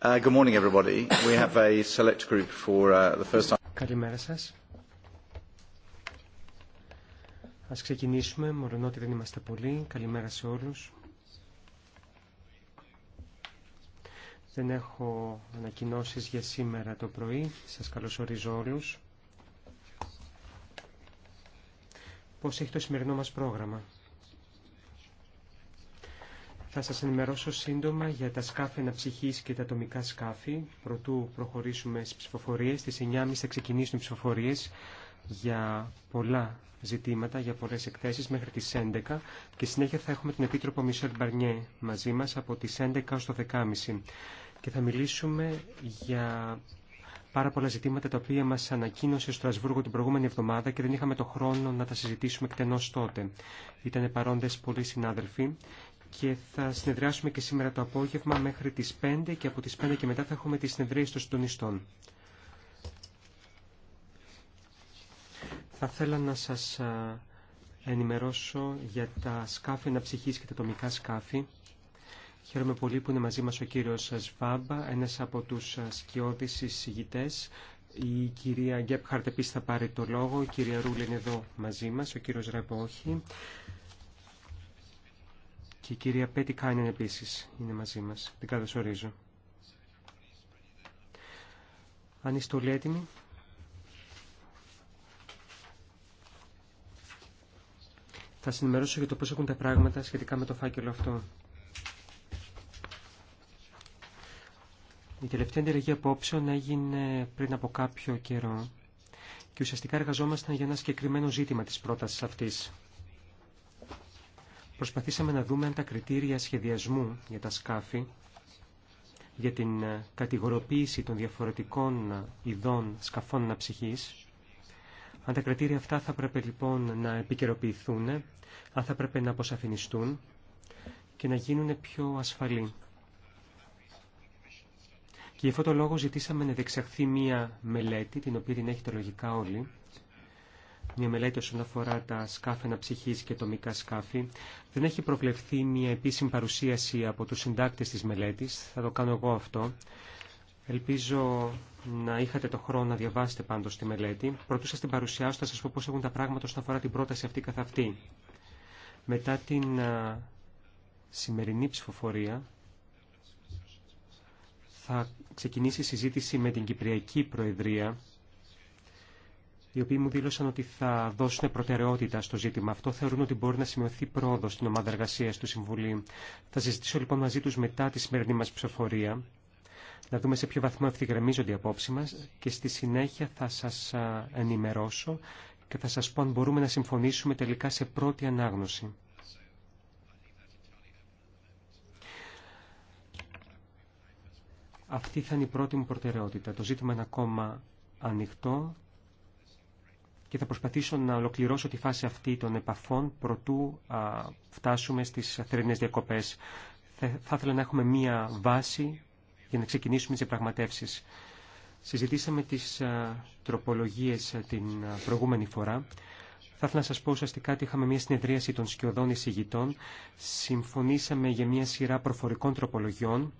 Καλημέρα σας. Ας ξεκινήσουμε, ότι δεν είμαστε πολλοί. Καλημέρα σε όλους. Δεν έχω ανακοινώσεις για σήμερα το πρωί. Σας καλωσορίζω όλους. Πώς έχει το σημερινό μας πρόγραμμα. Θα σας ενημερώσω σύντομα για τα σκάφη αναψυχής και τα ατομικά σκάφη. Προτού προχωρήσουμε στις ψηφοφορίες, στις 9.30 θα ξεκινήσουν οι ψηφοφορίες για πολλά ζητήματα, για πολλές εκθέσεις μέχρι τις 11.00. και συνέχεια θα έχουμε την Επίτροπο Μισελ Μπαρνιέ μαζί μας από τις 11.00 ως το 10.30 και θα μιλήσουμε για πάρα πολλά ζητήματα τα οποία μας ανακοίνωσε στο Στρασβούργο την προηγούμενη εβδομάδα και δεν είχαμε το χρόνο να τα συζητήσουμε εκτενώς τότε. Ήταν παρόντες πολλοί συνάδελφοι και θα συνεδριάσουμε και σήμερα το απόγευμα μέχρι τις 5 και από τις 5 και μετά θα έχουμε τις συνεδρίες των συντονιστών. Θα ήθελα να σας ενημερώσω για τα σκάφη να ψυχής και τα τομικά σκάφη. Χαίρομαι πολύ που είναι μαζί μας ο κύριος Σβάμπα, ένας από τους σκιώδεις εισηγητές. Η κυρία Γκέπχαρτ επίσης θα πάρει το λόγο, η κυρία Ρούλη είναι εδώ μαζί μας, ο κύριος Ρέμπο και η κυρία Πέτη Κάινεν επίσης είναι μαζί μας. Την καλωσορίζω. Αν είστε όλοι έτοιμοι. Θα συνημερώσω για το πώς έχουν τα πράγματα σχετικά με το φάκελο αυτό. Η τελευταία εντελεγή απόψεων έγινε πριν από κάποιο καιρό και ουσιαστικά εργαζόμασταν για ένα συγκεκριμένο ζήτημα της πρότασης αυτής προσπαθήσαμε να δούμε αν τα κριτήρια σχεδιασμού για τα σκάφη, για την ε, κατηγοροποίηση των διαφορετικών ε, ειδών σκαφών αναψυχής, αν τα κριτήρια αυτά θα πρέπει λοιπόν να επικαιροποιηθούν, αν θα πρέπει να αποσαφινιστούν και να γίνουν πιο ασφαλή. Και γι' αυτό το λόγο ζητήσαμε να διεξαχθεί μία μελέτη, την οποία την έχετε λογικά όλοι, μια μελέτη όσον αφορά τα σκάφη αναψυχή και τομικά σκάφη. Δεν έχει προβλεφθεί μια επίσημη παρουσίαση από τους συντάκτε της μελέτης. Θα το κάνω εγώ αυτό. Ελπίζω να είχατε το χρόνο να διαβάσετε πάντως τη μελέτη. Πρωτού σας την παρουσιάσω θα σας πω πώ έχουν τα πράγματα όσον αφορά την πρόταση αυτή καθ' αυτή. Μετά την σημερινή ψηφοφορία θα ξεκινήσει η συζήτηση με την Κυπριακή Προεδρία οι οποίοι μου δήλωσαν ότι θα δώσουν προτεραιότητα στο ζήτημα αυτό, θεωρούν ότι μπορεί να σημειωθεί πρόοδο στην ομάδα εργασία του Συμβουλίου. Θα συζητήσω λοιπόν μαζί του μετά τη σημερινή μα ψηφοφορία, να δούμε σε ποιο βαθμό ευθυγραμμίζονται οι απόψει μα και στη συνέχεια θα σα ενημερώσω και θα σα πω αν μπορούμε να συμφωνήσουμε τελικά σε πρώτη ανάγνωση. Αυτή θα είναι η πρώτη μου προτεραιότητα. Το ζήτημα είναι ακόμα ανοιχτό και θα προσπαθήσω να ολοκληρώσω τη φάση αυτή των επαφών προτού φτάσουμε στις θερινές διακοπές. Θα ήθελα να έχουμε μία βάση για να ξεκινήσουμε τις πραγματεύσεις. Συζητήσαμε τις τροπολογίες την προηγούμενη φορά. Θα ήθελα να σας πω ουσιαστικά ότι είχαμε μια συνεδρίαση των σκιωδών εισηγητών. Συμφωνήσαμε για μια σειρά προφορικών τροπολογιών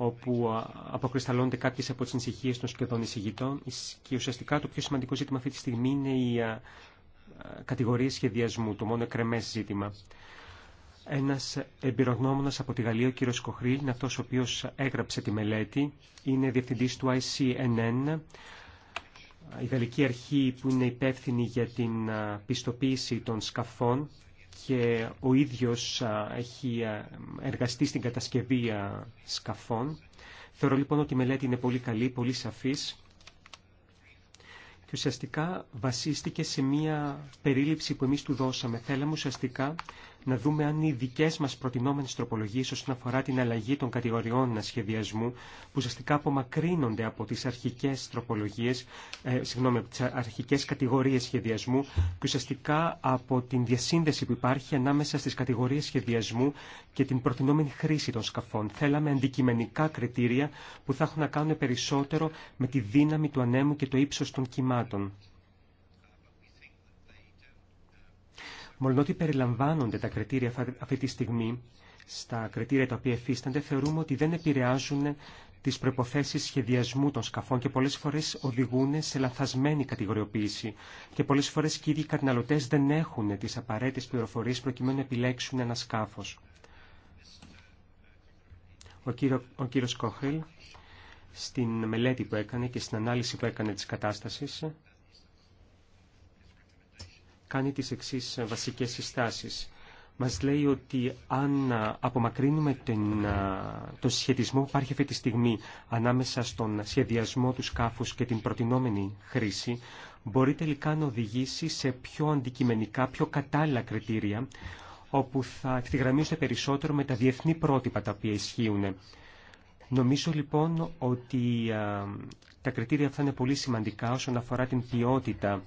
όπου αποκρισταλώνται κάποιε από τι ανησυχίε των σχεδόν εισηγητών. Και ουσιαστικά το πιο σημαντικό ζήτημα αυτή τη στιγμή είναι η κατηγορία σχεδιασμού, το μόνο εκρεμέ ζήτημα. Ένα εμπειρογνώμονα από τη Γαλλία, ο κύριο Κοχρίλ, είναι αυτό ο οποίο έγραψε τη μελέτη. Είναι διευθυντή του ICNN, η Γαλλική Αρχή που είναι υπεύθυνη για την πιστοποίηση των σκαφών και ο ίδιος έχει εργαστεί στην κατασκευή σκαφών. Θεωρώ λοιπόν ότι η μελέτη είναι πολύ καλή, πολύ σαφής και ουσιαστικά βασίστηκε σε μία περίληψη που εμείς του δώσαμε. Θέλαμε ουσιαστικά να δούμε αν οι δικέ μα προτινόμενε τροπολογίε όσον αφορά την αλλαγή των κατηγοριών σχεδιασμού, που ουσιαστικά απομακρύνονται από τι αρχικέ τροπολογίε, ε, συγγνώμη, από τι αρχικέ κατηγορίε σχεδιασμού και ουσιαστικά από την διασύνδεση που υπάρχει ανάμεσα στι κατηγορίε σχεδιασμού και την προτινόμενη χρήση των σκαφών. Θέλαμε αντικειμενικά κριτήρια που θα έχουν να κάνουν περισσότερο με τη δύναμη του ανέμου και το ύψο των κυμάτων. ότι περιλαμβάνονται τα κριτήρια αυτή τη στιγμή, στα κριτήρια τα οποία εφίστανται, θεωρούμε ότι δεν επηρεάζουν τις προϋποθέσεις σχεδιασμού των σκαφών και πολλές φορές οδηγούν σε λανθασμένη κατηγοριοποίηση και πολλές φορές και οι ίδιοι δεν έχουν τις απαραίτητες πληροφορίες προκειμένου να επιλέξουν ένα σκάφος. Ο, κύριο, ο κύριος Κόχελ, στην μελέτη που έκανε και στην ανάλυση που έκανε της κατάστασης, κάνει τις εξής ε, βασικές συστάσεις. Μας λέει ότι αν ε, απομακρύνουμε τον, ε, το σχετισμό που υπάρχει αυτή τη στιγμή ανάμεσα στον σχεδιασμό του σκάφους και την προτινόμενη χρήση, μπορεί τελικά να οδηγήσει σε πιο αντικειμενικά, πιο κατάλληλα κριτήρια, όπου θα ευθυγραμμίσουν περισσότερο με τα διεθνή πρότυπα τα οποία ισχύουν. Νομίζω λοιπόν ότι τα κριτήρια αυτά είναι πολύ σημαντικά όσον αφορά την ποιότητα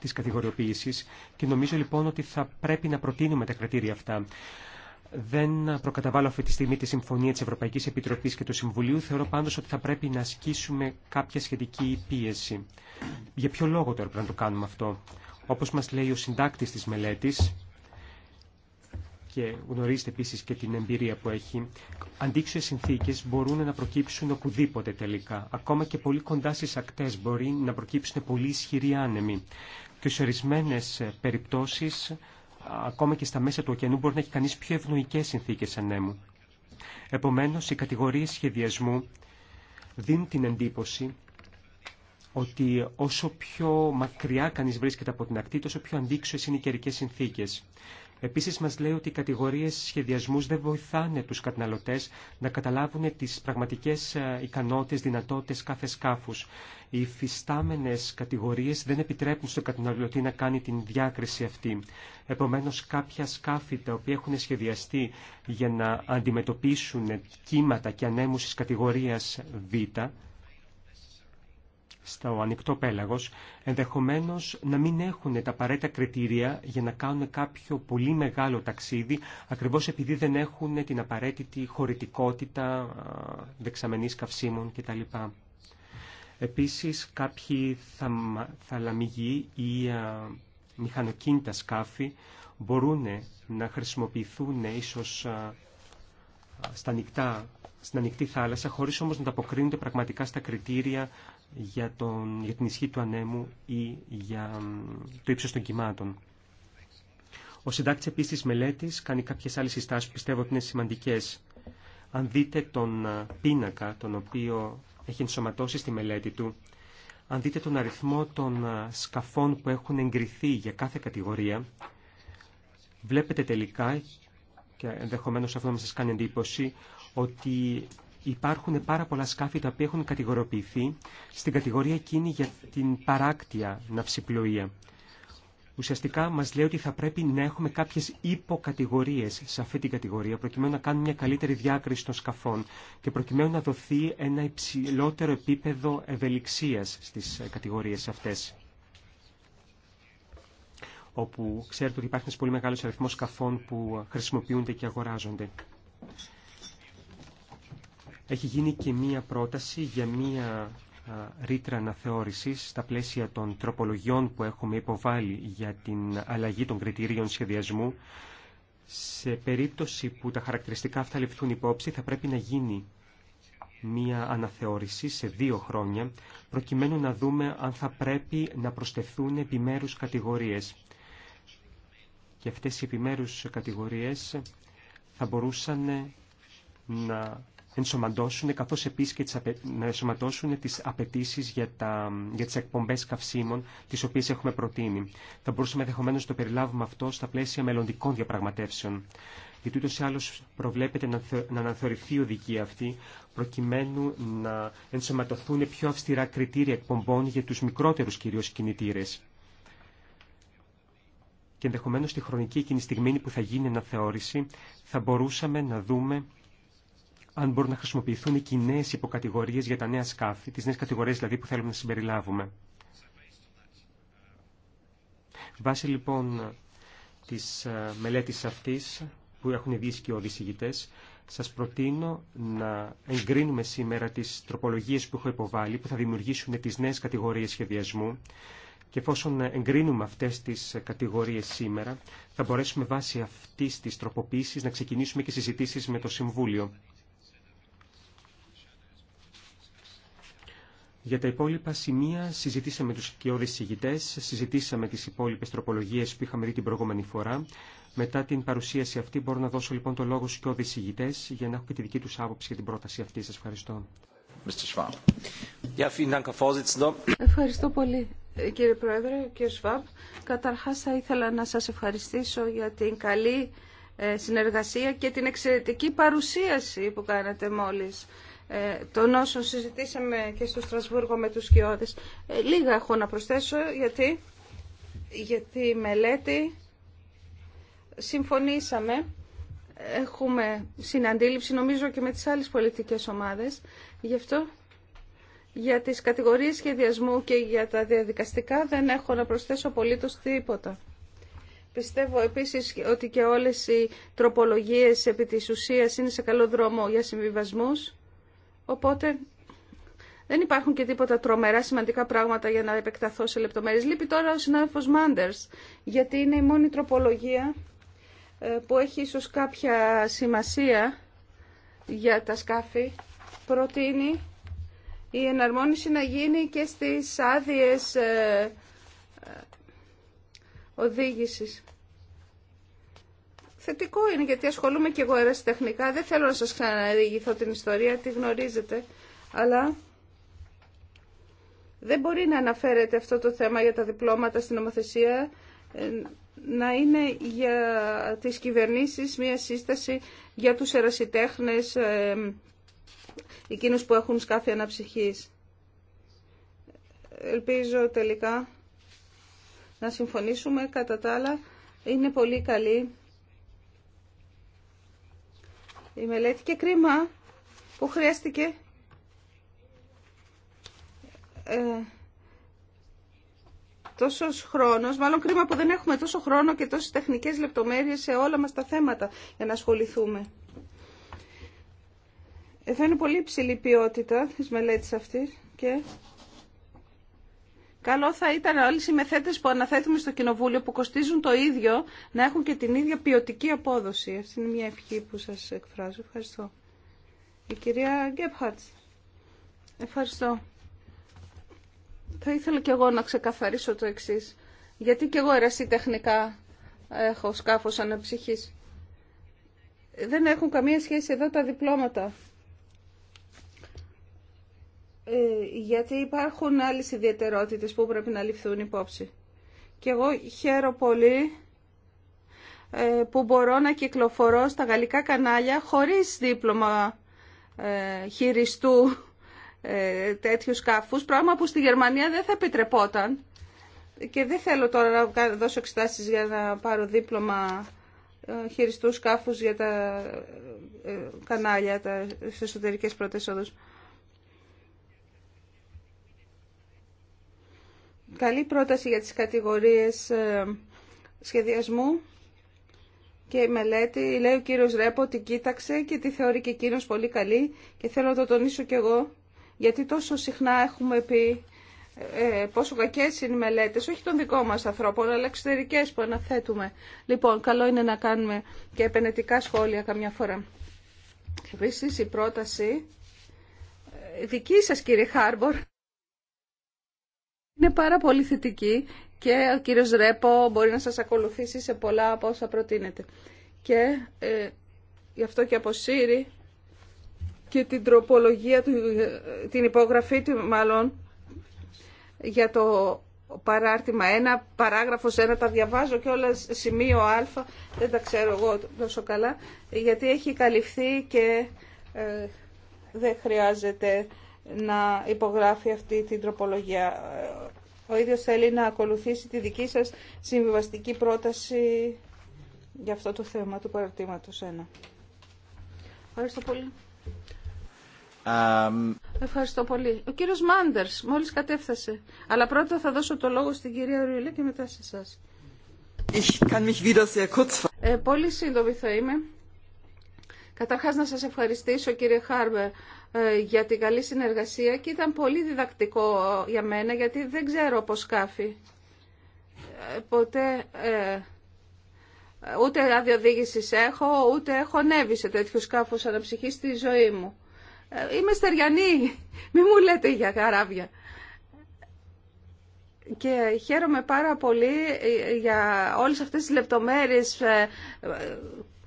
της κατηγοριοποίησης και νομίζω λοιπόν ότι θα πρέπει να προτείνουμε τα κριτήρια αυτά. Δεν προκαταβάλω αυτή τη στιγμή τη συμφωνία της Ευρωπαϊκής Επιτροπής και του Συμβουλίου. Θεωρώ πάντως ότι θα πρέπει να ασκήσουμε κάποια σχετική πίεση. Για ποιο λόγο τώρα πρέπει να το κάνουμε αυτό. Όπως μας λέει ο συντάκτης της μελέτης, και γνωρίζετε επίσης και την εμπειρία που έχει, αντίξωες συνθήκες μπορούν να προκύψουν οπουδήποτε τελικά. Ακόμα και πολύ κοντά στις ακτές μπορεί να προκύψουν πολύ ισχυροί άνεμοι και σε ορισμένε περιπτώσει, ακόμα και στα μέσα του ωκεανού, μπορεί να έχει κανεί πιο ευνοϊκέ συνθήκε ανέμου. Επομένω, οι κατηγορίε σχεδιασμού δίνουν την εντύπωση ότι όσο πιο μακριά κανείς βρίσκεται από την ακτή, τόσο πιο αντίξωε είναι οι καιρικέ συνθήκες. Επίσης μας λέει ότι οι κατηγορίες σχεδιασμούς δεν βοηθάνε τους καταναλωτές να καταλάβουν τις πραγματικές ε, ικανότητες, δυνατότητες κάθε σκάφους. Οι φυστάμενες κατηγορίες δεν επιτρέπουν στον καταναλωτή να κάνει την διάκριση αυτή. Επομένως κάποια σκάφη τα οποία έχουν σχεδιαστεί για να αντιμετωπίσουν κύματα και ανέμους της κατηγορίας Β στο ανοιχτό πέλαγος, ενδεχομένως να μην έχουν τα απαραίτητα κριτήρια για να κάνουν κάποιο πολύ μεγάλο ταξίδι, ακριβώς επειδή δεν έχουν την απαραίτητη χωρητικότητα δεξαμενής καυσίμων κτλ. Επίσης, κάποιοι θαλαμιγοί ή μηχανοκίνητα σκάφη μπορούν να χρησιμοποιηθούν ίσως στα στην ανοιχτή θάλασσα, χωρίς όμως να τα αποκρίνονται πραγματικά στα κριτήρια για, τον, για την ισχύ του ανέμου ή για το ύψος των κυμάτων. Ο συντάκτης επίση της μελέτης κάνει κάποιες άλλες συστάσεις που πιστεύω ότι είναι σημαντικές. Αν δείτε τον πίνακα τον οποίο έχει ενσωματώσει στη μελέτη του, αν δείτε τον αριθμό των σκαφών που έχουν εγκριθεί για κάθε κατηγορία, βλέπετε τελικά, και ενδεχομένως αυτό να σας κάνει εντύπωση, ότι υπάρχουν πάρα πολλά σκάφη τα οποία έχουν κατηγοροποιηθεί στην κατηγορία εκείνη για την παράκτια ναυσιπλοεία. Ουσιαστικά μας λέει ότι θα πρέπει να έχουμε κάποιες υποκατηγορίες σε αυτή την κατηγορία προκειμένου να κάνουμε μια καλύτερη διάκριση των σκαφών και προκειμένου να δοθεί ένα υψηλότερο επίπεδο ευελιξίας στις ε, κατηγορίες αυτές όπου ξέρετε ότι υπάρχει ένας πολύ μεγάλος αριθμός σκαφών που ε, χρησιμοποιούνται και αγοράζονται. Έχει γίνει και μία πρόταση για μία ρήτρα αναθεώρηση στα πλαίσια των τροπολογιών που έχουμε υποβάλει για την αλλαγή των κριτηρίων σχεδιασμού. Σε περίπτωση που τα χαρακτηριστικά αυτά ληφθούν υπόψη, θα πρέπει να γίνει μία αναθεώρηση σε δύο χρόνια, προκειμένου να δούμε αν θα πρέπει να προσθεθούν επιμέρους κατηγορίες. Και αυτές οι επιμέρους κατηγορίες θα μπορούσαν να ενσωματώσουν, καθώς επίσης και να ενσωματώσουν τις απαιτήσει για, τα... για τις εκπομπές καυσίμων, τις οποίες έχουμε προτείνει. Θα μπορούσαμε ενδεχομένω να το περιλάβουμε αυτό στα πλαίσια μελλοντικών διαπραγματεύσεων. Γιατί ούτως ή άλλως προβλέπεται να, να αναθεωρηθεί η οδική αυτή, προκειμένου να ενσωματωθούν πιο αυστηρά κριτήρια εκπομπών για τους μικρότερους κυρίως κινητήρες και ενδεχομένως τη χρονική εκείνη στιγμή που θα γίνει αναθεώρηση θα μπορούσαμε να δούμε αν μπορούν να χρησιμοποιηθούν οι κοινέ υποκατηγορίε για τα νέα σκάφη, τι νέε κατηγορίε δηλαδή που θέλουμε να συμπεριλάβουμε. Βάσει λοιπόν τη ε, μελέτη αυτή που έχουν βγει και οι σα προτείνω να εγκρίνουμε σήμερα τι τροπολογίε που έχω υποβάλει, που θα δημιουργήσουν τι νέε κατηγορίε σχεδιασμού και εφόσον εγκρίνουμε αυτέ τι κατηγορίε σήμερα, θα μπορέσουμε βάσει αυτή τη τροποποίηση να ξεκινήσουμε και συζητήσει με το Συμβούλιο. Για τα υπόλοιπα σημεία συζητήσαμε τους οικειώδεις ηγητές, συζητήσαμε τις υπόλοιπες τροπολογίες που είχαμε δει την προηγούμενη φορά. Μετά την παρουσίαση αυτή μπορώ να δώσω λοιπόν το λόγο στους οικειώδεις ηγητές για να έχω και τη δική τους άποψη για την πρόταση αυτή. Σας ευχαριστώ. Ευχαριστώ πολύ. Ε, κύριε Πρόεδρε, κύριε Σβάμπ, καταρχάς θα ήθελα να σας ευχαριστήσω για την καλή ε, συνεργασία και την εξαιρετική παρουσίαση που κάνατε μόλις. Ε, των όσων συζητήσαμε και στο Στρασβούργο με τους Ε, λίγα έχω να προσθέσω γιατί, γιατί μελέτη συμφωνήσαμε, έχουμε συναντήληψη νομίζω και με τις άλλες πολιτικές ομάδες, γι' αυτό για τις κατηγορίες σχεδιασμού και για τα διαδικαστικά δεν έχω να προσθέσω απολύτως τίποτα. Πιστεύω επίσης ότι και όλες οι τροπολογίες επί της ουσίας είναι σε καλό δρόμο για συμβιβασμούς Οπότε δεν υπάρχουν και τίποτα τρομερά σημαντικά πράγματα για να επεκταθώ σε λεπτομέρειε. Λείπει τώρα ο συνάδελφος μάντερ, γιατί είναι η μόνη τροπολογία ε, που έχει ίσω κάποια σημασία για τα σκάφη. Προτείνει η εναρμόνιση να γίνει και στις άδειες ε, ε, οδήγησης. Θετικό είναι γιατί ασχολούμαι και εγώ τεχνικά Δεν θέλω να σας ξαναδηγηθώ την ιστορία, τη γνωρίζετε. Αλλά δεν μπορεί να αναφέρεται αυτό το θέμα για τα διπλώματα στην νομοθεσία ε, να είναι για τις κυβερνήσεις μια σύσταση για τους ερασιτέχνες ε, εκείνους που έχουν σκάφη αναψυχής. Ελπίζω τελικά να συμφωνήσουμε. Κατά τα άλλα, είναι πολύ καλή η μελέτη και κρίμα που χρειάστηκε ε, τόσος χρόνος, μάλλον κρίμα που δεν έχουμε τόσο χρόνο και τόσες τεχνικές λεπτομέρειες σε όλα μα τα θέματα για να ασχοληθούμε. Εδώ είναι πολύ υψηλή ποιότητα τη μελέτη αυτή. και Καλό θα ήταν όλοι οι συμμεθέτες που αναθέτουμε στο Κοινοβούλιο που κοστίζουν το ίδιο να έχουν και την ίδια ποιοτική απόδοση. Αυτή είναι μια ευχή που σα εκφράζω. Ευχαριστώ. Η κυρία Γκέπχαρτς. Ευχαριστώ. Θα ήθελα κι εγώ να ξεκαθαρίσω το εξή. Γιατί κι εγώ ερασιτεχνικά έχω σκάφος αναψυχή. Δεν έχουν καμία σχέση εδώ τα διπλώματα. Ε, γιατί υπάρχουν άλλες ιδιαιτερότητες που πρέπει να ληφθούν υπόψη. Και εγώ χαίρο πολύ ε, που μπορώ να κυκλοφορώ στα γαλλικά κανάλια χωρίς δίπλωμα ε, χειριστού τέτοιου σκάφους, πράγμα που στη Γερμανία δεν θα επιτρεπόταν. Και δεν θέλω τώρα να δώσω εξετάσεις για να πάρω δίπλωμα χειριστού σκάφους για τα κανάλια, τα εσωτερικές πρώτες οδούς. Καλή πρόταση για τις κατηγορίες ε, σχεδιασμού και η μελέτη. Λέει ο κύριος Ρέπο, τι κοίταξε και τη θεωρεί και εκείνος πολύ καλή και θέλω να το τονίσω κι εγώ, γιατί τόσο συχνά έχουμε πει ε, πόσο κακές είναι οι μελέτες, όχι των δικών μας ανθρώπων, αλλά εξωτερικέ που αναθέτουμε. Λοιπόν, καλό είναι να κάνουμε και επενετικά σχόλια καμιά φορά. Επίση η πρόταση ε, δική σας κύριε Χάρμπορ είναι πάρα πολύ θετική και ο κύριος Ρέπο μπορεί να σας ακολουθήσει σε πολλά από όσα προτείνετε. Και ε, γι' αυτό και αποσύρει και την τροπολογία, του, ε, την υπογραφή του μάλλον για το παράρτημα ένα παράγραφος ένα τα διαβάζω και όλα σημείο α, δεν τα ξέρω εγώ τόσο καλά, γιατί έχει καλυφθεί και ε, δεν χρειάζεται να υπογράφει αυτή την τροπολογία. Ο ίδιος θέλει να ακολουθήσει τη δική σας συμβιβαστική πρόταση για αυτό το θέμα του παρατήματος 1. Ευχαριστώ πολύ. Ευχαριστώ πολύ. Ο κύριος Μάντερς μόλις κατέφθασε. Αλλά πρώτα θα δώσω το λόγο στην κυρία Ρουλή και μετά σε εσάς. Ich kann mich wieder sehr kurz... ε, πολύ σύντομη θα είμαι. Καταρχάς να σας ευχαριστήσω κύριε Χάρμπερ ε, για την καλή συνεργασία και ήταν πολύ διδακτικό για μένα γιατί δεν ξέρω πώς σκάφη. Ε, ποτέ ε, ούτε αδειοδήγηση έχω, ούτε έχω ανέβει σε τέτοιο σκάφος αναψυχή στη ζωή μου. Ε, είμαι στεριανή, μη μου λέτε για καράβια. Και χαίρομαι πάρα πολύ για όλες αυτές τις λεπτομέρειες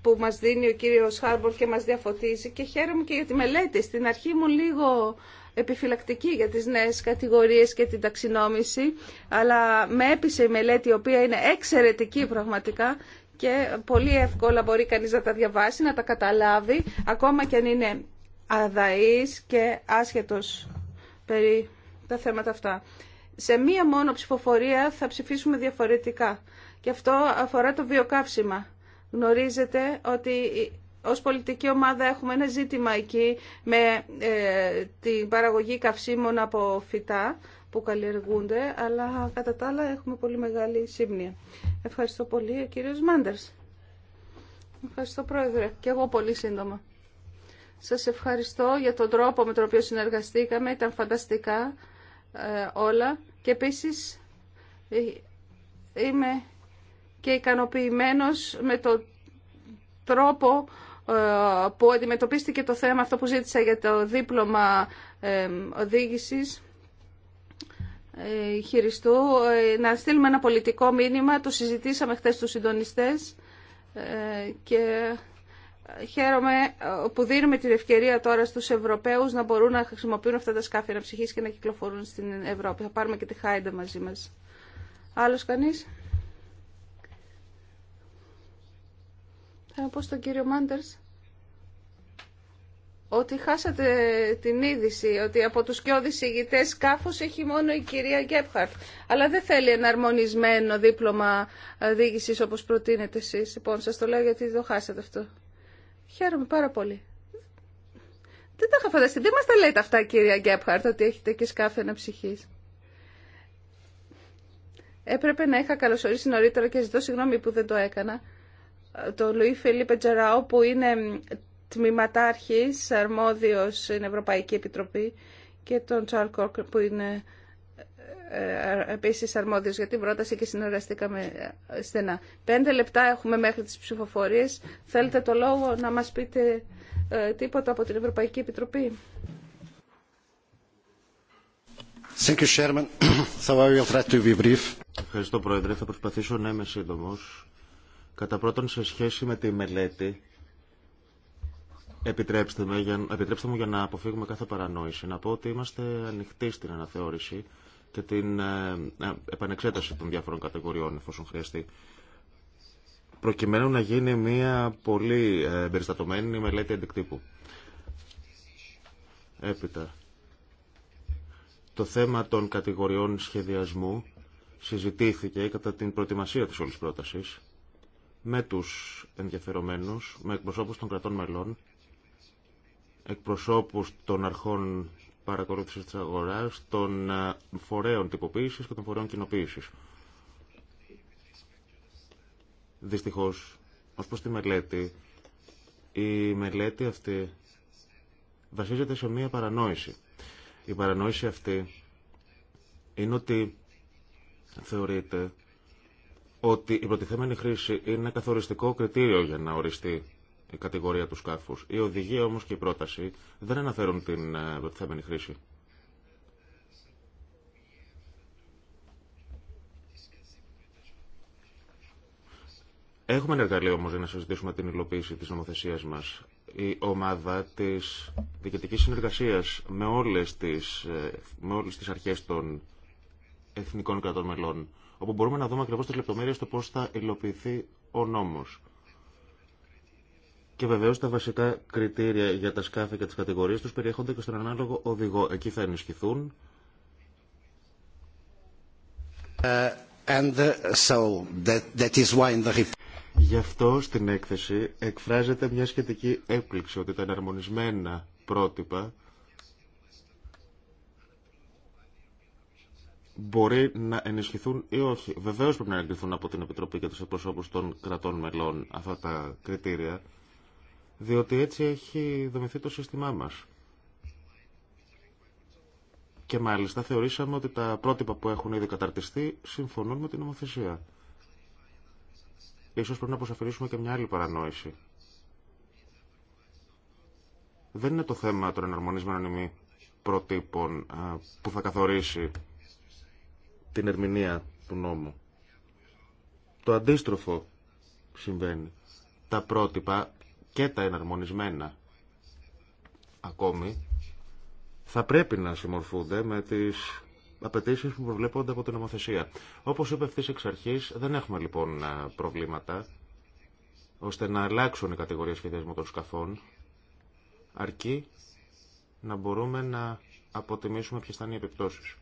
που μας δίνει ο κύριος Χάρμπορ και μας διαφωτίζει και χαίρομαι και για τη μελέτη. Στην αρχή μου λίγο επιφυλακτική για τις νέες κατηγορίες και την ταξινόμηση, αλλά με έπεισε η μελέτη η οποία είναι εξαιρετική πραγματικά και πολύ εύκολα μπορεί κανείς να τα διαβάσει, να τα καταλάβει, ακόμα και αν είναι αδαής και άσχετος περί τα θέματα αυτά. Σε μία μόνο ψηφοφορία θα ψηφίσουμε διαφορετικά. Και αυτό αφορά το βιοκαύσιμα. Γνωρίζετε ότι ως πολιτική ομάδα έχουμε ένα ζήτημα εκεί με ε, την παραγωγή καυσίμων από φυτά που καλλιεργούνται, αλλά κατά τα άλλα έχουμε πολύ μεγάλη σύμνοια. Ευχαριστώ πολύ, κύριος Μάντερς. Ευχαριστώ, Πρόεδρε. Και εγώ πολύ σύντομα. Σας ευχαριστώ για τον τρόπο με τον οποίο συνεργαστήκαμε. Ήταν φανταστικά ε, όλα. Και επίσης ε, είμαι και ικανοποιημένος με τον τρόπο ε, που αντιμετωπίστηκε το θέμα αυτό που ζήτησα για το δίπλωμα ε, οδήγησης ε, χειριστού. Να στείλουμε ένα πολιτικό μήνυμα. Το συζητήσαμε χθες τους συντονιστές και χαίρομαι που δίνουμε την ευκαιρία τώρα στους Ευρωπαίους να μπορούν να χρησιμοποιούν αυτά τα σκάφη αναψυχής και να κυκλοφορούν στην Ευρώπη. Θα πάρουμε και τη Χάιντα μαζί μας. Άλλος κανείς? Θα πω στον κύριο Μάντερς ότι χάσατε την είδηση ότι από τους πιο ηγητές σκάφος έχει μόνο η κυρία Γκέπχαρτ. Αλλά δεν θέλει ένα αρμονισμένο δίπλωμα ε, δίγησης όπως προτείνετε εσείς. Λοιπόν, σας το λέω γιατί το χάσατε αυτό. Χαίρομαι πάρα πολύ. Δεν τα είχα φανταστεί. Δεν μας τα λέτε αυτά κυρία Γκέπχαρτ ότι έχετε και σκάφη ψυχής. Έπρεπε να είχα καλωσορίσει νωρίτερα και ζητώ συγγνώμη που δεν το έκανα το Λουί Φιλίπε Τζεράου που είναι τμήματάρχης αρμόδιος στην Ευρωπαϊκή Επιτροπή και τον Τσάρλ Κόρκ που είναι ε, ε, επίσης αρμόδιος για την πρόταση και συνεργαστήκαμε ε, στενά. Πέντε λεπτά έχουμε μέχρι τις ψηφοφορίες. Θέλετε το λόγο να μας πείτε τίποτα από την Ευρωπαϊκή Επιτροπή. Ευχαριστώ Πρόεδρε. Θα προσπαθήσω να είμαι σύντομος Κατά πρώτον, σε σχέση με τη μελέτη, επιτρέψτε, για, επιτρέψτε μου για να αποφύγουμε κάθε παρανόηση, να πω ότι είμαστε ανοιχτοί στην αναθεώρηση και την ε, ε, επανεξέταση των διάφορων κατηγοριών, εφόσον χρειαστεί προκειμένου να γίνει μια πολύ ε, περιστατωμένη μελέτη αντικτύπου. Έπειτα, το θέμα των κατηγοριών σχεδιασμού συζητήθηκε κατά την προετοιμασία της όλης πρότασης με τους ενδιαφερομένους, με εκπροσώπους των κρατών μελών, εκπροσώπους των αρχών παρακολούθησης της αγοράς, των ε, φορέων τυποποίησης και των φορέων κοινοποίησης. Δυστυχώς, ως προς τη μελέτη, η μελέτη αυτή βασίζεται σε μία παρανόηση. Η παρανόηση αυτή είναι ότι θεωρείται ότι η προτιθέμενη χρήση είναι καθοριστικό κριτήριο για να οριστεί η κατηγορία του σκάφου. Η οδηγία όμω και η πρόταση δεν αναφέρουν την ε, προτιθέμενη χρήση. Έχουμε ένα εργαλείο όμω για να συζητήσουμε την υλοποίηση τη νομοθεσία μα. Η ομάδα τη διοικητική συνεργασία με όλε τι όλες τις ε, αρχέ των εθνικών κρατών μελών όπου μπορούμε να δούμε ακριβώς τις λεπτομέρειες του πώς θα υλοποιηθεί ο νόμος. Και βεβαίω τα βασικά κριτήρια για τα σκάφη και τι κατηγορίε του περιέχονται και στον ανάλογο οδηγό. Εκεί θα ενισχυθούν. Uh, so that, is why in the... Γι' αυτό στην έκθεση εκφράζεται μια σχετική έκπληξη ότι τα εναρμονισμένα πρότυπα μπορεί να ενισχυθούν ή όχι. βεβαίω πρέπει να εγκριθούν από την Επιτροπή και τους εκπροσώπου των κρατών μελών αυτά τα κριτήρια, διότι έτσι έχει δομηθεί το σύστημά μας. Και μάλιστα θεωρήσαμε ότι τα πρότυπα που έχουν ήδη καταρτιστεί συμφωνούν με την νομοθεσία. Ίσως πρέπει να αποσαφηρήσουμε και μια άλλη παρανόηση. Δεν είναι το θέμα των εναρμονισμένων ημί προτύπων που θα καθορίσει την ερμηνεία του νόμου. Το αντίστροφο συμβαίνει. Τα πρότυπα και τα εναρμονισμένα ακόμη θα πρέπει να συμμορφούνται με τις απαιτήσει που προβλέπονται από την νομοθεσία. Όπως είπε ευθύ εξ αρχής, δεν έχουμε λοιπόν προβλήματα ώστε να αλλάξουν οι κατηγορίες σχεδιασμού των σκαφών αρκεί να μπορούμε να αποτιμήσουμε ποιες θα είναι οι επιπτώσεις.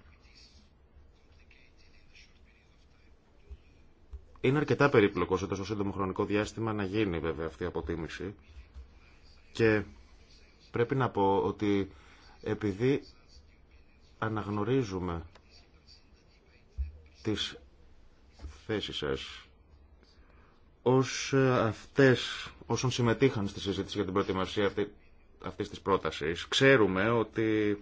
Είναι αρκετά περίπλοκο σε τόσο σύντομο χρονικό διάστημα να γίνει βέβαια αυτή η αποτίμηση. Και πρέπει να πω ότι επειδή αναγνωρίζουμε τις θέσεις σας ως αυτές όσων συμμετείχαν στη συζήτηση για την προετοιμασία αυτή, αυτής της πρότασης ξέρουμε ότι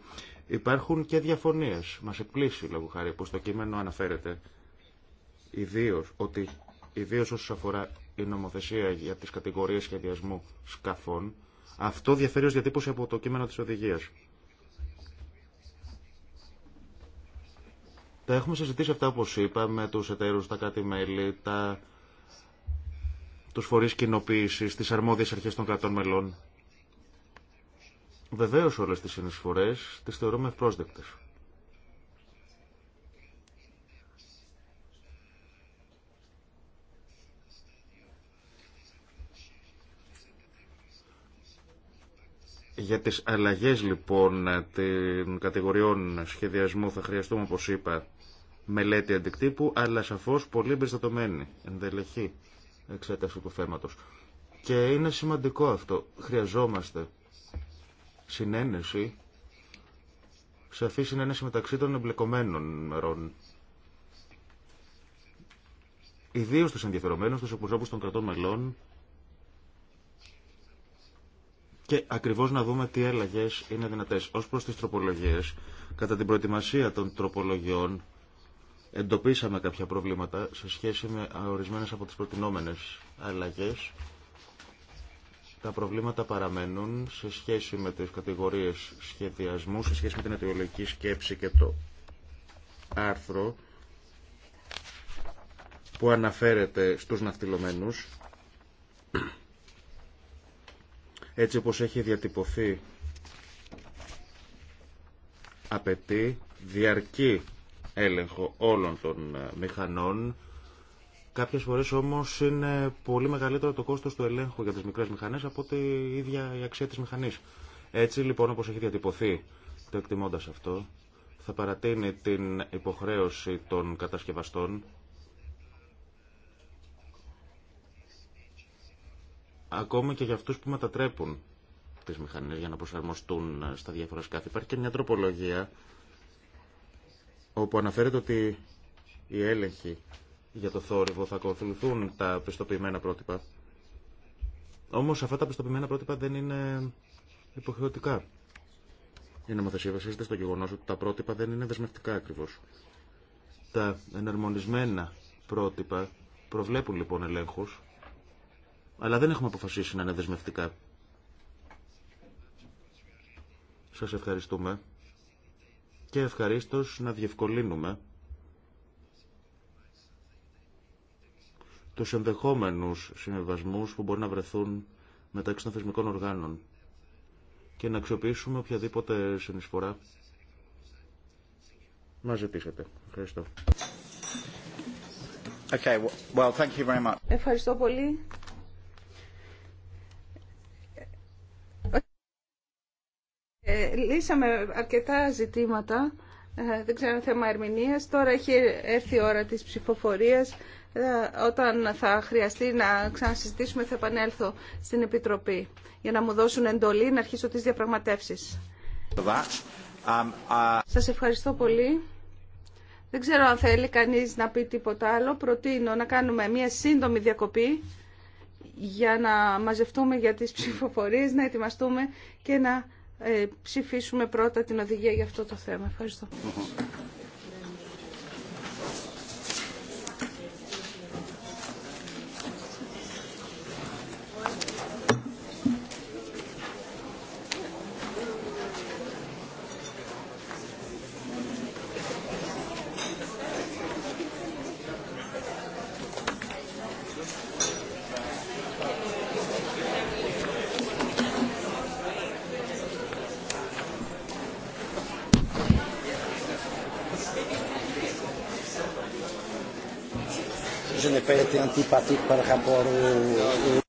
υπάρχουν και διαφωνίες μας εκπλήσει λόγω χάρη που στο κείμενο αναφέρεται ιδίως, ότι αφορά η νομοθεσία για τις κατηγορίες σχεδιασμού σκαφών, αυτό διαφέρει ως διατύπωση από το κείμενο της οδηγίας. Τα έχουμε συζητήσει αυτά όπως είπα με τους εταίρους, τα κάτι μέλη, τα... τους φορείς κοινοποίησης, τις αρμόδιες αρχές των κρατών μελών. Βεβαίως όλες τις συνεισφορές τις θεωρούμε ευπρόσδεκτες. Για τις αλλαγές λοιπόν των κατηγοριών σχεδιασμού θα χρειαστούμε όπως είπα μελέτη αντικτύπου αλλά σαφώς πολύ εμπεριστατωμένη, ενδελεχή εξέταση του θέματος. Και είναι σημαντικό αυτό. Χρειαζόμαστε συνένεση, σαφή συνένεση μεταξύ των εμπλεκομένων μερών. Ιδίω του ενδιαφερομένου, του εκπροσώπου των κρατών μελών, και ακριβώς να δούμε τι αλλαγέ είναι δυνατές. ω προ τι τροπολογίες, κατά την προετοιμασία των τροπολογιών εντοπίσαμε κάποια προβλήματα σε σχέση με ορισμένε από τι προτινόμενε αλλαγέ. Τα προβλήματα παραμένουν σε σχέση με τις κατηγορίες σχεδιασμού, σε σχέση με την αιτιολογική σκέψη και το άρθρο που αναφέρεται στους ναυτιλωμένους έτσι όπως έχει διατυπωθεί απαιτεί διαρκή έλεγχο όλων των ε, μηχανών. Κάποιες φορές όμως είναι πολύ μεγαλύτερο το κόστος του ελέγχου για τις μικρές μηχανές από ότι ίδια η αξία της μηχανής. Έτσι λοιπόν όπως έχει διατυπωθεί το εκτιμώντας αυτό θα παρατείνει την υποχρέωση των κατασκευαστών Ακόμα και για αυτούς που μετατρέπουν τις μηχανές για να προσαρμοστούν ε, στα διάφορα σκάφη. Υπάρχει και μια τροπολογία όπου αναφέρεται ότι οι έλεγχοι για το θόρυβο θα ακολουθούν τα πιστοποιημένα πρότυπα. Όμως αυτά τα πιστοποιημένα πρότυπα δεν είναι υποχρεωτικά. Η νομοθεσία βασίζεται στο γεγονός ότι τα πρότυπα δεν είναι δεσμευτικά ακριβώς. Τα εναρμονισμένα πρότυπα προβλέπουν λοιπόν ελέγχους αλλά δεν έχουμε αποφασίσει να είναι δεσμευτικά. Σας ευχαριστούμε και ευχαρίστως να διευκολύνουμε τους ενδεχόμενους συμβιβασμούς που μπορεί να βρεθούν μεταξύ των θεσμικών οργάνων και να αξιοποιήσουμε οποιαδήποτε συνεισφορά μας ζητήσετε. Ευχαριστώ. Okay, well, thank you very much. Ευχαριστώ πολύ. λύσαμε αρκετά ζητήματα. Ε, δεν ξέρω θέμα ερμηνεία. Τώρα έχει έρθει η ώρα της ψηφοφορίας. Ε, όταν θα χρειαστεί να ξανασυζητήσουμε θα επανέλθω στην Επιτροπή για να μου δώσουν εντολή να αρχίσω τις διαπραγματεύσεις. Um, uh, Σας ευχαριστώ πολύ. Δεν ξέρω αν θέλει κανείς να πει τίποτα άλλο. Προτείνω να κάνουμε μια σύντομη διακοπή για να μαζευτούμε για τις ψηφοφορίες, να ετοιμαστούμε και να ε, ψηφίσουμε πρώτα την οδηγία για αυτό το θέμα. Ευχαριστώ. αντίπατη και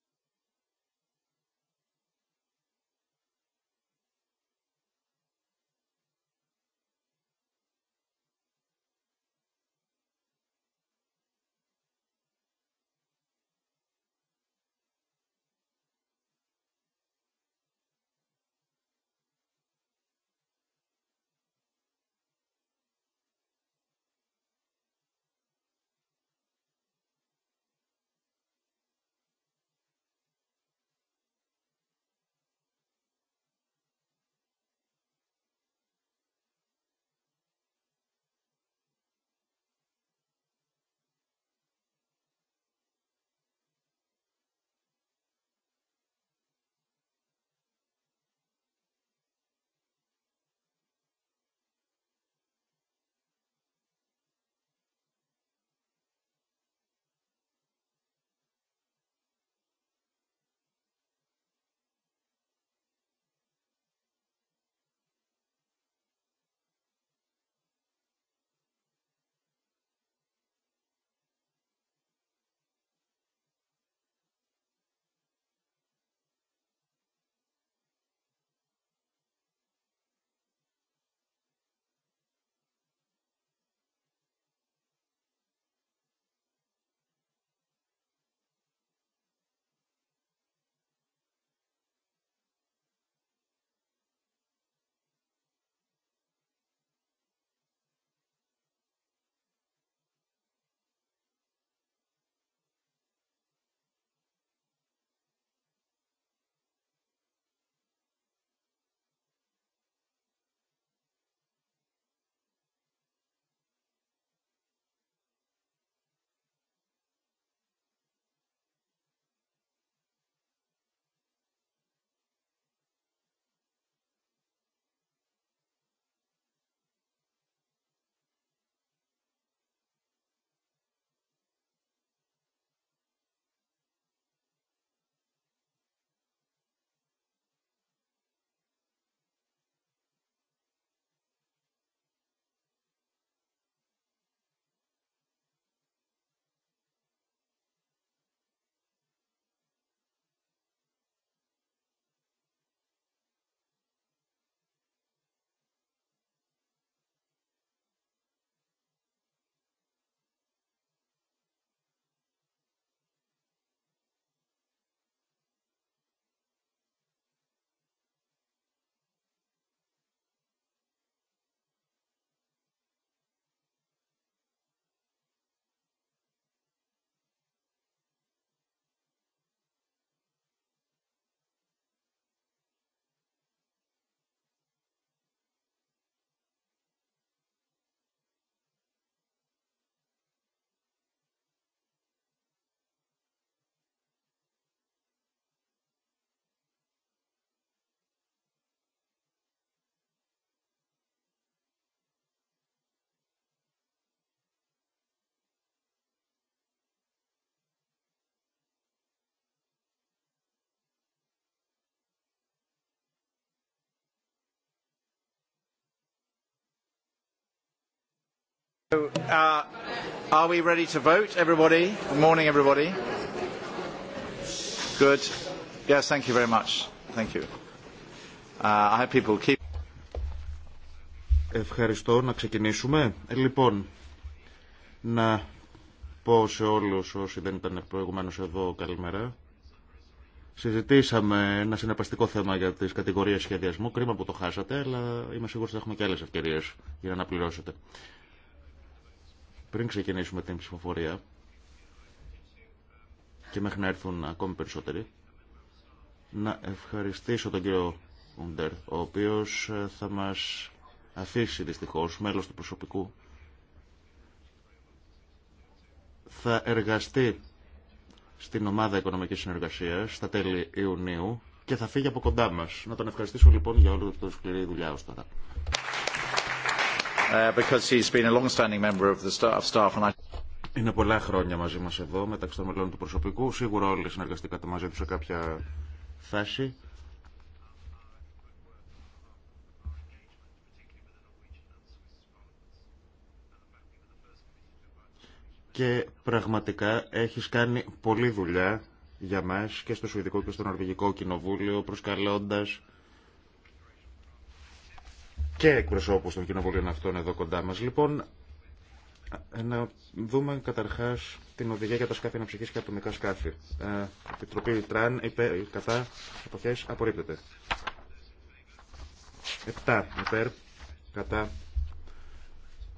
Uh, are we ready to vote, everybody? Good morning, everybody. Good. Yes, thank you very much. Thank you. Uh, I have people keep... Ευχαριστώ. Να ξεκινήσουμε. Λοιπόν, να πω σε όλους όσοι δεν ήταν προηγουμένω εδώ καλημέρα. Συζητήσαμε ένα συνεπαστικό θέμα για τις κατηγορίες σχεδιασμού. Κρίμα που το χάσατε, αλλά είμαι σίγουρο ότι θα έχουμε και άλλες ευκαιρίες για να αναπληρώσετε πριν ξεκινήσουμε την ψηφοφορία και μέχρι να έρθουν ακόμη περισσότεροι, να ευχαριστήσω τον κύριο Ούντερ, ο οποίος ε, θα μας αφήσει δυστυχώς μέλος του προσωπικού. Θα εργαστεί στην ομάδα οικονομικής συνεργασίας στα τέλη Ιουνίου και θα φύγει από κοντά μας. Να τον ευχαριστήσω λοιπόν για όλη τη σκληρή δουλειά ως τώρα. Είναι πολλά χρόνια μαζί μας εδώ, μεταξύ των μελών του προσωπικού. Σίγουρα όλοι συνεργαστήκατε μαζί του σε κάποια φάση. Και πραγματικά έχεις κάνει πολλή δουλειά για μας και στο Σουηδικό και στο Νορβηγικό Κοινοβούλιο προσκαλώντας και εκπροσώπους των κοινοβουλίων αυτών εδώ κοντά μας. Λοιπόν, να δούμε καταρχάς την οδηγία για τα σκάφη αναψυχής και ατομικά σκάφη. Ε, Επιτροπή Τραν, υπέρ, κατά, εποχές, απορρίπτεται. 7 υπέρ, κατά,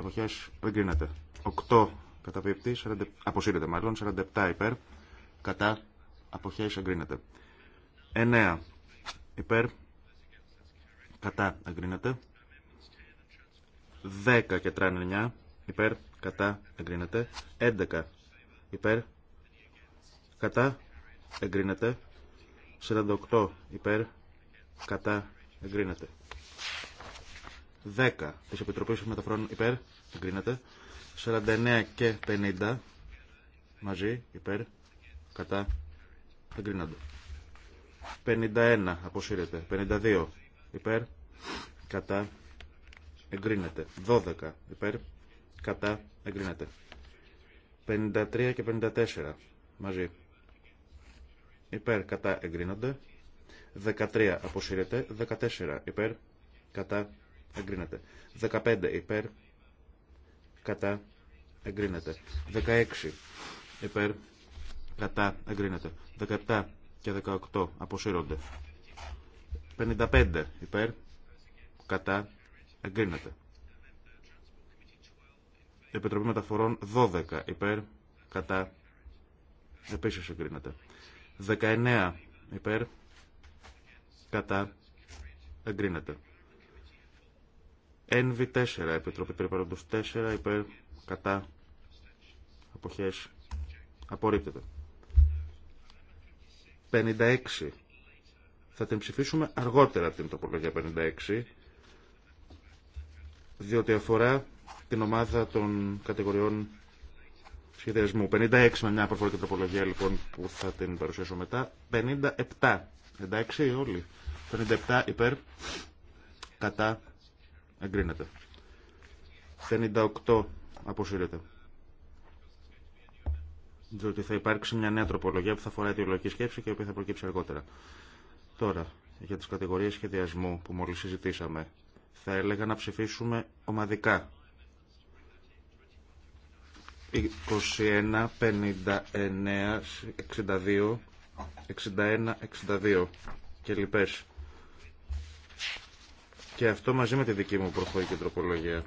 εποχές, εγκρίνεται. 8 καταπίπτει, 40, αποσύρεται μάλλον, 47 υπέρ, κατά, αποχές, εγκρίνεται. 9 υπέρ, κατά, εγκρίνεται. 10 και τραν 9 υπέρ κατά εγκρίνεται 11 υπέρ κατά εγκρίνεται 48 υπέρ κατά εγκρίνεται 10 της Επιτροπής Μεταφορών υπέρ εγκρίνεται 49 και 50 μαζί υπέρ κατά εγκρίνονται 51 αποσύρεται 52 υπέρ κατά εγκρίνεται. 12 υπέρ, κατά, εγκρίνεται. 53 και 54 μαζί. Υπέρ, κατά, εγκρίνονται. 13 αποσύρεται. 14 υπέρ, κατά, εγκρίνεται. 15 υπέρ, κατά, εγκρίνεται. 16 υπέρ, κατά, εγκρίνεται. 17 και 18 αποσύρονται. 55 υπέρ, κατά, εγκρίνεται. Επιτροπή Μεταφορών 12 υπέρ, κατά, επίσης εγκρίνεται. 19 υπέρ, κατά, εγκρίνεται. NV4, Επιτροπή Περιβάλλοντος 4 επιτροπη Περιπαραντός κατά, αποχές, απορρίπτεται. 56. Θα την ψηφίσουμε αργότερα την τοπολογία 56 διότι αφορά την ομάδα των κατηγοριών σχεδιασμού. 56 με μια προφορική τροπολογία λοιπόν που θα την παρουσιάσω μετά. 57. Εντάξει όλοι. 57 υπέρ. Κατά. Εγκρίνεται. 58 αποσύρεται. Διότι θα υπάρξει μια νέα τροπολογία που θα αφορά τη ολογική σκέψη και η οποία θα προκύψει αργότερα. Τώρα, για τις κατηγορίες σχεδιασμού που μόλις συζητήσαμε. Θα έλεγα να ψηφίσουμε ομαδικά. 21, 59, 62, 61, 62 και λοιπές. Και αυτό μαζί με τη δική μου προφορική τροπολογία.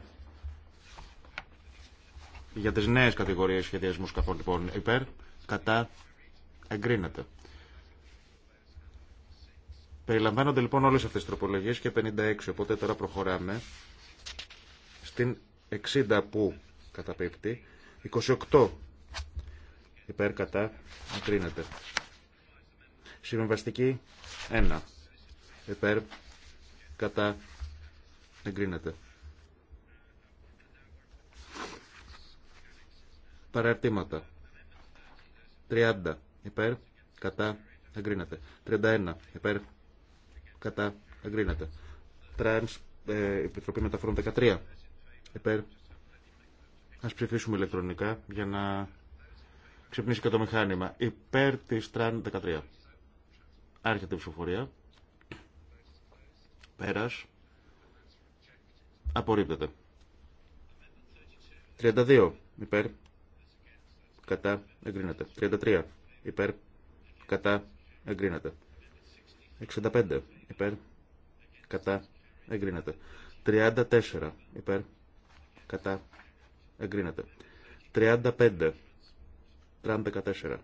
Για τις νέες κατηγορίες σχεδιασμού σκαφών λοιπόν υπέρ, κατά, εγκρίνεται. Περιλαμβάνονται λοιπόν όλες αυτές τις τροπολογίες και 56, οπότε τώρα προχωράμε στην 60 που καταπίπτει, 28 υπέρ κατά εγκρίνεται. Συμβαστική 1 υπέρ κατά εγκρίνεται. Παραρτήματα. 30 υπέρ κατά εγκρίνεται. 31 υπέρ κατά εγκρίνεται. Τρανς, ε, Επιτροπή Μεταφορών 13 υπέρ. Ας ψηφίσουμε ηλεκτρονικά για να ξυπνήσει και το μηχάνημα. Υπέρ της Τραν 13. Άρχεται η ψηφοφορία. Πέρας. Απορρίπτεται. 32 υπέρ. Κατά εγκρίνεται. 33 υπέρ. Κατά εγκρίνεται. 65 υπέρ, κατά, εγκρίνεται. 34 υπέρ, κατά, εγκρίνεται. 35, 34,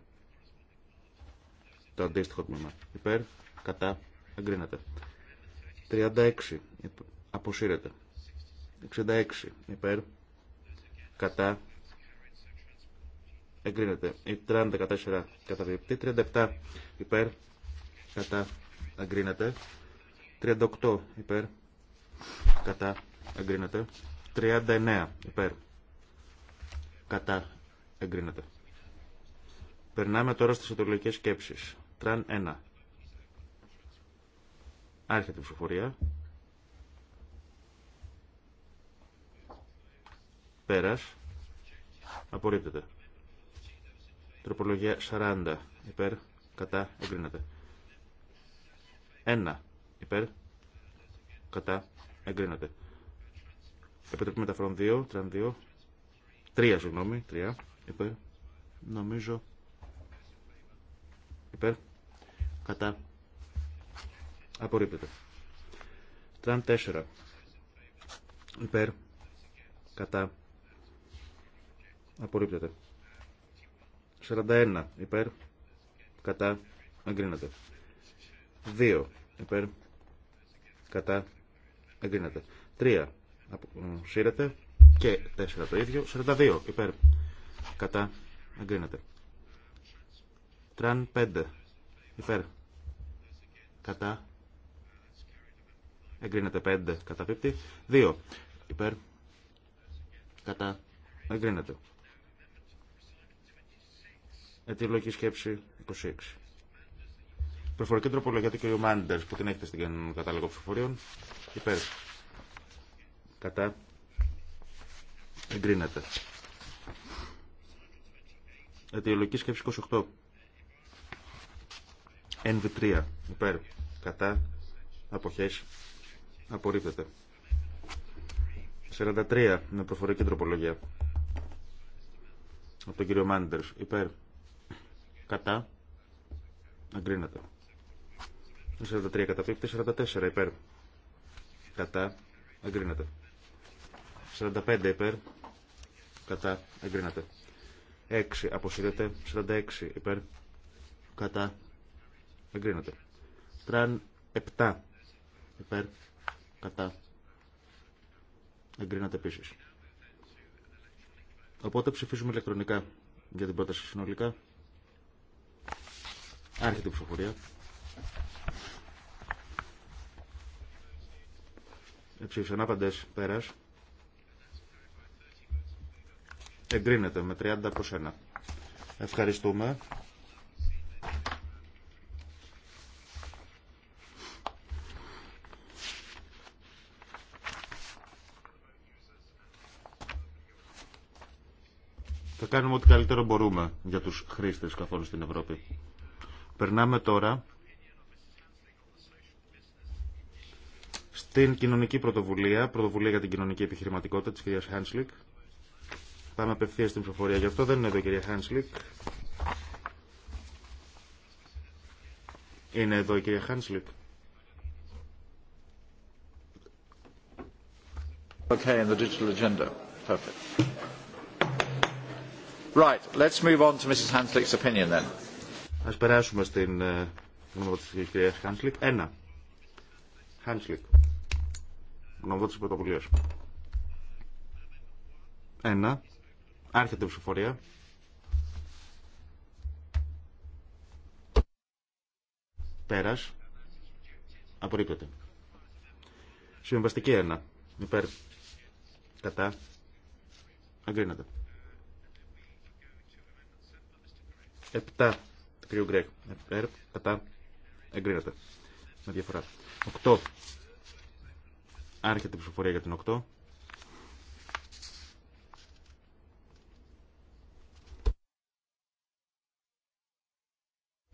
το αντίστοιχο τμήμα, υπέρ, κατά, εγκρίνεται. 36, αποσύρεται. 66, υπέρ, κατά, εγκρίνεται. Η 34 καταδιεπτή, 37 υπέρ, κατά, εγκρίνεται. 38 υπέρ, κατά, εγκρίνεται. 39 υπέρ, κατά, εγκρίνεται. Περνάμε τώρα στις ατολικές σκέψεις. Τραν 1. Άρχεται η ψηφοφορία. Πέρας. Απορρίπτεται. Τροπολογία 40. Υπέρ. Κατά. Εγκρίνεται. 1 υπέρ κατά εγκρίνεται. Επιτροπή μεταφορών 2, τραν 2, 3 συγγνώμη, 3 υπέρ νομίζω υπέρ κατά απορρίπτεται. Τραν 4 υπέρ κατά απορρίπτεται. 41 υπέρ κατά εγκρίνεται. 2 υπέρ κατά εγκρίνεται 3 αποσύρεται και 4 το ίδιο 42 υπέρ κατά εγκρίνεται τραν 5 υπέρ κατά εγκρίνεται 5 κατά πίπτη 2 υπέρ κατά εγκρίνεται αιτιολογική σκέψη 26 Προφορική τροπολογία του κ. Μάντερ που την έχετε στην κατάλογο ψηφοφορίων. Υπέρ. Κατά. Εγκρίνεται. Αιτιολογική σκέψη 28. NV3. Υπέρ. Κατά. Αποχέ. Απορρίπτεται. 43. Με προφορική τροπολογία. Από τον κύριο Μάντερ. Υπέρ. Κατά. Εγκρίνεται. 43 καταπίπτει, 44 υπέρ. Κατά. Εγκρίνεται. 45 υπέρ. Κατά. Εγκρίνεται. 6 αποσύρεται. 46 υπέρ. Κατά. Εγκρίνεται. Τραν 7 υπέρ. Κατά. Εγκρίνεται επίση. Οπότε ψηφίζουμε ηλεκτρονικά για την πρόταση συνολικά. Άρχεται η ψηφοφορία. Ψήφισαν άπαντες πέρας. Εγκρίνεται με 30 προς 1. Ευχαριστούμε. Θα κάνουμε ό,τι καλύτερο μπορούμε για τους χρήστες καθόλου στην Ευρώπη. Περνάμε τώρα στην κοινωνική πρωτοβουλία, πρωτοβουλία για την κοινωνική επιχειρηματικότητα της κυρίας Χάνσλικ. Πάμε απευθεία στην προφορία. Γι' αυτό δεν είναι εδώ η κυρία Χάνσλικ. Είναι εδώ η κυρία Χάνσλικ. Okay, in the digital agenda. Perfect. Right, let's move on to Mrs. Hanslick's opinion then. Ας περάσουμε στην γνώμη ε, της κυρίας Χάνσλικ. Ένα. Χάνσλικ τη πρωτοβουλία. Ένα. Άρχεται η ψηφοφορία. Πέρα. Απορρίπτεται. Συμβαστική ένα. Υπέρ. Κατά. Αγκρίνεται. 7. Κρύο γκρέκ. Υπέρ. Κατά. Εγκρίνεται. Με διαφορά. Οκτώ. Άρχεται η ψηφοφορία για την 8.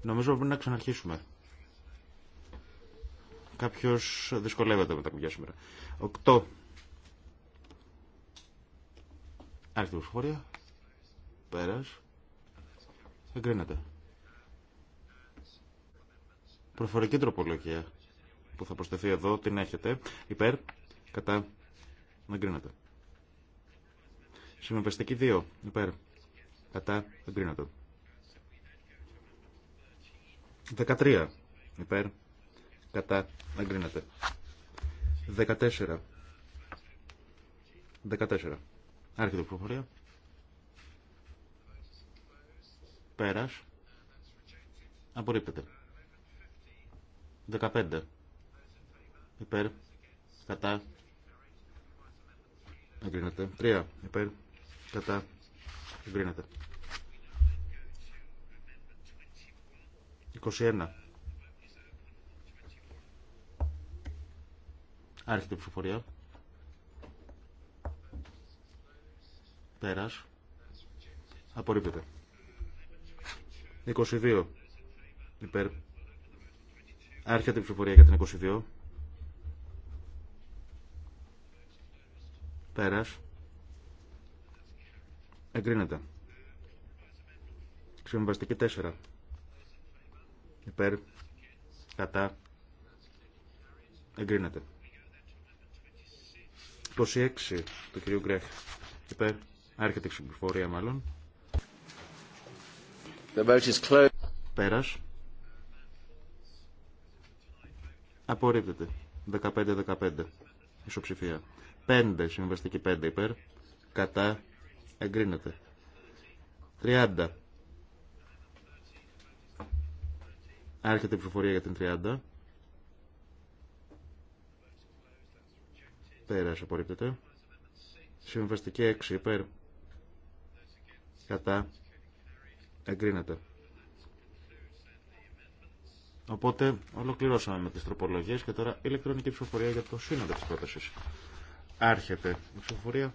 Νομίζω πρέπει να ξαναρχίσουμε. Κάποιο δυσκολεύεται με τα κουμπιά σήμερα. 8. Άρχεται η ψηφοφορία. Πέρα. Εγκρίνεται. Προφορική τροπολογία που θα προσθεθεί εδώ την έχετε. Υπέρ, κατά, εγκρίνεται. συμμεπεστική 2. Υπέρ, κατά, εγκρίνεται. 13. Υπέρ, κατά, εγκρίνεται. 14. 14. Άρχεται η προφορία. Πέρας. Απορρίπτεται. 15 υπέρ, κατά, εγκρίνεται. Τρία. υπέρ, κατά, εγκρίνεται. 21. Άρχεται η ψηφοφορία. Πέρας. Απορρίπτεται. 22. Υπέρ. Άρχεται η ψηφοφορία για την 22. Πέρας. Εγκρίνεται. Συμβαστική 4. Υπέρ. Κατά. Εγκρίνεται. 26 του κ. Γκρέχ. Υπέρ. Άρχεται η συμφορια μάλλον. The Πέρας. Απορρίπτεται. 15-15. Ισοψηφία. 5, συμβαστική 5 υπέρ, κατά, εγκρίνεται. 30. Άρχεται η ψηφοφορία για την 30. Πέρας απορρίπτεται. Συμβαστική 6 υπέρ. Κατά. Εγκρίνεται. Οπότε ολοκληρώσαμε με τις τροπολογίες και τώρα ηλεκτρονική ψηφοφορία για το σύνολο της πρότασης. Άρχεται η ψηφοφορία.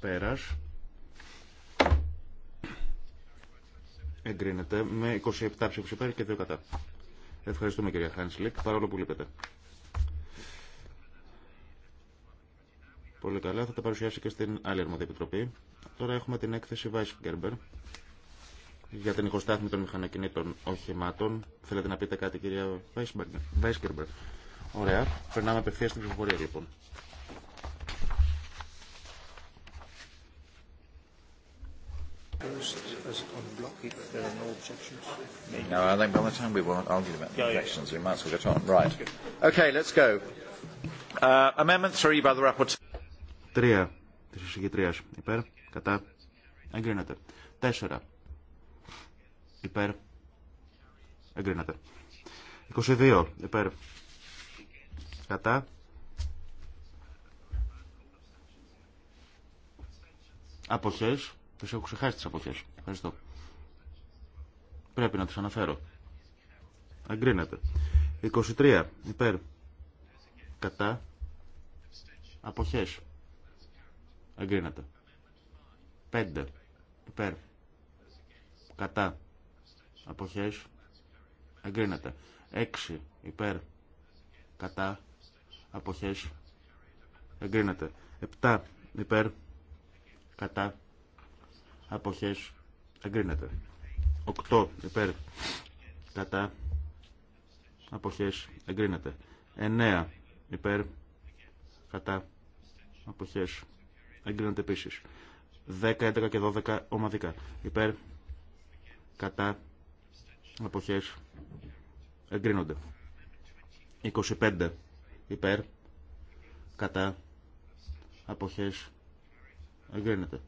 Πέρας. Εγκρίνεται με 27 ψήφους υπέρ και 2 κατά. Ευχαριστούμε κυρία Χάνσλικ, παρόλο που λείπετε. Πολύ καλά, θα τα παρουσιάσει και στην άλλη αρμόδια επιτροπή. Τώρα έχουμε την έκθεση Weisgerber για την οικοστάθμη των μηχανοκινήτων οχημάτων. Θέλετε να πείτε κάτι κυρία Weisgerber. Ωραία. Περνάμε απευθεία στην πληροφορία, λοιπόν. No, I think by the time we we get on. Right. Okay, let's go. Uh, amendment by the Τρία της εισηγητρίας. Υπέρ, κατά, εγκρίνεται. Τέσσερα. Υπέρ, εγκρίνεται. 22. Υπέρ, Κατά. Αποχές. Τις έχω ξεχάσει τις αποχές. Ευχαριστώ. Πρέπει να τις αναφέρω. Αγκρίνεται. 23. Υπέρ. Κατά. Αποχές. Αγκρίνεται. 5. Υπέρ. Κατά. Αποχές. Εγκρίνεται. 6. Υπέρ. Κατά αποχές εγκρίνεται 7 υπέρ κατά αποχές εγκρίνεται 8 υπέρ κατά αποχές εγκρίνεται 9 υπέρ κατά αποχές εγκρίνεται επίσης 10, 11 και 12 ομαδικά υπέρ κατά αποχές εγκρίνονται 25 υπέρ, κατά, αποχές, εγκρίνεται.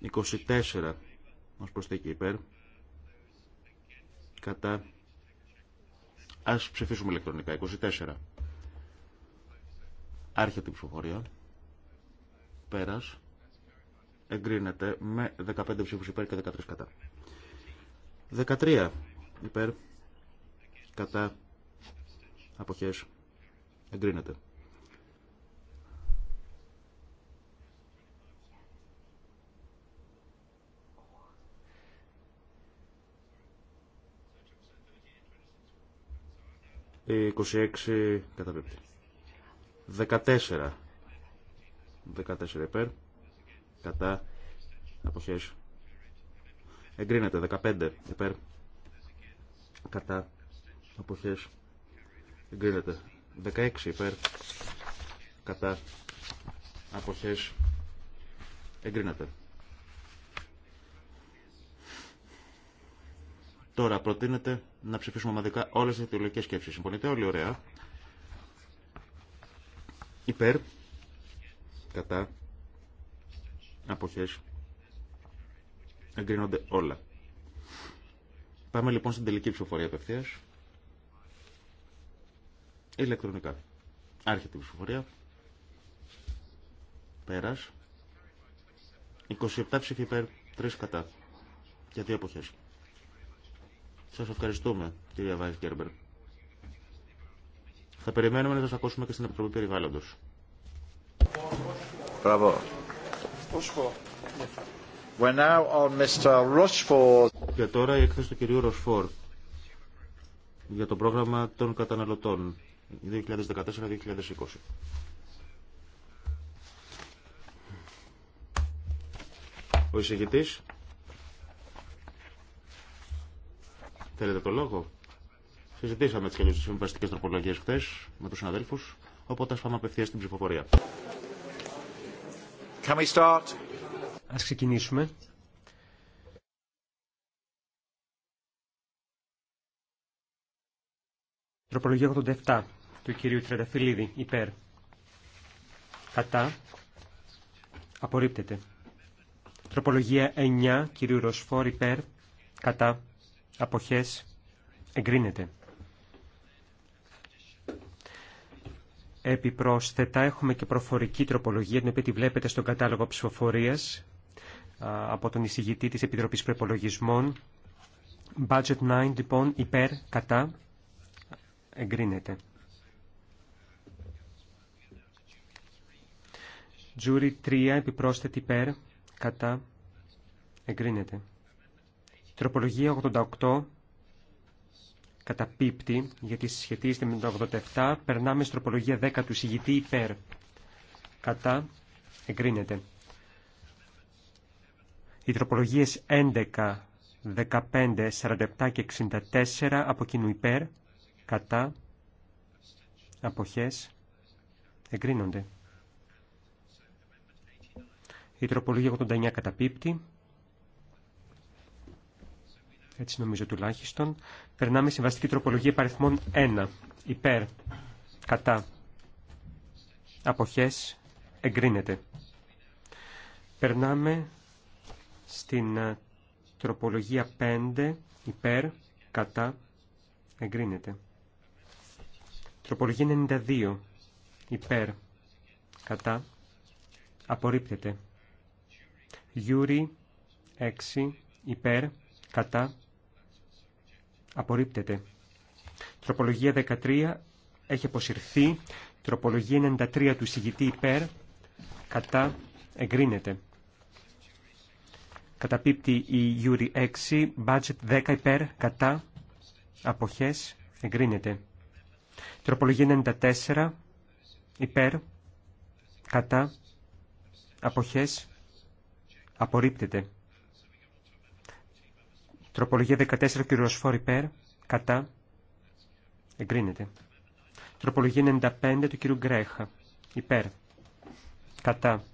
24 ως προσθήκη υπέρ, κατά, ας ψηφίσουμε ηλεκτρονικά, 24. Άρχεται την ψηφοφορία, πέρας, εγκρίνεται με 15 ψήφους υπέρ και 13 κατά. 13 υπέρ, κατά, αποχές, Εγκρίνεται. 26 ε, καταπίπτει. 14. 14 υπέρ. Κατά. Αποχές. Εγκρίνεται. 15 υπέρ. Κατά. Αποχές. Εγκρίνεται. 16 υπέρ κατά αποχές εγκρίνεται. Τώρα προτείνεται να ψηφίσουμε ομαδικά όλες τις αιτιολογικέ σκέψεις. Συμφωνείτε όλοι ωραία. Υπέρ. Κατά. αποχές Εγκρίνονται όλα. Πάμε λοιπόν στην τελική ψηφοφορία απευθείας. Ηλεκτρονικά. Άρχεται η ψηφοφορία. Πέρας. 27 ψήφοι υπέρ, 3 κατά. Για δύο εποχές. Σας ευχαριστούμε, κυρία Βάιτ Κέρμπερ. Θα περιμένουμε να σας ακούσουμε και στην Επιτροπή Περιβάλλοντος. Μπράβο. Και τώρα η έκθεση του κυρίου Ροσφόρ για το πρόγραμμα των καταναλωτών. 2014-2020. Ο εισηγητής. Θέλετε το λόγο. Συζητήσαμε τις κελίες συμβαστικές τροπολογίες χθες με του συναδέλφου οπότε ας πάμε απευθείας στην ψηφοφορία. Can ξεκινήσουμε. Τροπολογία 87 του κυρίου Τρενταφυλλίδη υπέρ. Κατά. Απορρίπτεται. Τροπολογία 9 κυρίου Ροσφόρ υπέρ. Κατά. Αποχές. Εγκρίνεται. Επιπρόσθετα έχουμε και προφορική τροπολογία, την οποία τη βλέπετε στον κατάλογο ψηφοφορίας από τον εισηγητή της Επιτροπής Προπολογισμών. Budget 9, λοιπόν, υπέρ, κατά, εγκρίνεται. Τζούρι 3 επιπρόσθετη υπέρ κατά εγκρίνεται. Τροπολογία 88 πίπτη, γιατί συσχετίζεται με το 87. Περνάμε στην τροπολογία 10 του συγητή υπέρ κατά εγκρίνεται. Οι τροπολογίες 11, 15, 47 και 64 από κοινού υπέρ κατά, αποχές, εγκρίνονται. Η τροπολογία 89 καταπίπτει. Έτσι νομίζω τουλάχιστον. Περνάμε στη βασική τροπολογία παριθμών 1. Υπέρ, κατά, αποχές, εγκρίνεται. Περνάμε στην ε, τροπολογία 5. Υπέρ, κατά, εγκρίνεται. Τροπολογία 92. Υπέρ. Κατά. Απορρίπτεται. Γιούρι 6. Υπέρ. Κατά. Απορρίπτεται. Τροπολογία 13. Έχει αποσυρθεί. Τροπολογία 93 του συγητή υπέρ. Κατά. Εγκρίνεται. Καταπίπτει η Γιούρι 6. Budget 10 υπέρ. Κατά. Αποχές. Εγκρίνεται. Τροπολογία 94 υπέρ κατά αποχές απορρίπτεται. Τροπολογία 14 κυριοσφόρ υπέρ κατά εγκρίνεται. Τροπολογία 95 του κύριου Γκρέχα υπέρ κατά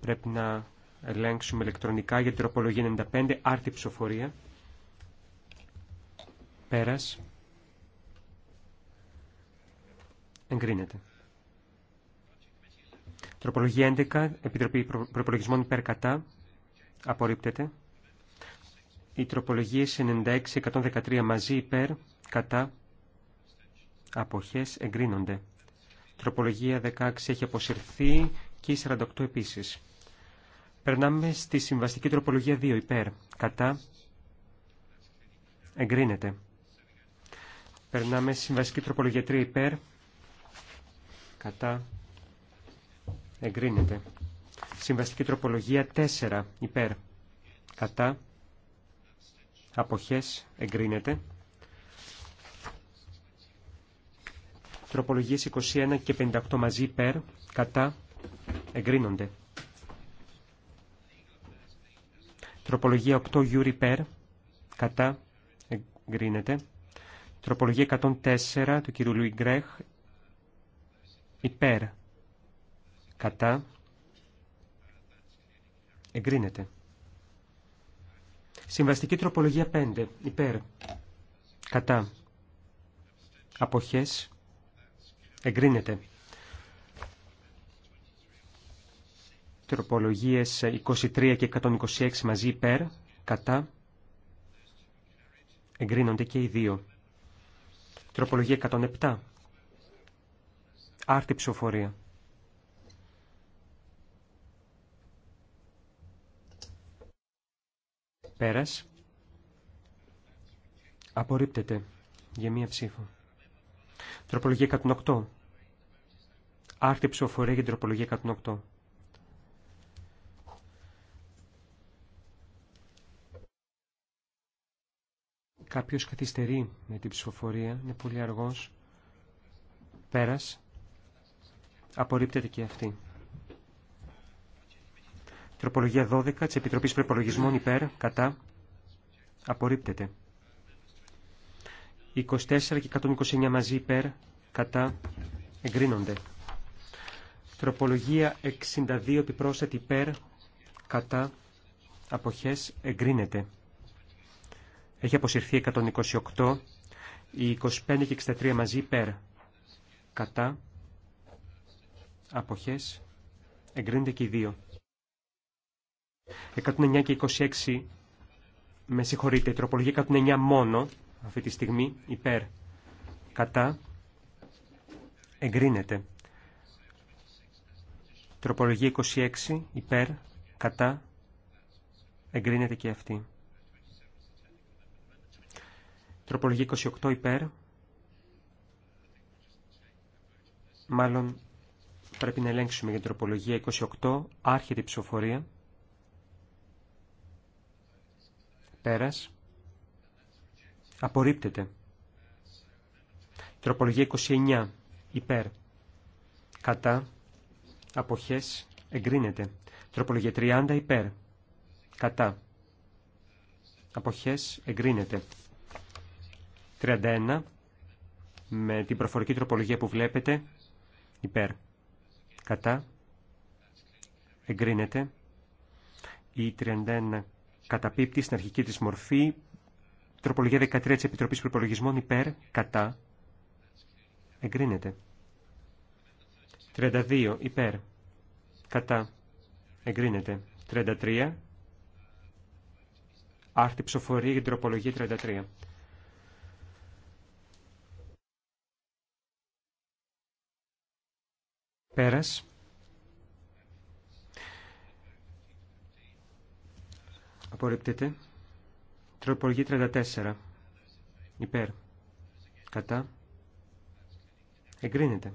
πρέπει να ελέγξουμε ηλεκτρονικά για την τροπολογία 95 άρτη ψηφοφορία. Πέρας. Εγκρίνεται. Τροπολογία 11. Επιτροπή Προπολογισμών υπέρ κατά. Απορρίπτεται. Οι τροπολογίες 96-113 μαζί υπέρ κατά. Αποχές εγκρίνονται. Τροπολογία 16 έχει αποσυρθεί και η 48 επίσης. Περνάμε στη συμβαστική τροπολογία 2 υπέρ. Κατά. Εγκρίνεται. Περνάμε στη συμβασική τροπολογία 3 υπέρ. Κατά. Εγκρίνεται. Συμβαστική τροπολογία 4 υπέρ. Κατά. Αποχές. Εγκρίνεται. Τροπολογίες 21 και 58 μαζί υπέρ. Κατά. Εγκρίνονται. Τροπολογία 8 γιούρι υπέρ. Κατά. Εγκρίνεται. Τροπολογία 104 του κ. Λουί Γκρέχ. Υπέρ. Κατά. Εγκρίνεται. Συμβαστική τροπολογία 5. Υπέρ. Κατά. Αποχές. Εγκρίνεται. Τροπολογίες 23 και 126 μαζί υπέρ. Κατά. Εγκρίνονται και οι δύο. Τροπολογία 107. Άρτη ψηφοφορία. Πέρας. Απορρίπτεται για μία ψήφο. Τροπολογία 108. Άρτη ψηφοφορία για την τροπολογία 108. Κάποιος καθυστερεί με την ψηφοφορία, είναι πολύ αργός. Πέρας. Απορρίπτεται και αυτή. Τροπολογία 12 της Επιτροπής Προπολογισμών υπέρ, κατά. Απορρίπτεται. 24 και 129 μαζί υπέρ, κατά. Εγκρίνονται. Τροπολογία 62 επιπρόσθετη υπέρ, κατά. Αποχές εγκρίνεται. Έχει αποσυρθεί 128. Οι 25 και 63 μαζί υπέρ. Κατά. Αποχές. Εγκρίνεται και οι δύο. 109 και 26. Με συγχωρείτε. Η τροπολογία 109 μόνο. Αυτή τη στιγμή υπέρ. Κατά. Εγκρίνεται. Τροπολογία 26 υπέρ. Κατά. Εγκρίνεται και αυτή. Τροπολογία 28 υπέρ. Μάλλον πρέπει να ελέγξουμε για τροπολογία 28. Άρχεται η ψηφοφορία. Πέρας. Απορρίπτεται. Τροπολογία 29 υπέρ. Κατά. Αποχές. Εγκρίνεται. Τροπολογία 30 υπέρ. Κατά. Αποχές εγκρίνεται. 31 με την προφορική τροπολογία που βλέπετε υπέρ κατά εγκρίνεται η 31 καταπίπτει στην αρχική της μορφή τροπολογία 13 της Επιτροπής Προπολογισμών υπέρ κατά εγκρίνεται 32 υπέρ κατά εγκρίνεται 33 άρτη ψηφοφορία για την τροπολογία 33 Πέρας. Απορρίπτεται. Τροπολογία 34. Υπέρ. Κατά. Εγκρίνεται.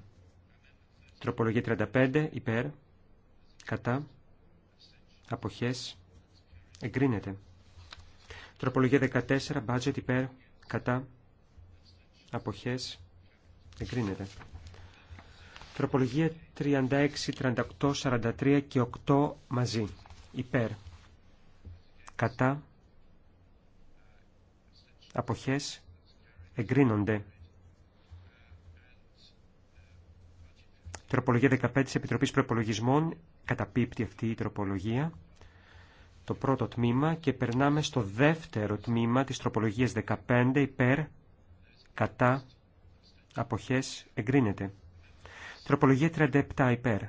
Τροπολογία 35. Υπέρ. Κατά. Αποχές. Εγκρίνεται. Τροπολογία 14. Budget. Υπέρ. Κατά. Αποχές. Εγκρίνεται. Τροπολογία 36, 38, 43 και 8 μαζί. Υπέρ. Κατά. Αποχές. Εγκρίνονται. Τροπολογία 15 της Επιτροπής Προπολογισμών. Καταπίπτει αυτή η τροπολογία. Το πρώτο τμήμα και περνάμε στο δεύτερο τμήμα της τροπολογίας 15 υπέρ. Κατά. Αποχές. Εγκρίνεται. Τροπολογία 37 υπέρ.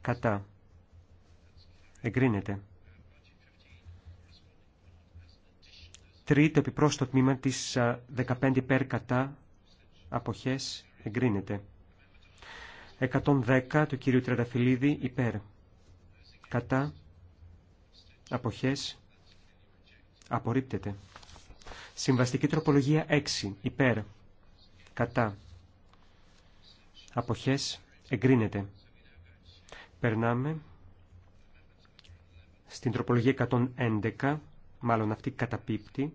Κατά. Εγκρίνεται. Τρίτο επιπρόσθετο τμήμα της 15 υπέρ κατά αποχές εγκρίνεται. 110 του κύριου Τρενταφυλλίδη υπέρ. Κατά αποχές απορρίπτεται. Συμβαστική τροπολογία 6 υπέρ. Κατά Αποχές εγκρίνεται. Περνάμε στην τροπολογία 111, μάλλον αυτή καταπίπτει.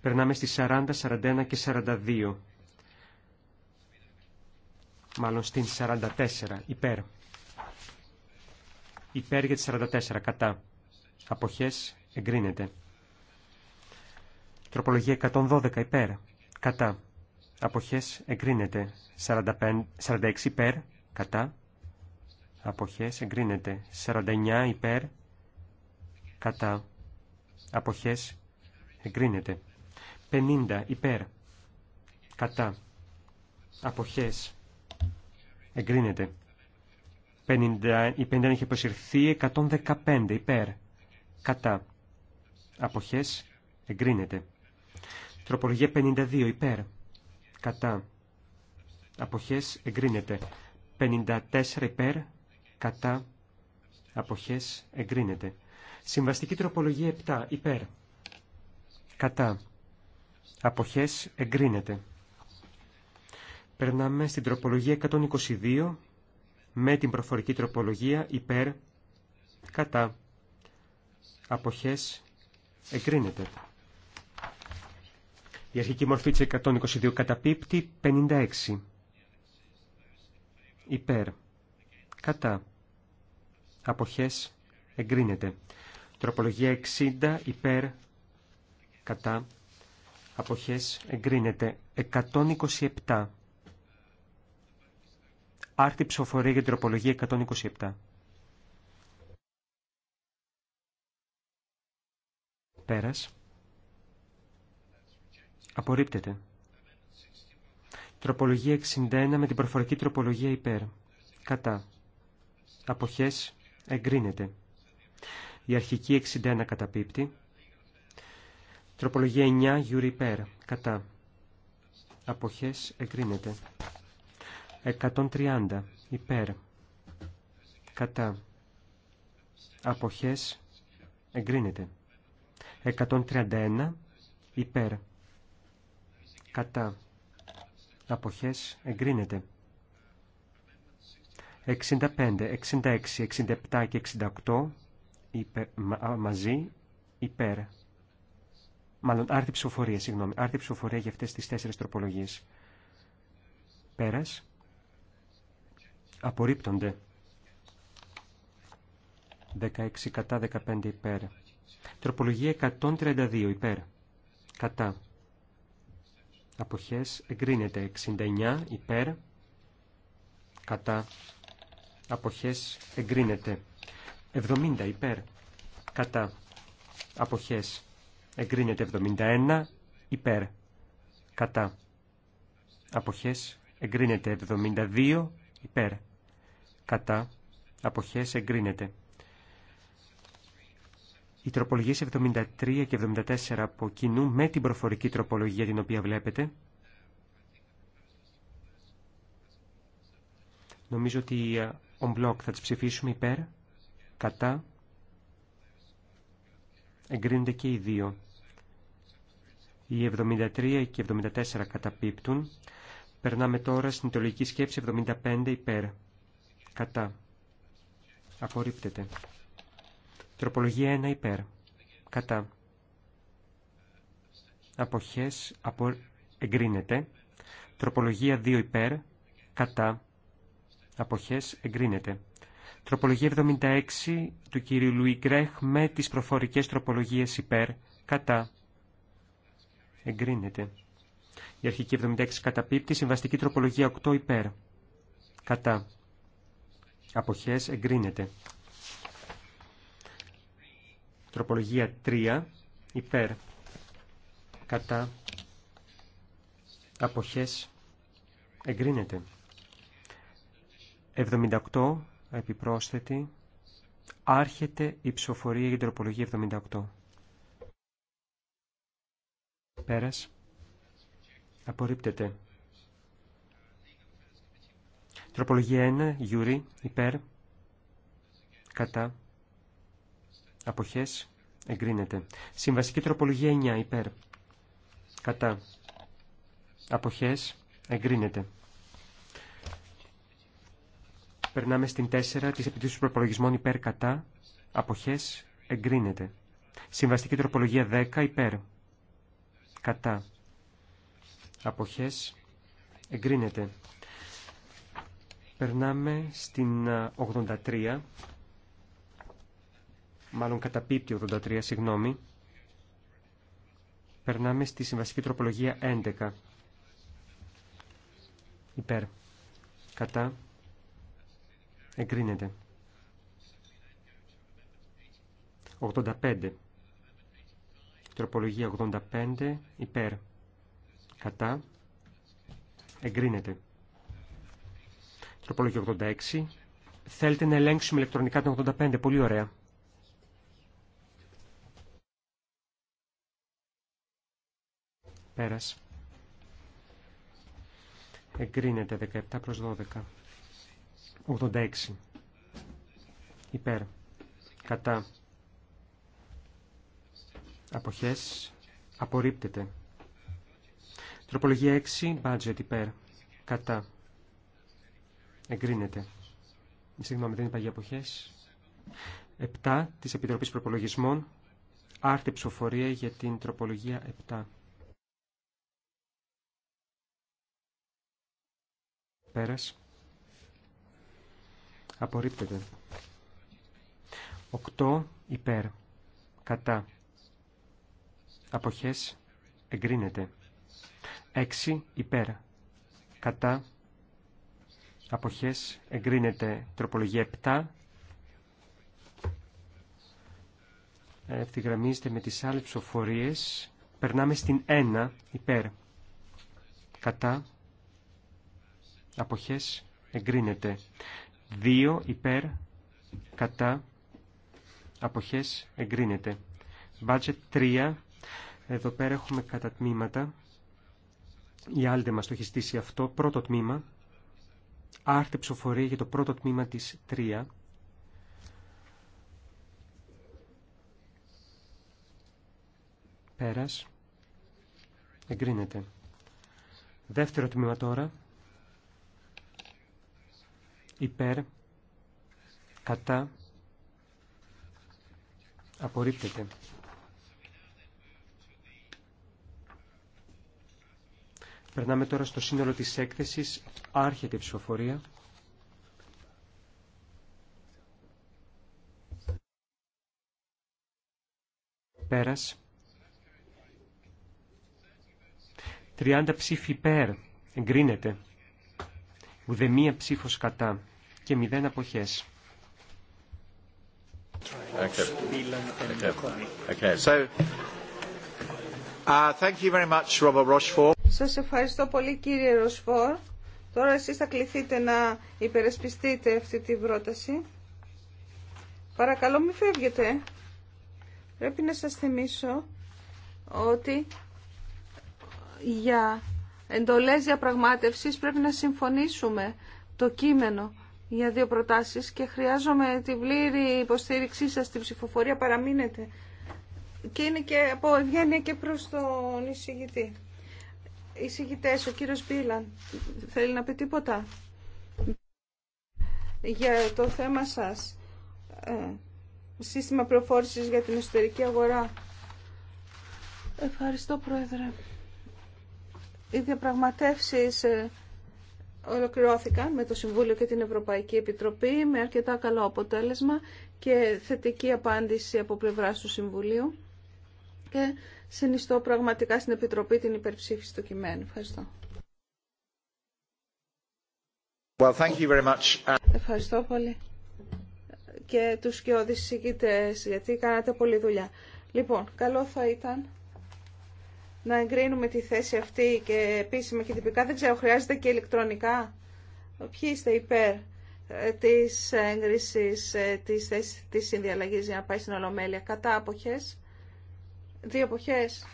Περνάμε στις 40, 41 και 42. Μάλλον στην 44, υπέρ. Υπέρ για τις 44, κατά. Αποχές εγκρίνεται. Τροπολογία 112, υπέρ κατά, αποχές εγκρίνεται. 45, 46 υπέρ, κατά, αποχές εγκρίνεται. 49 υπέρ, κατά, αποχές εγκρίνεται. 50 υπέρ, κατά, αποχές εγκρίνεται. 50, η 50 έχει αποσυρθεί 115 υπέρ, κατά, αποχές εγκρίνεται. Τροπολογία 52 υπέρ. Κατά. Αποχές εγκρίνεται. 54 υπέρ. Κατά. Αποχές εγκρίνεται. Συμβαστική τροπολογία 7 υπέρ. Κατά. Αποχές εγκρίνεται. Περνάμε στην τροπολογία 122 με την προφορική τροπολογία υπέρ. Κατά. Αποχές εγκρίνεται. Η αρχική μορφή της 122 καταπίπτει 56. Υπέρ. Κατά. Αποχές. Εγκρίνεται. Τροπολογία 60. Υπέρ. Κατά. Αποχές. Εγκρίνεται. 127. Άρτη ψηφοφορία για τροπολογία 127. Πέρας. Απορρίπτεται. Τροπολογία 61 με την προφορική τροπολογία υπέρ. Κατά. Αποχές εγκρίνεται. Η αρχική 61 καταπίπτει. Τροπολογία 9 γιουρι υπέρ. Κατά. Αποχές εγκρίνεται. 130 υπέρ. Κατά. Αποχές εγκρίνεται. 131 υπέρ κατά αποχές εγκρίνεται. 65, 66, 67 και 68 μαζί υπέρ. Μάλλον άρτη ψηφοφορία, συγγνώμη. Άρτη ψηφοφορία για αυτές τις τέσσερις τροπολογίες. Πέρας. Απορρίπτονται. 16 κατά 15 υπέρ. Τροπολογία 132 υπέρ. Κατά αποχές εγκρίνεται 69 υπέρ κατά αποχές εγκρίνεται 70 υπέρ κατά αποχές εγκρίνεται 71 υπέρ κατά αποχές εγκρίνεται 72 υπέρ κατά αποχές εγκρίνεται οι τροπολογίες 73 και 74 από κοινού με την προφορική τροπολογία την οποία βλέπετε. Νομίζω ότι ο ε, μπλοκ θα τις ψηφίσουμε υπέρ, κατά. Εγκρίνονται και οι δύο. Οι 73 και 74 καταπίπτουν. Περνάμε τώρα στην τολική σκέψη 75 υπέρ. Κατά. Απορρίπτεται. Τροπολογία 1 υπέρ. Κατά. Αποχές απο... εγκρίνεται. Τροπολογία 2 υπέρ. Κατά. Αποχές εγκρίνεται. Τροπολογία 76 του κύριου Λουί Γκρέχ με τις προφορικές τροπολογίες υπέρ. Κατά. Εγκρίνεται. Η αρχική 76 καταπίπτει. Συμβαστική τροπολογία 8 υπέρ. Κατά. Αποχές εγκρίνεται. Τροπολογία 3 υπέρ κατά αποχές εγκρίνεται. 78 επιπρόσθετη άρχεται η ψηφοφορία για την τροπολογία 78. Πέρας. Απορρίπτεται. Τροπολογία 1, Γιούρι, υπέρ, κατά, Αποχές. Εγκρίνεται. Συμβαστική τροπολογία 9. Υπέρ. Κατά. Αποχές. Εγκρίνεται. Περνάμε στην 4. Τις επιτήσεις προπολογισμών υπέρ κατά. Αποχές. Εγκρίνεται. Συμβαστική τροπολογία 10. Υπέρ. Κατά. Αποχές. Εγκρίνεται. Περνάμε στην 83 μάλλον καταπίπτει 83, συγγνώμη. Περνάμε στη συμβασική τροπολογία 11. Υπέρ. Κατά. Εγκρίνεται. 85. Τροπολογία 85. Υπέρ. Κατά. Εγκρίνεται. Τροπολογία 86. Θέλετε να ελέγξουμε ηλεκτρονικά την 85. Πολύ ωραία. Πέρας. Εγκρίνεται 17 προς 12. 86. Υπέρ. Κατά. Αποχές. Απορρίπτεται. Τροπολογία 6. Budget υπέρ. Κατά. Εγκρίνεται. Συγγνώμη, δεν υπάρχει για αποχές. 7 της Επιτροπής Προπολογισμών. Άρτη ψηφοφορία για την τροπολογία 7. Πέρας. Απορρίπτεται. 8 υπέρ. Κατά. Αποχές. Εγκρίνεται. 6 υπέρ. Κατά. Αποχές. Εγκρίνεται. Τροπολογία 7. Ευθυγραμμίζεται με τις άλλες ψηφοφορίες. Περνάμε στην 1 υπέρ. Κατά αποχές εγκρίνεται. Δύο υπέρ κατά αποχές εγκρίνεται. Budget 3. Εδώ πέρα έχουμε κατά τμήματα. Η Άλντε μας το έχει στήσει αυτό. Πρώτο τμήμα. Άρτε ψηφοφορία για το πρώτο τμήμα της 3. Πέρας. Εγκρίνεται. Δεύτερο τμήμα τώρα υπέρ, κατά, απορρίπτεται. Περνάμε τώρα στο σύνολο της έκθεσης, άρχεται η ψηφοφορία. Πέρας. 30 ψηφί υπέρ, εγκρίνεται μία ψήφος κατά και μηδέν αποχές. Okay. Uh, σας ευχαριστώ πολύ κύριε Ροσφόρ. Τώρα εσείς θα κληθείτε να υπερασπιστείτε αυτή την πρόταση. Παρακαλώ μην φεύγετε. Πρέπει να σας θυμίσω ότι για εντολές διαπραγμάτευσης πρέπει να συμφωνήσουμε το κείμενο για δύο προτάσεις και χρειάζομαι τη πλήρη υποστήριξή σας στην ψηφοφορία παραμείνετε και είναι και από ευγένεια και προς τον εισηγητή. Εισηγητές, ο κύριος Μπίλαν, θέλει να πει τίποτα για το θέμα σας. Ε, σύστημα προφόρησης για την εσωτερική αγορά. Ευχαριστώ, Πρόεδρε οι διαπραγματεύσεις ε, ολοκληρώθηκαν με το Συμβούλιο και την Ευρωπαϊκή Επιτροπή με αρκετά καλό αποτέλεσμα και θετική απάντηση από πλευρά του Συμβουλίου και συνιστώ πραγματικά στην Επιτροπή την υπερψήφιση του κειμένου. Ευχαριστώ. Ευχαριστώ πολύ και τους και οδησυγητές γιατί κάνατε πολλή δουλειά. Λοιπόν, καλό θα ήταν να εγκρίνουμε τη θέση αυτή και επίσημα και τυπικά. Δεν ξέρω, χρειάζεται και ηλεκτρονικά. Ποιοι είστε υπέρ ε, της έγκρισης ε, της θέσης της συνδιαλλαγής για να πάει στην Ολομέλεια. Κατά αποχές. Δύο αποχές.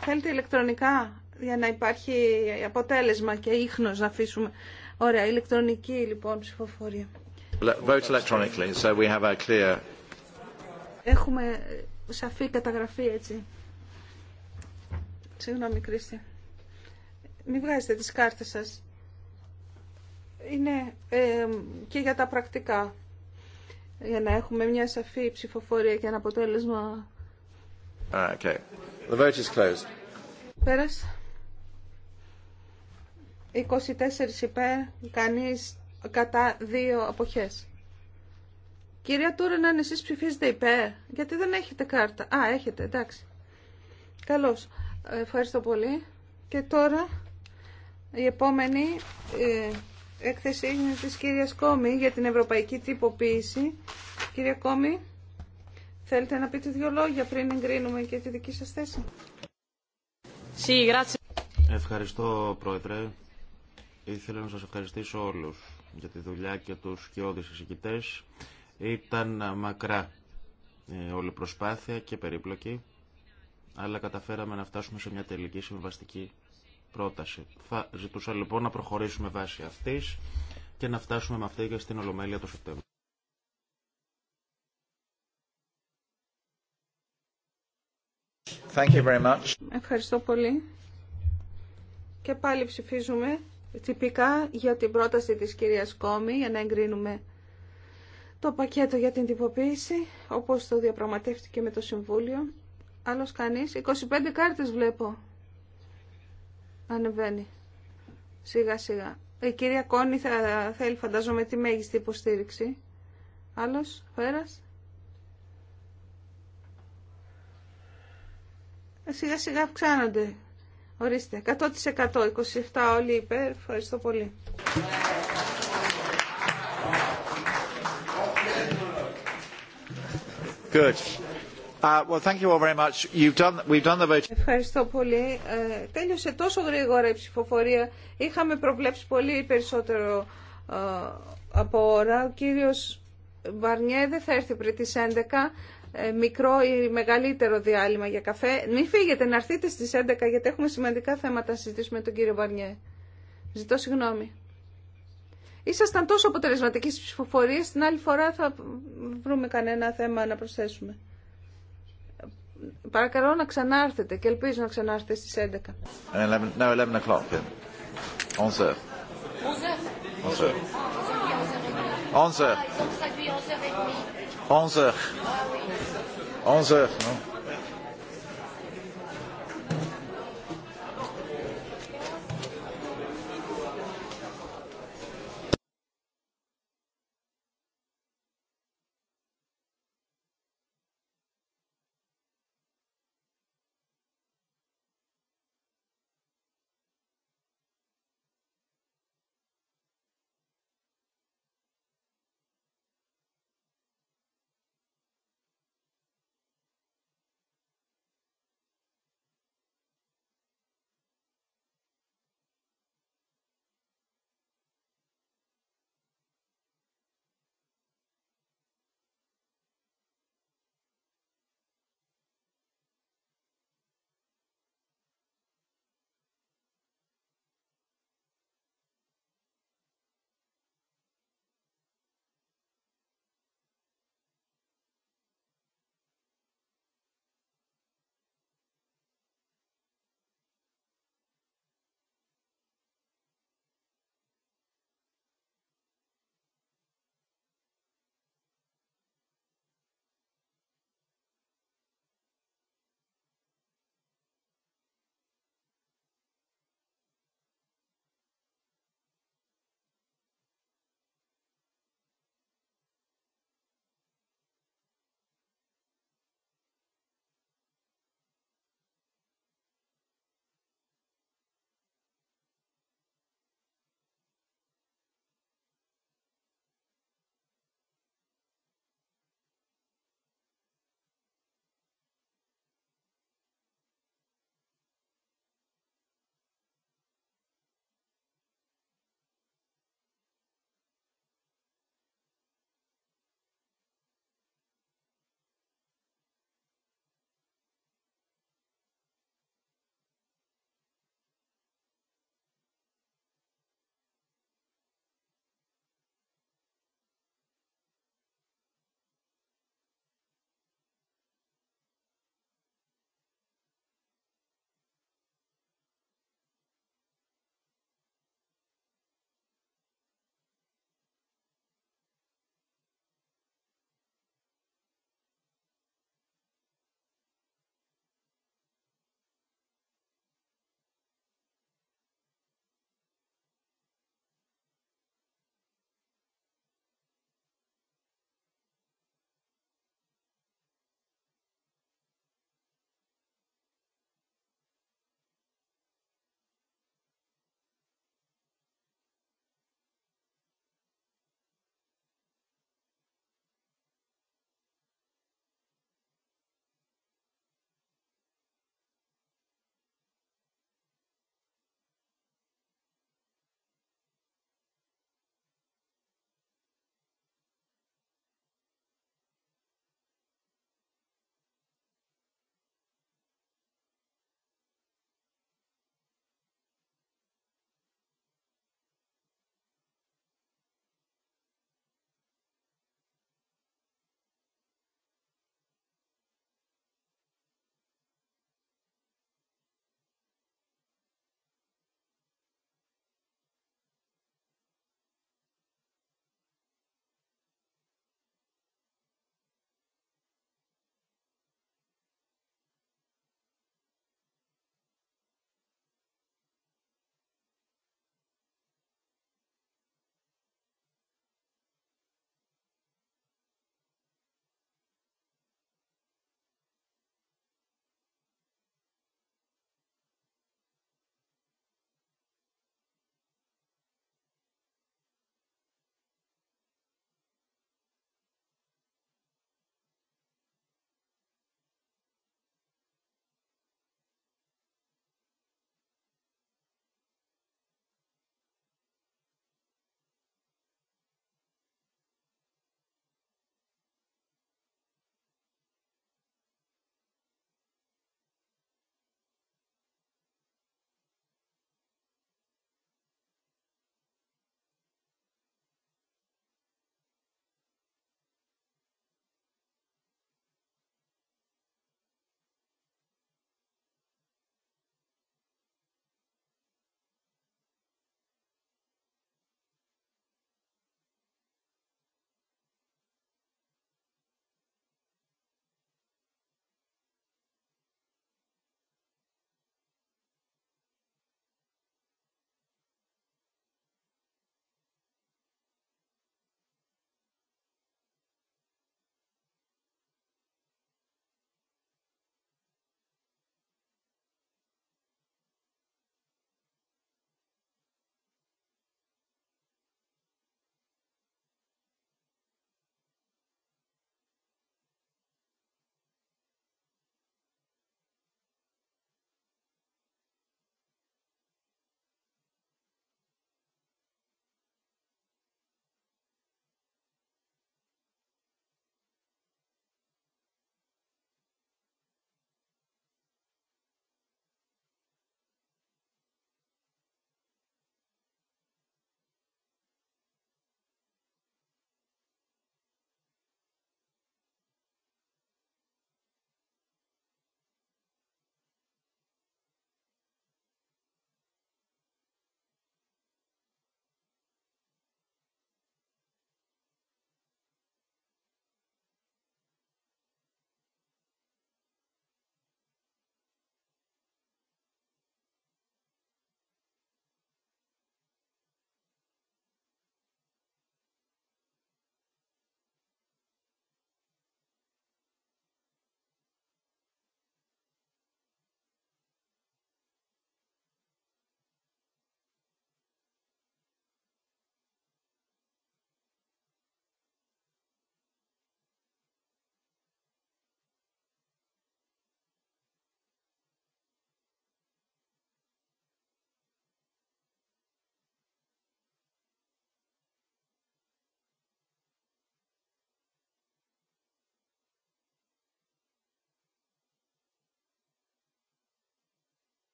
Θέλετε ηλεκτρονικά για να υπάρχει αποτέλεσμα και ίχνος να αφήσουμε. Ωραία, ηλεκτρονική λοιπόν ψηφοφορία. Vote electronically, so we have clear... Έχουμε σαφή καταγραφή έτσι. Συγγνώμη, Κρίστη. Μην βγάζετε τις κάρτες σας. Είναι ε, και για τα πρακτικά. Για να έχουμε μια σαφή ψηφοφορία και ένα αποτέλεσμα. Ah, okay. The vote is closed. Πέρας. 24 υπέρ, κανείς κατά δύο αποχές. Κυρία Τούρεν, αν εσείς ψηφίζετε υπέρ, γιατί δεν έχετε κάρτα. Α, έχετε, εντάξει. Καλώς. Ευχαριστώ πολύ. Και τώρα η επόμενη ε, έκθεση είναι της κυρίας Κόμη για την ευρωπαϊκή τυποποίηση. Κυρία Κόμη, θέλετε να πείτε δύο λόγια πριν εγκρίνουμε και τη δική σας θέση. Ευχαριστώ, Πρόεδρε. Ήθελα να σας ευχαριστήσω όλους για τη δουλειά και τους σκιώδεις εισηγητές. Ήταν μακρά ε, όλη προσπάθεια και περίπλοκη αλλά καταφέραμε να φτάσουμε σε μια τελική συμβαστική πρόταση. Θα ζητούσα λοιπόν να προχωρήσουμε βάσει αυτής και να φτάσουμε με αυτή και στην Ολομέλεια το Σεπτέμβριο. Ευχαριστώ πολύ. Και πάλι ψηφίζουμε τυπικά για την πρόταση της κυρίας Κόμη για να εγκρίνουμε το πακέτο για την τυποποίηση, όπως το διαπραγματεύτηκε με το Συμβούλιο. Άλλος κανείς. 25 κάρτες βλέπω. Ανεβαίνει. Σιγά σιγά. Η κυρία Κόνη θα θέλει φαντάζομαι τη μέγιστη υποστήριξη. Άλλος. Φέρας. Ε, σιγά σιγά αυξάνονται. Ορίστε. 100% 27 όλοι υπέρ. Ευχαριστώ πολύ. Good. Ευχαριστώ πολύ. Ε, τέλειωσε τόσο γρήγορα η ψηφοφορία. Είχαμε προβλέψει πολύ περισσότερο ε, από ώρα. Ο κύριος Μπαρνιέ δεν θα έρθει πριν τις 11. Ε, μικρό ή μεγαλύτερο διάλειμμα για καφέ. Μην φύγετε, να έρθετε στις 11 γιατί έχουμε σημαντικά θέματα να συζητήσουμε με τον κύριο Μπαρνιέ. Ζητώ συγγνώμη. Ήσασταν τόσο αποτελεσματικοί στις ψηφοφορίες, την άλλη φορά θα βρούμε κανένα θέμα να προσθέσουμε. Παρακαλώ να ξανάρθετε και ελπίζω να ξανάρθετε στις 11. 11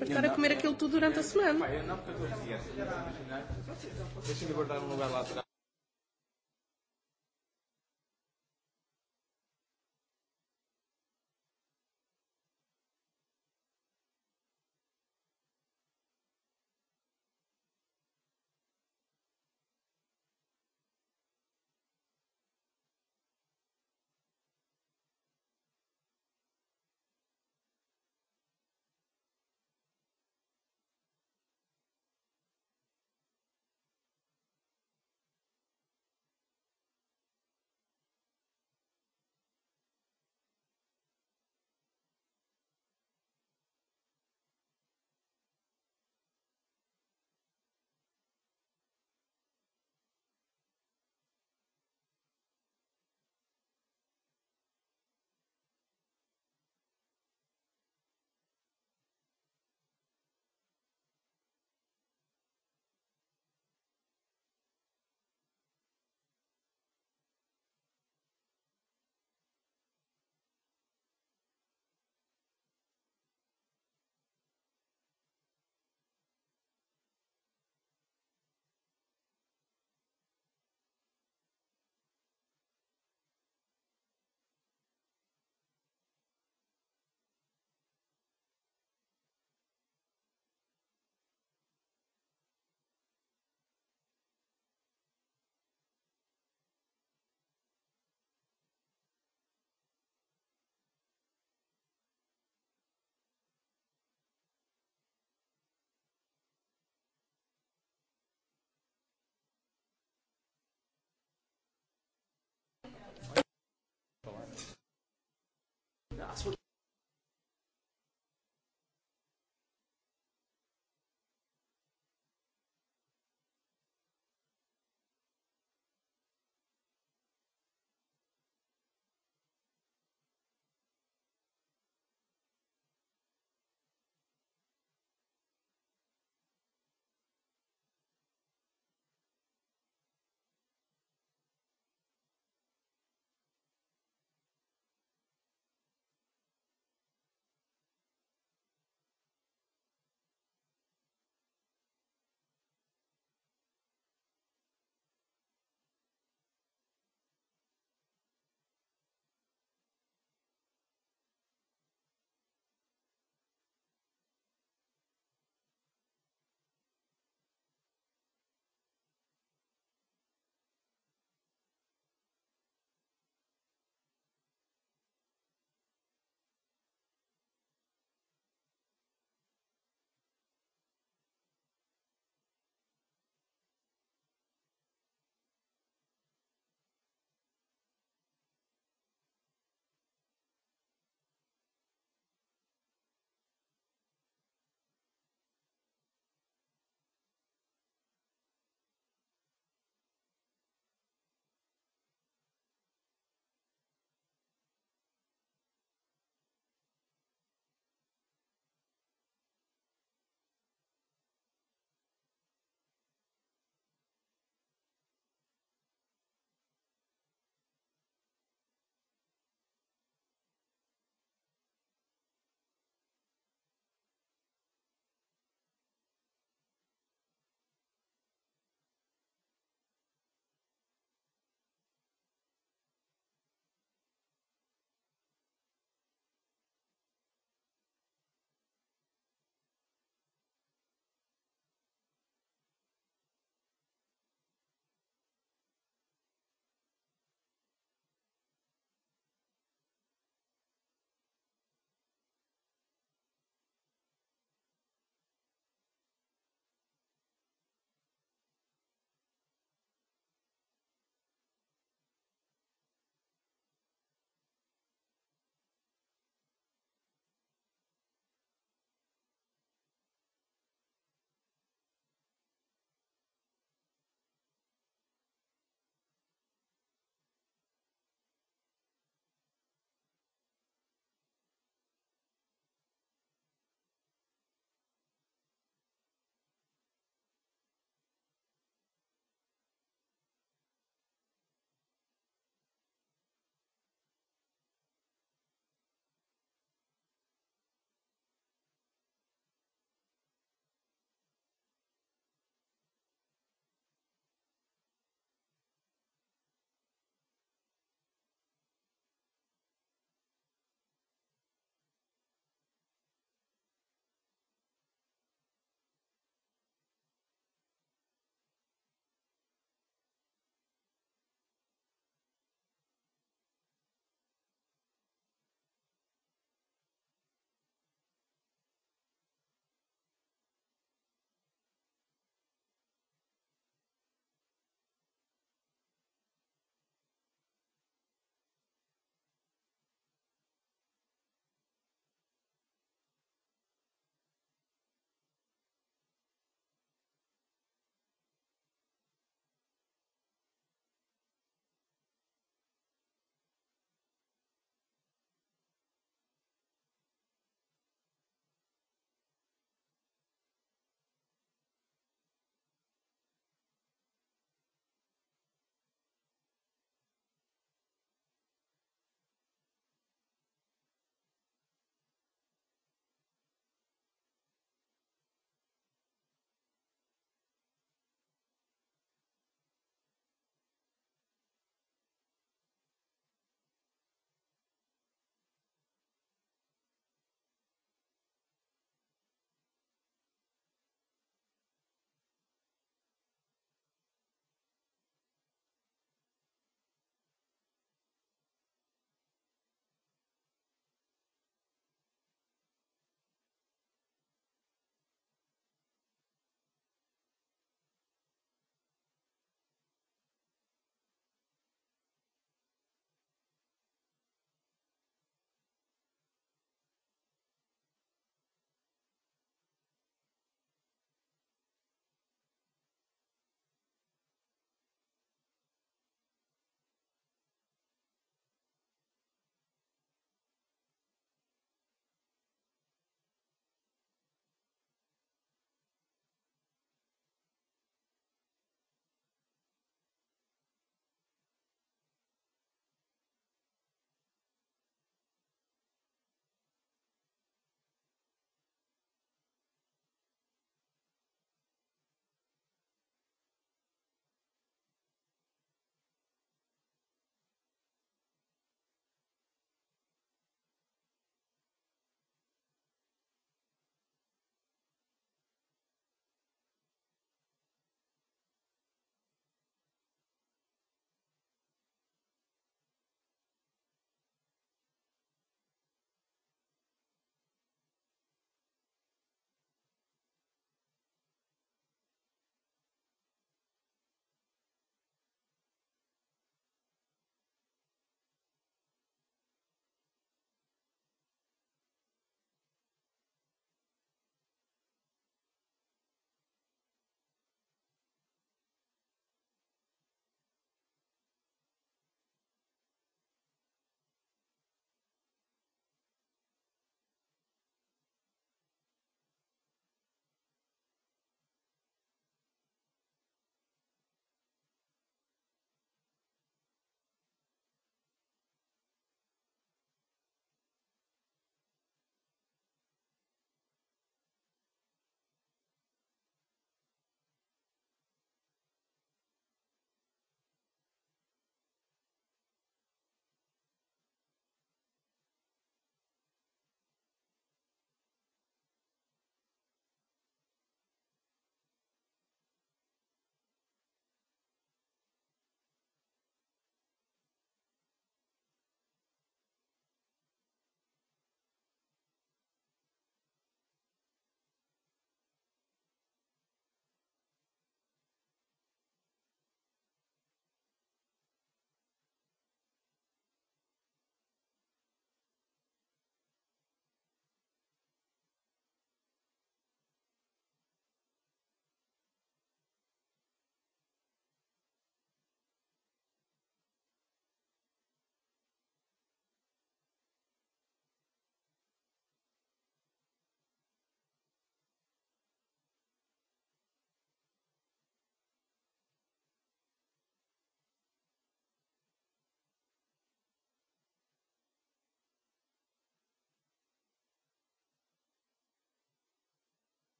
para estar a comer aquilo tudo durante a semana. Deixem-me guardar um lugar lá atrás. Ας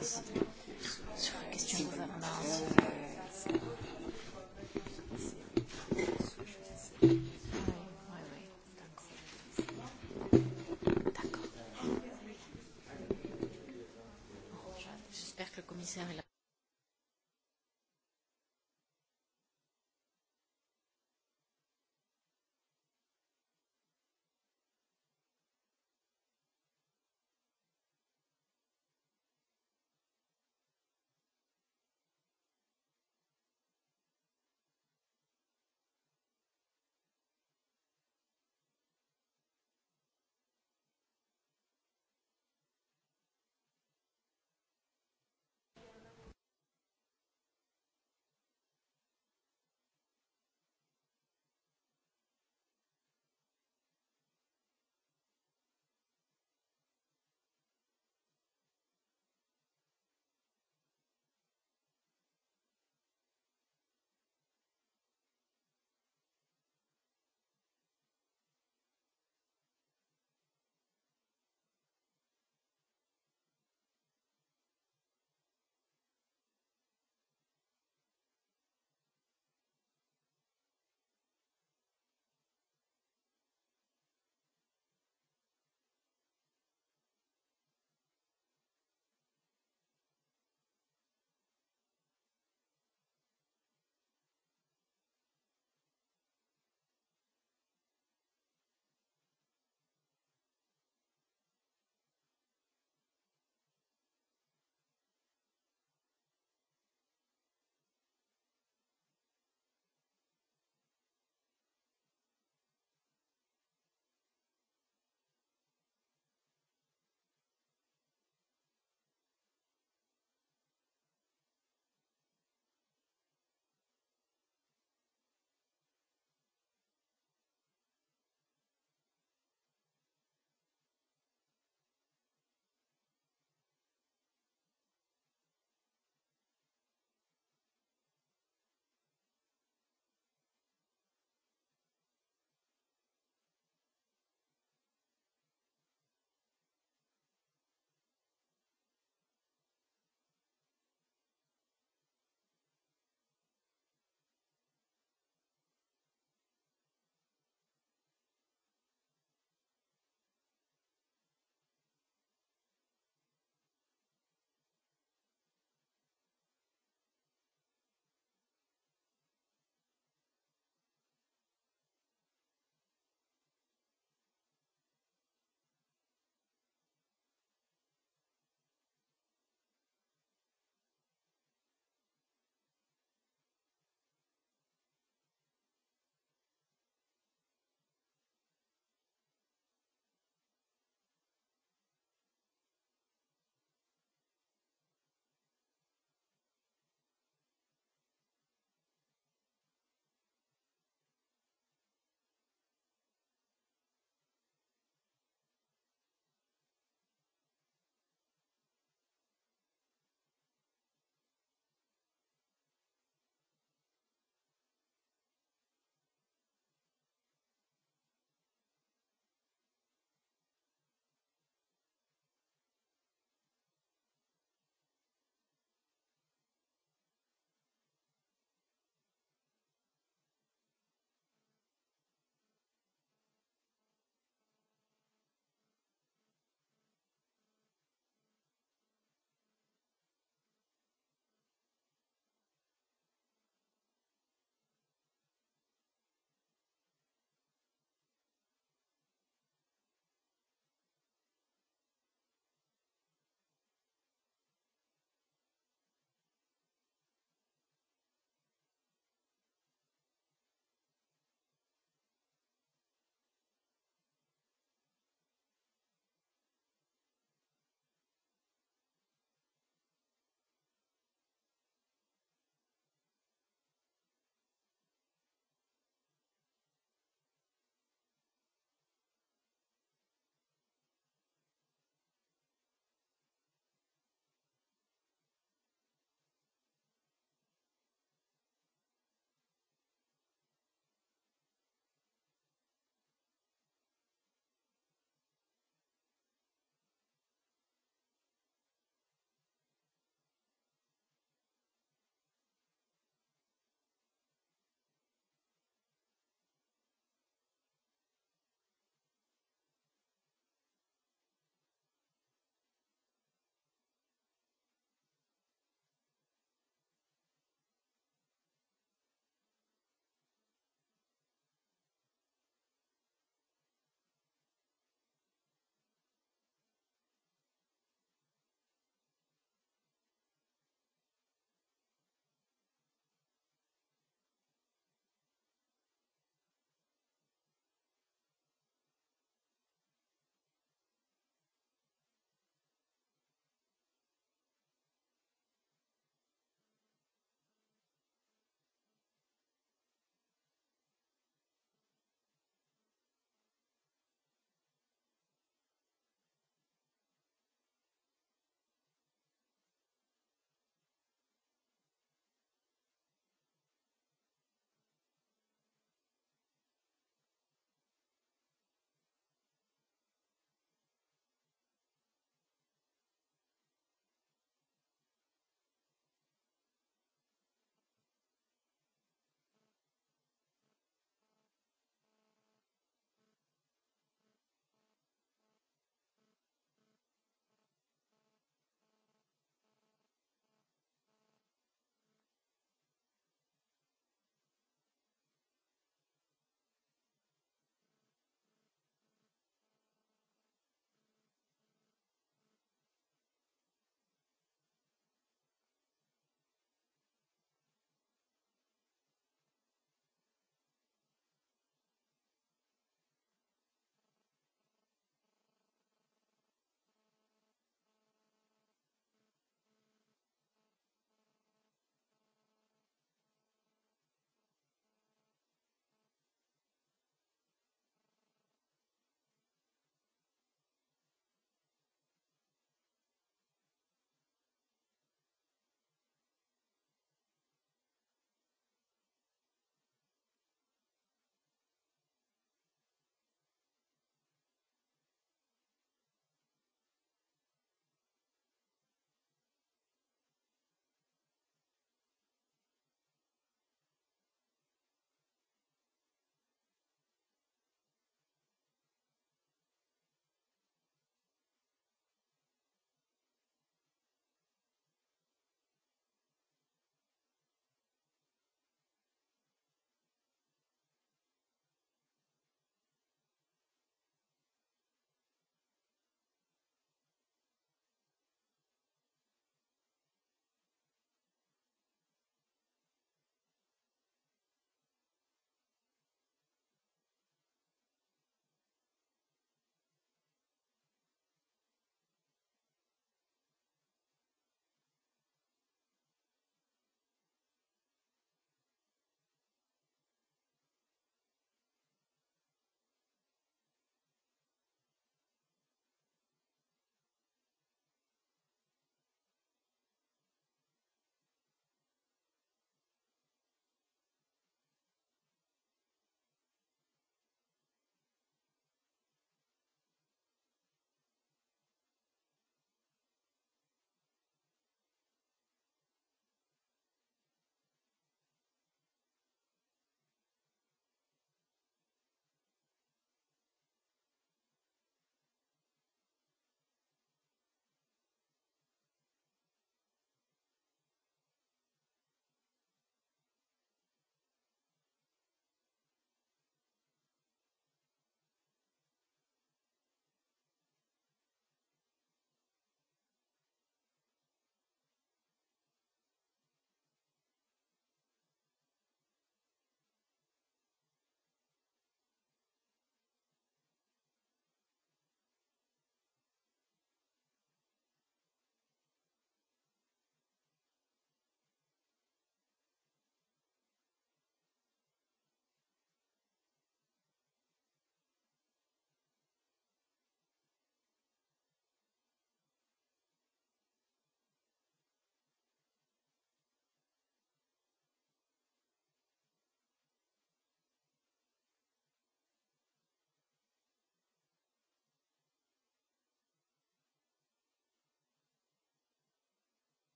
Sur la question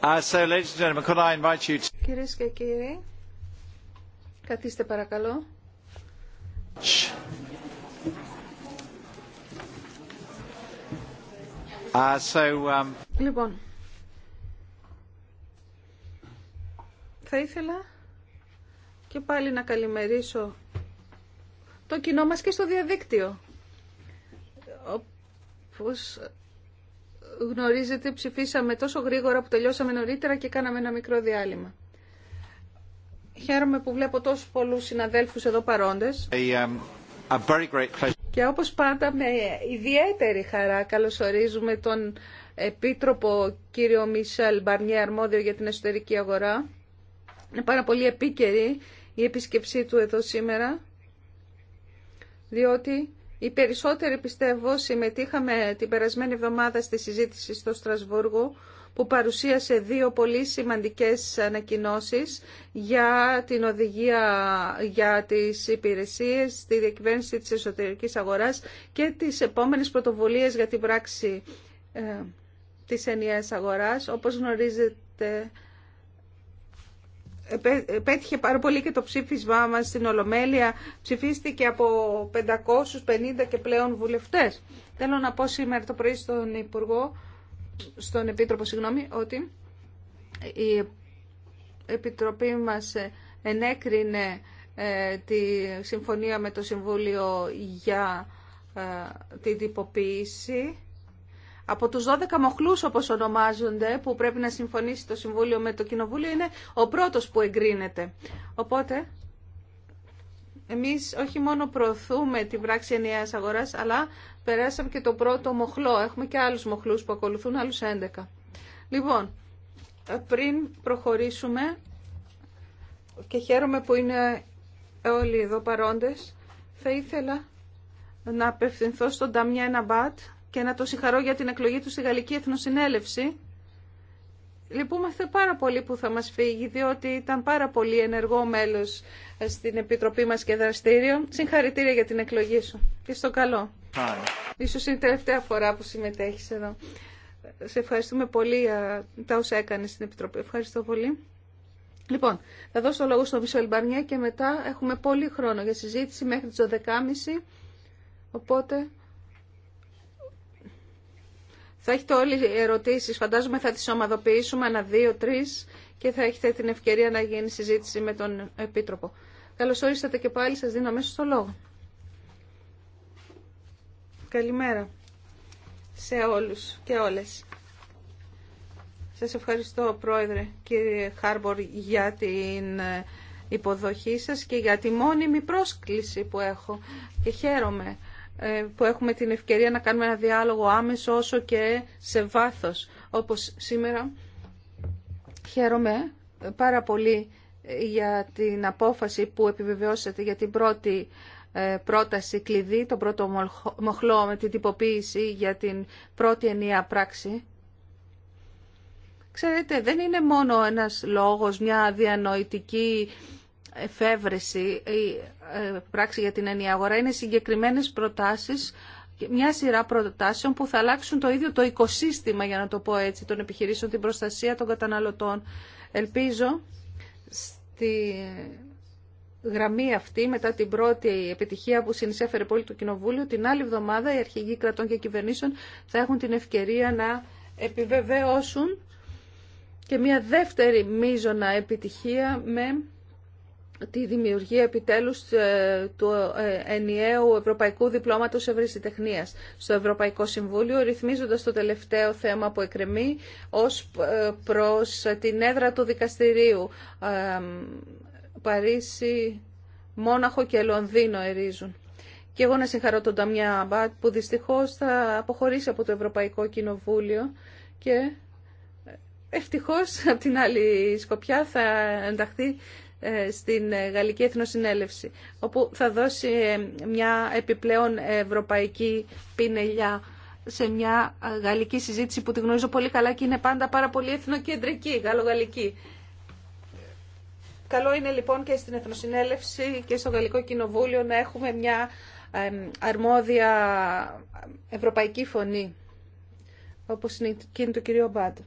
Κυρίες και κύριοι, Κατήστε παρακαλώ. Uh, um- λοιπόν, θα ήθελα και πάλι να καλημερίσω το κοινό μας και στο διαδίκτυο. Όπως γνωρίζετε ψηφίσαμε τόσο γρήγορα που τελειώσαμε νωρίτερα και κάναμε ένα μικρό διάλειμμα. Χαίρομαι που βλέπω τόσους πολλούς συναδέλφους εδώ παρόντες. a um, και όπως πάντα με ιδιαίτερη χαρά καλωσορίζουμε τον Επίτροπο κύριο Μισελ Μπαρνιέ Αρμόδιο για την εσωτερική αγορά. Είναι πάρα πολύ επίκαιρη η επίσκεψή του εδώ σήμερα, διότι οι περισσότεροι πιστεύω συμμετείχαμε την περασμένη εβδομάδα στη συζήτηση στο Στρασβούργο που παρουσίασε δύο πολύ σημαντικές ανακοινώσεις για την οδηγία για τις υπηρεσίες, τη διακυβέρνηση της εσωτερικής αγοράς και τις επόμενες πρωτοβουλίες για την πράξη ε, της ενιαίας αγοράς. Όπως γνωρίζετε, πέτυχε πάρα πολύ και το ψήφισμά μας στην Ολομέλεια. Ψηφίστηκε από 550 και πλέον βουλευτές. Θέλω να πω σήμερα το πρωί στον Υπουργό, στον Επίτροπο, ότι η Επιτροπή μας ενέκρινε ε, τη συμφωνία με το Συμβούλιο για ε, την τυποποίηση από τους 12 μοχλούς όπως ονομάζονται που πρέπει να συμφωνήσει το Συμβούλιο με το Κοινοβούλιο είναι ο πρώτος που εγκρίνεται. Οπότε εμείς όχι μόνο προωθούμε την πράξη ενιαίας αγοράς αλλά περάσαμε και το πρώτο μοχλό. Έχουμε και άλλους μοχλούς που ακολουθούν, άλλους 11. Λοιπόν, πριν προχωρήσουμε και χαίρομαι που είναι όλοι εδώ παρόντες θα ήθελα να απευθυνθώ στον Ταμιά Μπατ και να το συγχαρώ για την εκλογή του στη Γαλλική Εθνοσυνέλευση. Λυπούμαστε πάρα πολύ που θα μας φύγει, διότι ήταν πάρα πολύ ενεργό μέλος στην Επιτροπή μας και δραστήριο. Συγχαρητήρια για την εκλογή σου και στο καλό. Ίσως είναι η τελευταία φορά που συμμετέχεις εδώ. Σε ευχαριστούμε πολύ για τα όσα έκανες στην Επιτροπή. Ευχαριστώ πολύ. Λοιπόν, θα δώσω το λόγο στον Μισό Μπαρνιέ και μετά έχουμε πολύ χρόνο για συζήτηση μέχρι τις 12.30. Οπότε θα έχετε όλοι ερωτήσεις, φαντάζομαι θα τις ομαδοποιήσουμε ανά δύο, τρεις και θα έχετε την ευκαιρία να γίνει συζήτηση με τον Επίτροπο. Καλώς όρισατε και πάλι, σας δίνω αμέσως το λόγο. Καλημέρα σε όλους και όλες. Σας ευχαριστώ Πρόεδρε κύριε Χάρμπορ για την ε, υποδοχή σας και για τη μόνιμη πρόσκληση που έχω και χαίρομαι ε, που έχουμε την ευκαιρία να κάνουμε ένα διάλογο άμεσο όσο και σε βάθος όπως σήμερα. Χαίρομαι πάρα πολύ ε, για την απόφαση που επιβεβαιώσατε για την πρώτη ε, πρόταση κλειδί, τον πρώτο μοχλό με την τυποποίηση για την πρώτη ενιαία πράξη. Ξέρετε, δεν είναι μόνο ένας λόγος, μια διανοητική εφεύρεση πράξη για την ενιαία αγορά είναι συγκεκριμένες προτάσεις μια σειρά προτάσεων που θα αλλάξουν το ίδιο το οικοσύστημα, για να το πω έτσι, των επιχειρήσεων, την προστασία των καταναλωτών. Ελπίζω στη γραμμή αυτή, μετά την πρώτη επιτυχία που συνεισέφερε πολύ το Κοινοβούλιο, την άλλη εβδομάδα οι αρχηγοί κρατών και κυβερνήσεων θα έχουν την ευκαιρία να επιβεβαιώσουν και μια δεύτερη μείζωνα επιτυχία με τη δημιουργία επιτέλους ε, του ε, ενιαίου Ευρωπαϊκού Διπλώματος Ευρυσιτεχνίας στο Ευρωπαϊκό Συμβούλιο, ρυθμίζοντας το τελευταίο θέμα που εκκρεμεί ως ε, προς την έδρα του δικαστηρίου. Παρίσι, Μόναχο και Λονδίνο ερίζουν. Και εγώ να συγχαρώ τον Ταμιά Αμπάτ που δυστυχώς θα αποχωρήσει από το Ευρωπαϊκό Κοινοβούλιο και ευτυχώς από την άλλη σκοπιά θα ενταχθεί ε, στην ε, Γαλλική Εθνοσυνέλευση, όπου θα δώσει ε, μια επιπλέον ευρωπαϊκή πινελιά σε μια γαλλική συζήτηση που τη γνωρίζω πολύ καλά και είναι πάντα πάρα πολύ εθνοκεντρική, γαλλογαλλική. Καλό είναι λοιπόν και στην Εθνοσυνέλευση και στο Γαλλικό Κοινοβούλιο να έχουμε μια αρμόδια ευρωπαϊκή φωνή, όπως είναι εκείνη του κυρίου Μπάντου.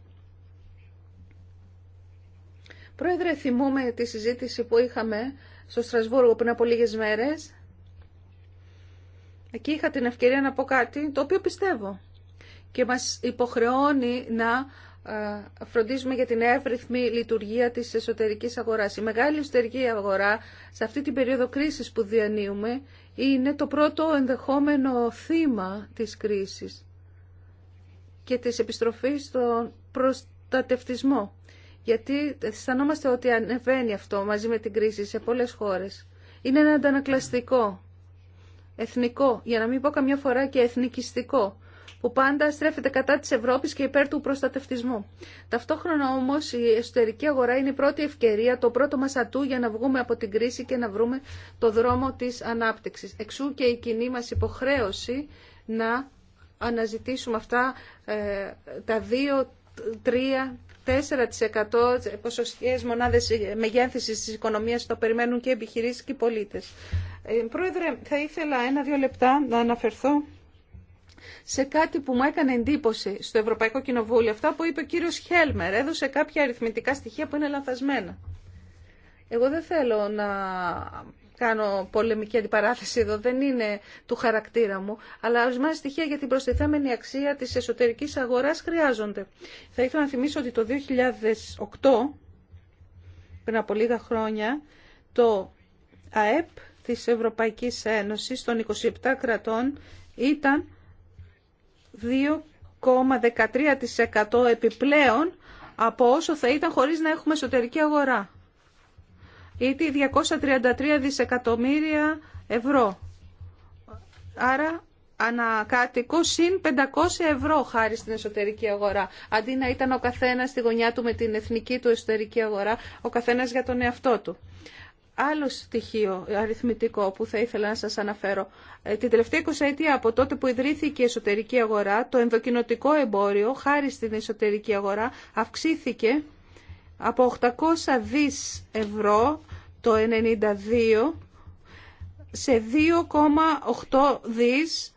Πρόεδρε, θυμούμε τη συζήτηση που είχαμε στο Στρασβούργο πριν από λίγες μέρες. Εκεί είχα την ευκαιρία να πω κάτι το οποίο πιστεύω και μας υποχρεώνει να ε, φροντίζουμε για την εύρυθμη λειτουργία της εσωτερικής αγοράς. Η μεγάλη εσωτερική αγορά σε αυτή την περίοδο κρίσης που διανύουμε είναι το πρώτο ενδεχόμενο θύμα της κρίσης και της επιστροφής στον προστατευτισμό γιατί αισθανόμαστε ότι ανεβαίνει αυτό μαζί με την κρίση σε πολλές χώρες. Είναι ένα αντανακλαστικό, εθνικό, για να μην πω καμιά φορά και εθνικιστικό, που πάντα στρέφεται κατά της Ευρώπης και υπέρ του προστατευτισμού. Ταυτόχρονα όμως η εσωτερική αγορά είναι η πρώτη ευκαιρία, το πρώτο μας ατού για να βγούμε από την κρίση και να βρούμε το δρόμο της ανάπτυξης. Εξού και η κοινή μας υποχρέωση να αναζητήσουμε αυτά ε, τα δύο, τρία, 4% ποσοστιαίες μονάδες μεγέθυνσης της οικονομίας το περιμένουν και επιχειρήσεις και οι πολίτες. Ε, πρόεδρε, θα ήθελα ένα-δύο λεπτά να αναφερθώ σε κάτι που μου έκανε εντύπωση στο Ευρωπαϊκό Κοινοβούλιο. Αυτά που είπε ο κύριος Χέλμερ, έδωσε κάποια αριθμητικά στοιχεία που είναι λανθασμένα. Εγώ δεν θέλω να κάνω πολεμική αντιπαράθεση εδώ, δεν είναι του χαρακτήρα μου, αλλά ορισμένα στοιχεία για την προστιθέμενη αξία της εσωτερικής αγοράς χρειάζονται. Θα ήθελα να θυμίσω ότι το 2008, πριν από λίγα χρόνια, το ΑΕΠ της Ευρωπαϊκής Ένωσης των 27 κρατών ήταν 2,13% επιπλέον από όσο θα ήταν χωρίς να έχουμε εσωτερική αγορά ή 233 δισεκατομμύρια ευρώ. Άρα ανακάτοικο συν 500 ευρώ χάρη στην εσωτερική αγορά. Αντί να ήταν ο καθένας στη γωνιά του με την εθνική του εσωτερική αγορά, ο καθένας για τον εαυτό του. Άλλο στοιχείο αριθμητικό που θα ήθελα να σας αναφέρω. Ε, την τελευταία 20 αιτία από τότε που ιδρύθηκε η εσωτερική αγορά, το ενδοκινοτικό εμπόριο, χάρη στην εσωτερική αγορά, αυξήθηκε από 800 δις ευρώ το 92 σε 2,8 δις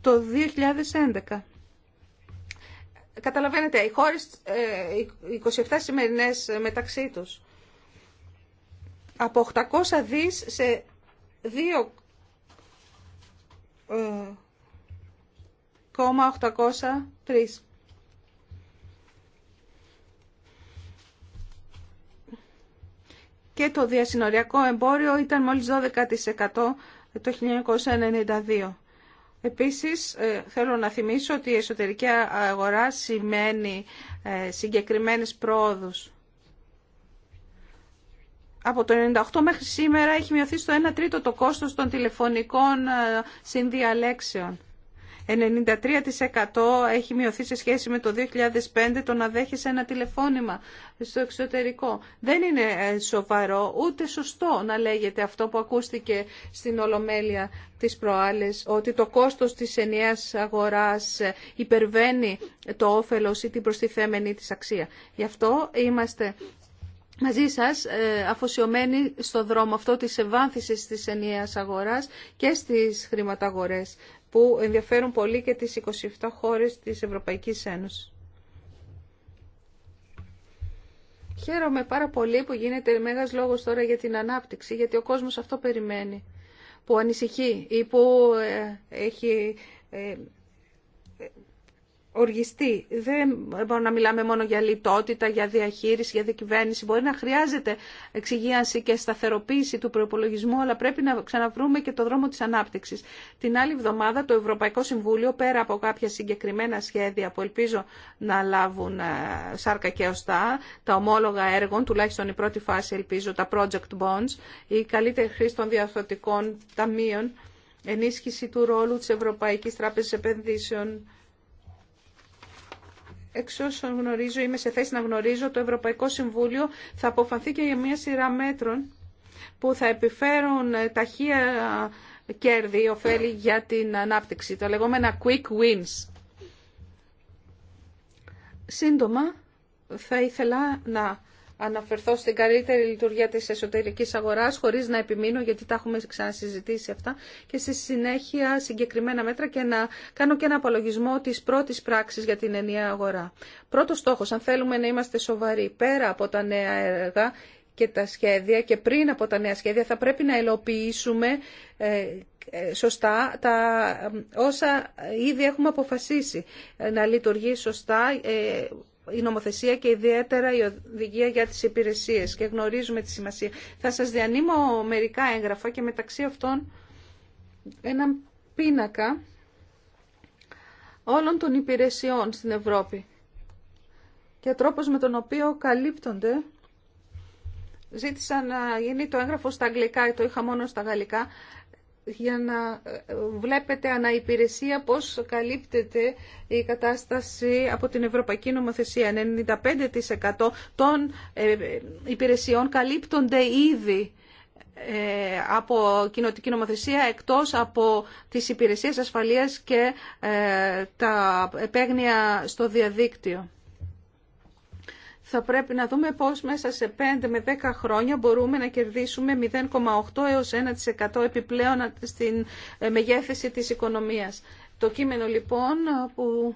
το 2011. Καταλαβαίνετε, οι χώρες, 27 ε, σημερινές μεταξύ τους, από 800 δις σε 2,803. και το διασυνοριακό εμπόριο ήταν μόλις 12% το 1992. Επίσης, ε, θέλω να θυμίσω ότι η εσωτερική αγορά σημαίνει ε, συγκεκριμένες πρόοδους. Από το 1998 μέχρι σήμερα έχει μειωθεί στο 1 τρίτο το κόστος των τηλεφωνικών ε, συνδιαλέξεων. 93% έχει μειωθεί σε σχέση με το 2005 το να δέχεσαι ένα τηλεφώνημα στο εξωτερικό. Δεν είναι ε, σοβαρό ούτε σωστό να λέγεται αυτό που ακούστηκε στην Ολομέλεια της προάλλες, ότι το κόστος της ενιαίας αγοράς ε, υπερβαίνει το όφελος ή την προστιθέμενη της αξία. Γι' αυτό είμαστε μαζί σας ε, αφοσιωμένοι στο δρόμο αυτό της ευάνθησης της ενιαίας αγοράς και στις χρηματαγορές που ενδιαφέρουν πολύ και τις 27 χώρες της Ευρωπαϊκής Ένωσης. Χαίρομαι πάρα πολύ που γίνεται μέγας λόγος τώρα για την ανάπτυξη, γιατί ο κόσμος αυτό περιμένει, που ανησυχεί ή που ε, έχει ε, οργιστεί. Δεν μπορούμε να μιλάμε μόνο για λιτότητα, για διαχείριση, για δικυβέρνηση. Μπορεί να χρειάζεται εξυγίανση και σταθεροποίηση του προπολογισμού, αλλά πρέπει να ξαναβρούμε και το δρόμο της ανάπτυξης. Την άλλη εβδομάδα το Ευρωπαϊκό Συμβούλιο, πέρα από κάποια συγκεκριμένα σχέδια που ελπίζω να λάβουν ε, σάρκα και ωστά, τα ομόλογα έργων, τουλάχιστον η πρώτη φάση ελπίζω, τα project bonds, η καλύτερη χρήση των διαθωτικών ταμείων, ενίσχυση του ρόλου τη Ευρωπαϊκής Τράπεζας Επενδύσεων, εξ όσων γνωρίζω, είμαι σε θέση να γνωρίζω, το Ευρωπαϊκό Συμβούλιο θα αποφανθεί και για μια σειρά μέτρων που θα επιφέρουν ε, ταχεία κέρδη, ωφέλη για την ανάπτυξη, τα λεγόμενα quick wins. Σύντομα, θα ήθελα να αναφερθώ στην καλύτερη λειτουργία της εσωτερικής αγοράς χωρίς να επιμείνω γιατί τα έχουμε ξανασυζητήσει αυτά και στη συνέχεια συγκεκριμένα μέτρα και να κάνω και ένα απολογισμό της πρώτης πράξης για την ενιαία αγορά. Πρώτος στόχος, αν θέλουμε να είμαστε σοβαροί πέρα από τα νέα έργα και τα σχέδια και πριν από τα νέα σχέδια θα πρέπει να ελοποιήσουμε ε, ε, σωστά τα ε, όσα ήδη έχουμε αποφασίσει να λειτουργεί σωστά η νομοθεσία και ιδιαίτερα η οδηγία για τις υπηρεσίες και γνωρίζουμε τη σημασία. Θα σας διανύμω μερικά έγγραφα και μεταξύ αυτών έναν πίνακα όλων των υπηρεσιών στην Ευρώπη και τρόπος με τον οποίο καλύπτονται ζήτησα να γίνει το έγγραφο στα αγγλικά, το είχα μόνο στα γαλλικά, για να ε, βλέπετε αναϋπηρεσία πώς καλύπτεται η κατάσταση από την Ευρωπαϊκή Νομοθεσία. 95% των ε, υπηρεσιών καλύπτονται ήδη ε, από κοινοτική νομοθεσία εκτός από τις υπηρεσίες ασφαλείας και τα επέγνια στο διαδίκτυο θα πρέπει να δούμε πώς μέσα σε 5 με 10 χρόνια μπορούμε να κερδίσουμε 0,8 έως 1% επιπλέον στην ε, μεγέθυνση της οικονομίας. Το κείμενο λοιπόν που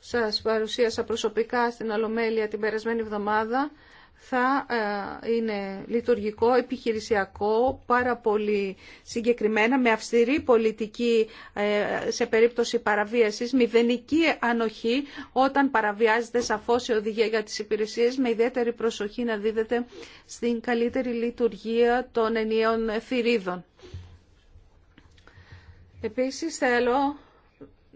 σας παρουσίασα προσωπικά στην Ολομέλεια την περασμένη εβδομάδα θα ε, είναι λειτουργικό, επιχειρησιακό, πάρα πολύ συγκεκριμένα, με αυστηρή πολιτική ε, σε περίπτωση παραβίασης, μηδενική ανοχή όταν παραβιάζεται σαφώς η οδηγία για τις υπηρεσίες, με ιδιαίτερη προσοχή να δίδεται στην καλύτερη λειτουργία των ενιαίων θηρίδων. Επίσης θέλω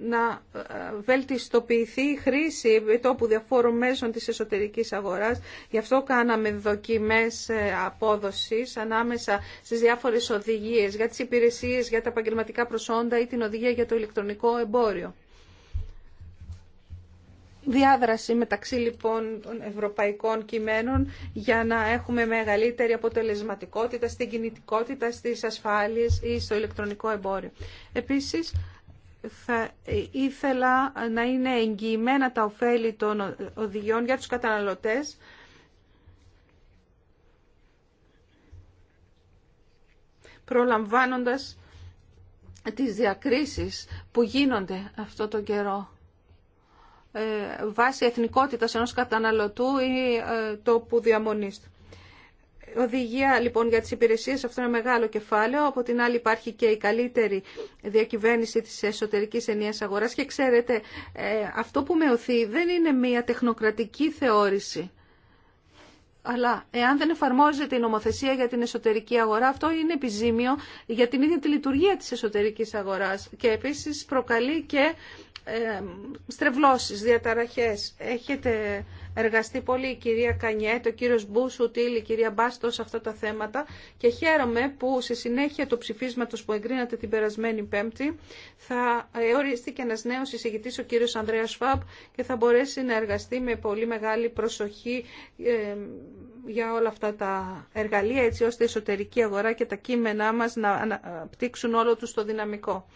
να ε, βελτιστοποιηθεί η χρήση τόπου διαφόρων μέσων της εσωτερικής αγοράς. Γι' αυτό κάναμε δοκιμές ε, απόδοσης ανάμεσα στις διάφορες οδηγίες για τις υπηρεσίες, για τα επαγγελματικά προσόντα ή την οδηγία για το ηλεκτρονικό εμπόριο. Διάδραση μεταξύ λοιπόν των ευρωπαϊκών κειμένων για να έχουμε μεγαλύτερη αποτελεσματικότητα στην κινητικότητα, στις ασφάλειες ή στο ηλεκτρονικό εμπόριο. Επίσης, θα ήθελα να είναι εγγυημένα τα ωφέλη των οδηγιών για τους καταναλωτές προλαμβάνοντας τις διακρίσεις που γίνονται αυτό τον καιρό ε, βάσει εθνικότητας ενός καταναλωτού ή ε, τόπου διαμονής του οδηγία λοιπόν για τις υπηρεσίες, αυτό είναι μεγάλο κεφάλαιο. Από την άλλη υπάρχει και η καλύτερη διακυβέρνηση της εσωτερικής ενίας αγοράς και ξέρετε ε, αυτό που με δεν είναι μια τεχνοκρατική θεώρηση. Αλλά εάν δεν εφαρμόζεται η νομοθεσία για την εσωτερική αγορά, αυτό είναι επιζήμιο για την ίδια τη λειτουργία της εσωτερικής αγοράς και επίσης προκαλεί και ε, στρεβλώσεις, διαταραχές. Έχετε εργαστεί πολύ η κυρία Κανιέτ, ο κύριος Μπούσου, η κυρία Μπάστο σε αυτά τα θέματα και χαίρομαι που σε συνέχεια του ψηφίσματος που εγκρίνατε την περασμένη Πέμπτη θα ε, οριστεί και ένα νέο εισηγητής, ο κύριος Ανδρέας Φαμπ και θα μπορέσει να εργαστεί με πολύ μεγάλη προσοχή ε, για όλα αυτά τα εργαλεία έτσι ώστε η εσωτερική αγορά και τα κείμενά μας να αναπτύξουν όλο τους το δυναμικό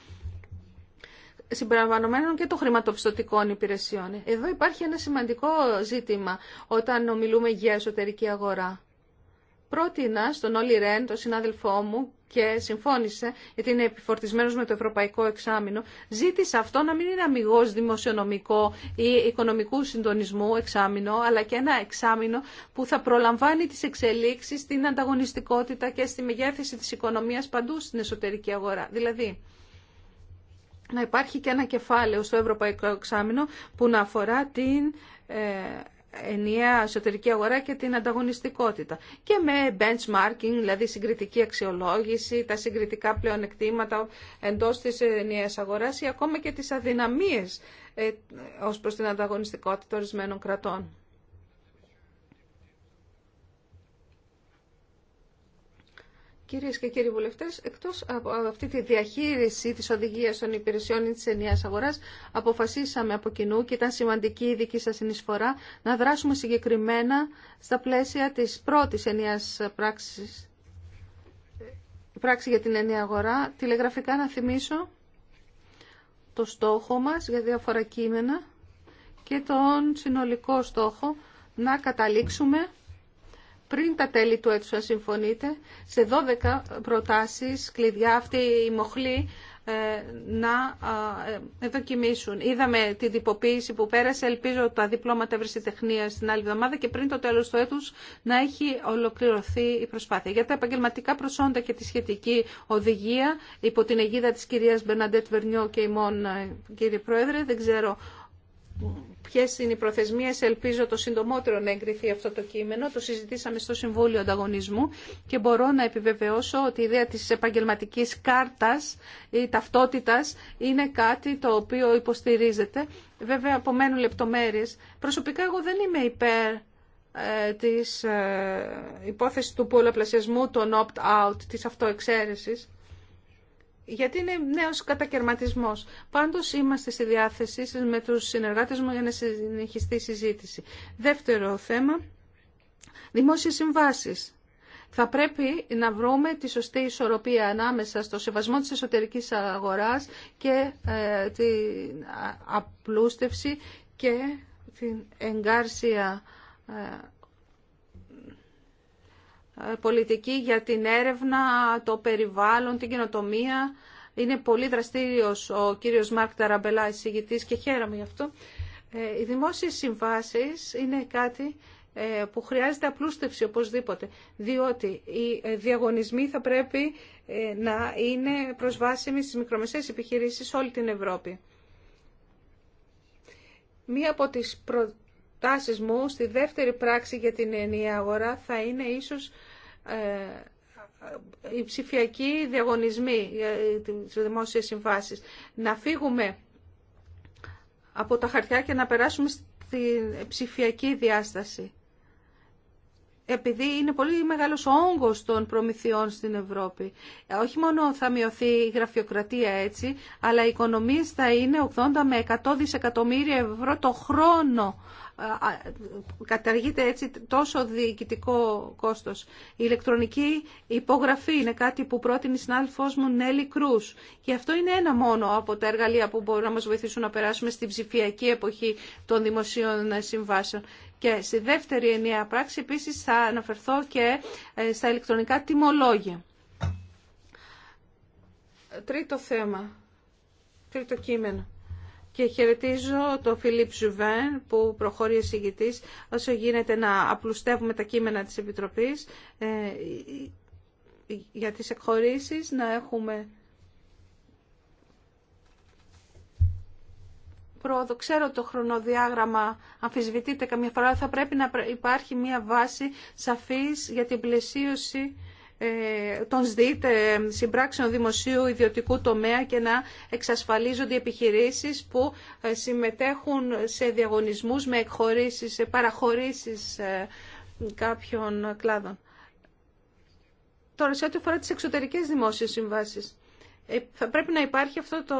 συμπεριλαμβανομένων και των χρηματοπιστωτικών υπηρεσιών. Εδώ υπάρχει ένα σημαντικό ζήτημα όταν ομιλούμε για εσωτερική αγορά. Πρότεινα στον Όλυ Ρεν, τον συνάδελφό μου, και συμφώνησε, γιατί είναι επιφορτισμένο με το ευρωπαϊκό εξάμεινο, ζήτησε αυτό να μην είναι αμυγό δημοσιονομικό ή οικονομικού συντονισμού εξάμεινο, αλλά και ένα εξάμεινο που θα προλαμβάνει τι εξελίξει στην ανταγωνιστικότητα και στη μεγέθυνση τη οικονομία παντού στην εσωτερική αγορά. Δηλαδή, να υπάρχει και ένα κεφάλαιο στο Ευρωπαϊκό Εξάμεινο που να αφορά την ε, ενιαία εσωτερική αγορά και την ανταγωνιστικότητα. Και με benchmarking, δηλαδή συγκριτική αξιολόγηση, τα συγκριτικά πλεονεκτήματα εντός της ενιαίας αγοράς ή ακόμα και τις αδυναμίες ε, ως προς την ανταγωνιστικότητα ορισμένων κρατών. Κυρίες και κύριοι βουλευτές, εκτός από αυτή τη διαχείριση της οδηγίας των υπηρεσιών ή της ενιαίας αγοράς, αποφασίσαμε από κοινού και ήταν σημαντική η δική σας συνεισφορά να δράσουμε συγκεκριμένα στα πλαίσια της πρώτης ενιαίας πράξης πράξη για την ενιαία αγορά. Τηλεγραφικά να θυμίσω το στόχο μας για διάφορα κείμενα και τον συνολικό στόχο να καταλήξουμε πριν τα τέλη του έτους, αν συμφωνείτε, σε 12 προτάσεις, κλειδιά αυτή η μοχλή, ε, να ε, δοκιμήσουν. Είδαμε την τυποποίηση που πέρασε, ελπίζω τα διπλώματα τεχνία την άλλη εβδομάδα και πριν το τέλος του έτους να έχει ολοκληρωθεί η προσπάθεια. Για τα επαγγελματικά προσόντα και τη σχετική οδηγία υπό την αιγίδα της κυρίας Μπερναντέτ Βερνιό και ημών ε, κύριε Πρόεδρε, δεν ξέρω ποιες είναι οι προθεσμίες. Ελπίζω το συντομότερο να εγκριθεί αυτό το κείμενο. Το συζητήσαμε στο Συμβούλιο Ανταγωνισμού και μπορώ να επιβεβαιώσω ότι η ιδέα της επαγγελματικής κάρτας ή ταυτότητας είναι κάτι το οποίο υποστηρίζεται. Βέβαια, απομένουν λεπτομέρειες. Προσωπικά, εγώ δεν είμαι υπέρ ε, της ε, υπόθεσης του πολλαπλασιασμού των opt-out, της αυτοεξαίρεσης γιατί είναι νέος κατακαιρματισμός. Πάντως είμαστε στη διάθεσή σας με τους συνεργάτες μου για να συνεχιστεί η συζήτηση. Δεύτερο θέμα, δημόσιες συμβάσεις. Θα πρέπει να βρούμε τη σωστή ισορροπία ανάμεσα στο σεβασμό της εσωτερικής αγοράς και ε, την απλούστευση και την εγκάρσια ε, ε, πολιτική για την έρευνα, το περιβάλλον, την κοινοτομία. Είναι πολύ δραστήριος ο κύριος Μάρκ Ταραμπελά, εισηγητής, και χαίρομαι γι' αυτό. Ε, οι δημόσιες συμβάσεις είναι κάτι ε, που χρειάζεται απλούστευση οπωσδήποτε, διότι οι διαγωνισμοί θα πρέπει να είναι προσβάσιμοι στις μικρομεσαίες επιχειρήσεις όλη την Ευρώπη. Μία από τις τάσεις μου στη δεύτερη πράξη για την ενιαία αγορά θα είναι ίσως οι ε, ε, ψηφιακοί διαγωνισμοί ε, τις δημόσιες συμβάσεις. Να φύγουμε από τα χαρτιά και να περάσουμε στην ψηφιακή διάσταση. Επειδή είναι πολύ μεγάλος ο όγκος των προμηθειών στην Ευρώπη. Όχι μόνο θα μειωθεί η γραφειοκρατία έτσι, αλλά οι οικονομίες θα είναι 80 με 100 δισεκατομμύρια ευρώ το χρόνο καταργείται έτσι τόσο διοικητικό κόστος. Η ηλεκτρονική υπογραφή είναι κάτι που πρότεινε η συνάδελφός μου Νέλη Κρούς. Και αυτό είναι ένα μόνο από τα εργαλεία που μπορούν να μας βοηθήσουν να περάσουμε στην ψηφιακή εποχή των δημοσίων συμβάσεων. Και στη δεύτερη ενιαία πράξη επίσης θα αναφερθώ και ε, στα ηλεκτρονικά τιμολόγια. Τρίτο θέμα. Τρίτο κείμενο και χαιρετίζω το Φιλίπ Ζουβέν που προχωρεί εισηγητής όσο γίνεται να απλουστεύουμε τα κείμενα της Επιτροπής ε, για τις εκχωρήσεις να έχουμε πρόοδο. Ξέρω το χρονοδιάγραμμα αμφισβητείται καμιά φορά, θα πρέπει να υπάρχει μια βάση σαφής για την πλαισίωση ε, των ΣΔΙΤ, συμπράξεων δημοσίου ιδιωτικού τομέα και να εξασφαλίζονται οι επιχειρήσεις που ε, συμμετέχουν σε διαγωνισμούς με εκχωρήσεις, σε παραχωρήσεις ε, κάποιων κλάδων. Τώρα, σε ό,τι αφορά τις εξωτερικές δημόσιες συμβάσεις, θα πρέπει να υπάρχει αυτό το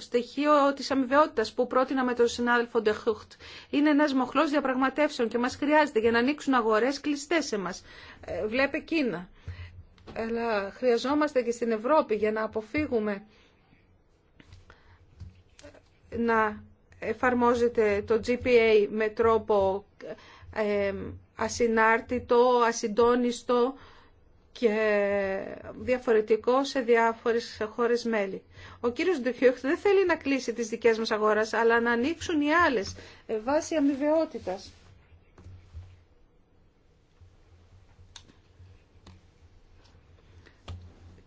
στοιχείο της αμοιβαιότητας που πρότεινα με τον συνάδελφο Ντεχούχτ. Είναι ένας μοχλός διαπραγματεύσεων και μας χρειάζεται για να ανοίξουν αγορές κλειστές σε μας. Βλέπε Κίνα αλλά χρειαζόμαστε και στην Ευρώπη για να αποφύγουμε να εφαρμόζεται το GPA με τρόπο ασυνάρτητο, ασυντόνιστο και διαφορετικό σε διάφορες χώρες μέλη. Ο κύριος Ντοχιούχτ δεν θέλει να κλείσει τις δικές μας αγορές, αλλά να ανοίξουν οι άλλες ε, βάσει αμοιβαιότητας.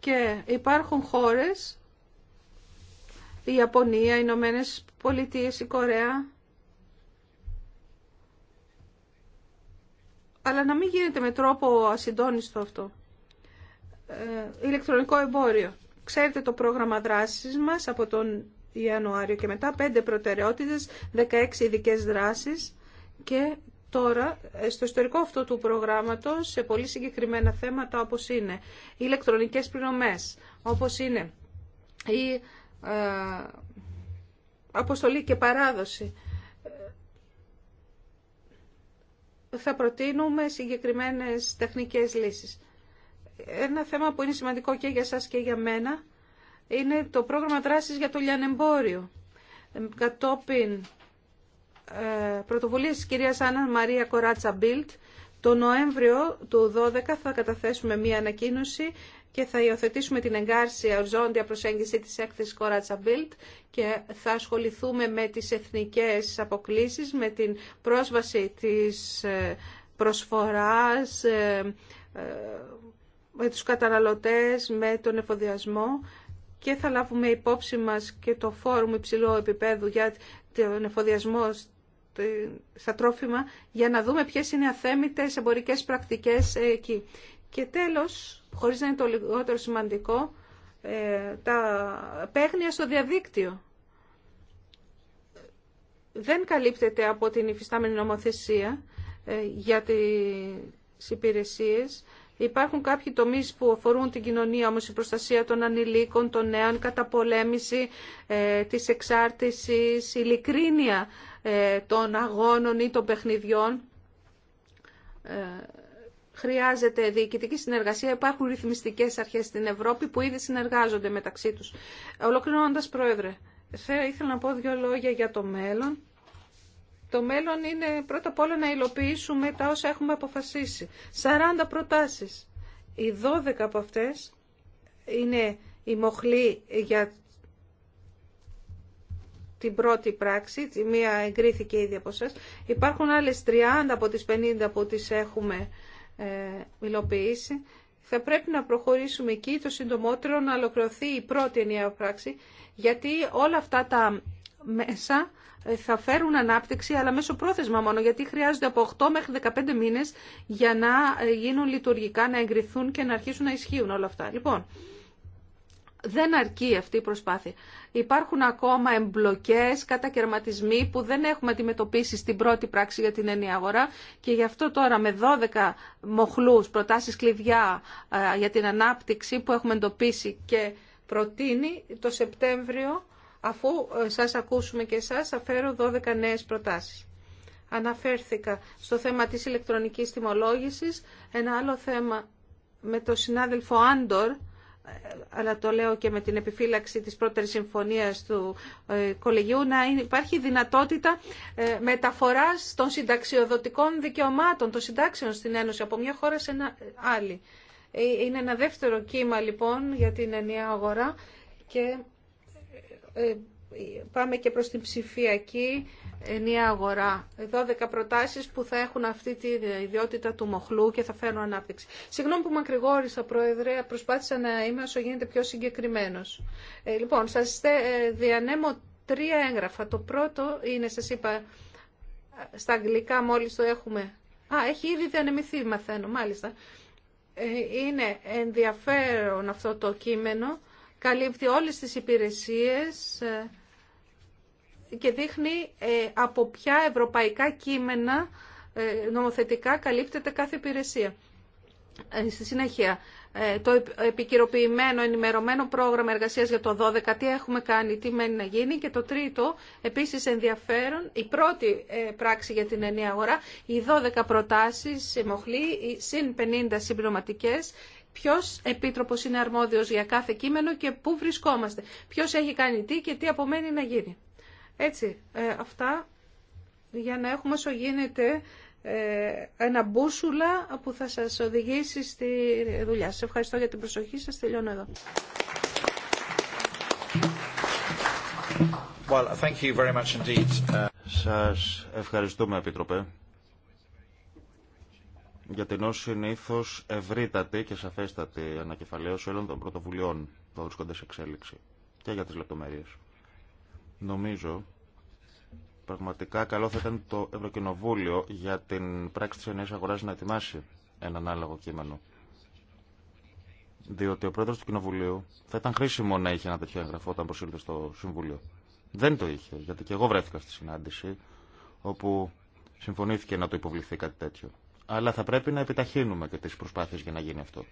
Και υπάρχουν χώρες, η Ιαπωνία, οι Ηνωμένε Πολιτείε, η Κορέα, αλλά να μην γίνεται με τρόπο ασυντόνιστο αυτό. Ε, ηλεκτρονικό εμπόριο. Ξέρετε το πρόγραμμα δράσης μας από τον Ιανουάριο και μετά, πέντε προτεραιότητες, 16 ειδικέ δράσεις και τώρα στο ιστορικό αυτό του προγράμματος σε πολύ συγκεκριμένα θέματα όπως είναι οι ηλεκτρονικές πληρωμές, όπως είναι η ε, αποστολή και παράδοση. Ε, θα προτείνουμε συγκεκριμένες τεχνικές λύσεις. Ένα θέμα που είναι σημαντικό και για σας και για μένα είναι το πρόγραμμα δράσης για το λιανεμπόριο. Ε, κατόπιν ε, πρωτοβουλία της κυρίας Άννα Μαρία Κοράτσα Μπίλτ. Το Νοέμβριο του 2012 θα καταθέσουμε μία ανακοίνωση και θα υιοθετήσουμε την εγκάρση οριζόντια προσέγγιση της έκθεσης Κοράτσα Μπίλτ και θα ασχοληθούμε με τις εθνικές αποκλήσεις, με την πρόσβαση της ε, προσφοράς, ε, με τους καταναλωτές, με τον εφοδιασμό και θα λάβουμε υπόψη μας και το φόρουμ υψηλού επίπεδου για τον εφοδιασμό στα τρόφιμα για να δούμε ποιες είναι αθέμητες εμπορικές πρακτικές εκεί. Και τέλος, χωρίς να είναι το λιγότερο σημαντικό, ε, τα παίγνια στο διαδίκτυο. Δεν καλύπτεται από την υφιστάμενη νομοθεσία ε, για τις υπηρεσίες. Υπάρχουν κάποιοι τομείς που αφορούν την κοινωνία, όμως η προστασία των ανηλίκων, των νέων, καταπολέμηση ε, της εξάρτησης, ειλικρίνεια ε, των αγώνων ή των παιχνιδιών. Ε, χρειάζεται διοικητική συνεργασία. Υπάρχουν ρυθμιστικές αρχές στην Ευρώπη που ήδη συνεργάζονται μεταξύ τους. Ολοκληρώνοντας, Πρόεδρε, θα ήθελα να πω δύο λόγια για το μέλλον. Το μέλλον είναι πρώτα απ' όλα να υλοποιήσουμε τα όσα έχουμε αποφασίσει. 40 προτάσεις. Οι 12 από αυτές είναι η μοχλή για την πρώτη πράξη, τη μία εγκρίθηκε ήδη από εσάς. Υπάρχουν άλλες 30 από τις 50 που τις έχουμε ε, υλοποιήσει. Θα πρέπει να προχωρήσουμε εκεί το συντομότερο να ολοκληρωθεί η πρώτη ενιαία πράξη, γιατί όλα αυτά τα μέσα ε, θα φέρουν ανάπτυξη, αλλά μέσω πρόθεσμα μόνο, γιατί χρειάζονται από 8 μέχρι 15 μήνες για να ε, γίνουν λειτουργικά, να εγκριθούν και να αρχίσουν να ισχύουν όλα αυτά. Λοιπόν, δεν αρκεί αυτή η προσπάθεια. Υπάρχουν ακόμα εμπλοκές, κατακαιρματισμοί που δεν έχουμε αντιμετωπίσει στην πρώτη πράξη για την ενή αγορά και γι' αυτό τώρα με 12 μοχλούς, προτάσεις κλειδιά για την ανάπτυξη που έχουμε εντοπίσει και προτείνει το Σεπτέμβριο, αφού ε, σας ακούσουμε και εσάς, θα φέρω 12 νέες προτάσεις. Αναφέρθηκα στο θέμα της ηλεκτρονικής τιμολόγησης. Ένα άλλο θέμα με το συνάδελφο Άντορ, αλλά το λέω και με την επιφύλαξη της πρώτερης συμφωνίας του ε, κολεγίου, να υπάρχει δυνατότητα ε, μεταφοράς των συνταξιοδοτικών δικαιωμάτων, των συντάξεων στην Ένωση από μια χώρα σε ε, άλλη. Είναι ένα δεύτερο κύμα λοιπόν για την ενιαία αγορά και πάμε και προς την ψηφιακή ενιαία αγορά. 12 προτάσεις που θα έχουν αυτή τη ιδιότητα του μοχλού και θα φέρουν ανάπτυξη. Συγγνώμη που μακρηγόρησα, Πρόεδρε, προσπάθησα να είμαι όσο γίνεται πιο συγκεκριμένος. Ε, λοιπόν, σας ε, διανέμω τρία έγγραφα. Το πρώτο είναι, σας είπα, στα αγγλικά μόλις το έχουμε. Α, έχει ήδη διανεμηθεί, μαθαίνω, μάλιστα. Ε, είναι ενδιαφέρον αυτό το κείμενο. Καλύπτει όλες τις υπηρεσίες, και δείχνει ε, από ποια ευρωπαϊκά κείμενα ε, νομοθετικά καλύπτεται κάθε υπηρεσία. Ε, στη συνέχεια, το επικυροποιημένο ενημερωμένο πρόγραμμα εργασίας για το 12, τι έχουμε κάνει, τι μένει να γίνει και το τρίτο, επίσης ενδιαφέρον, η πρώτη πράξη για την ενιαία αγορά, οι 12 προτάσεις μοχλή, συν 50 συμπληρωματικέ. Ποιο επίτροπο είναι αρμόδιο για κάθε κείμενο και πού βρισκόμαστε. Ποιο έχει κάνει τι και τι απομένει να γίνει. Έτσι, ε, αυτά για να έχουμε όσο γίνεται ε, ένα μπούσουλα που θα σας οδηγήσει στη δουλειά σας. Ευχαριστώ για την προσοχή σας. Τελειώνω εδώ. Well, thank you very much indeed. Uh, σας ευχαριστούμε, Επίτροπε, για την όση συνήθω ευρύτατη και σαφέστατη ανακεφαλαίωση όλων των πρωτοβουλειών που βρίσκονται σε εξέλιξη και για τις λεπτομέρειες. Νομίζω πραγματικά καλό θα ήταν το Ευρωκοινοβούλιο για την πράξη της ενιαίας αγοράς να ετοιμάσει ένα ανάλογο κείμενο. Διότι ο πρόεδρος του Κοινοβουλίου θα ήταν χρήσιμο να είχε ένα τέτοιο εγγραφό όταν προσήλθε στο Συμβούλιο. Δεν το είχε, γιατί και εγώ βρέθηκα στη συνάντηση όπου συμφωνήθηκε να το υποβληθεί κάτι τέτοιο αλλά θα πρέπει να επιταχύνουμε και τις προσπάθειες για να γίνει αυτό.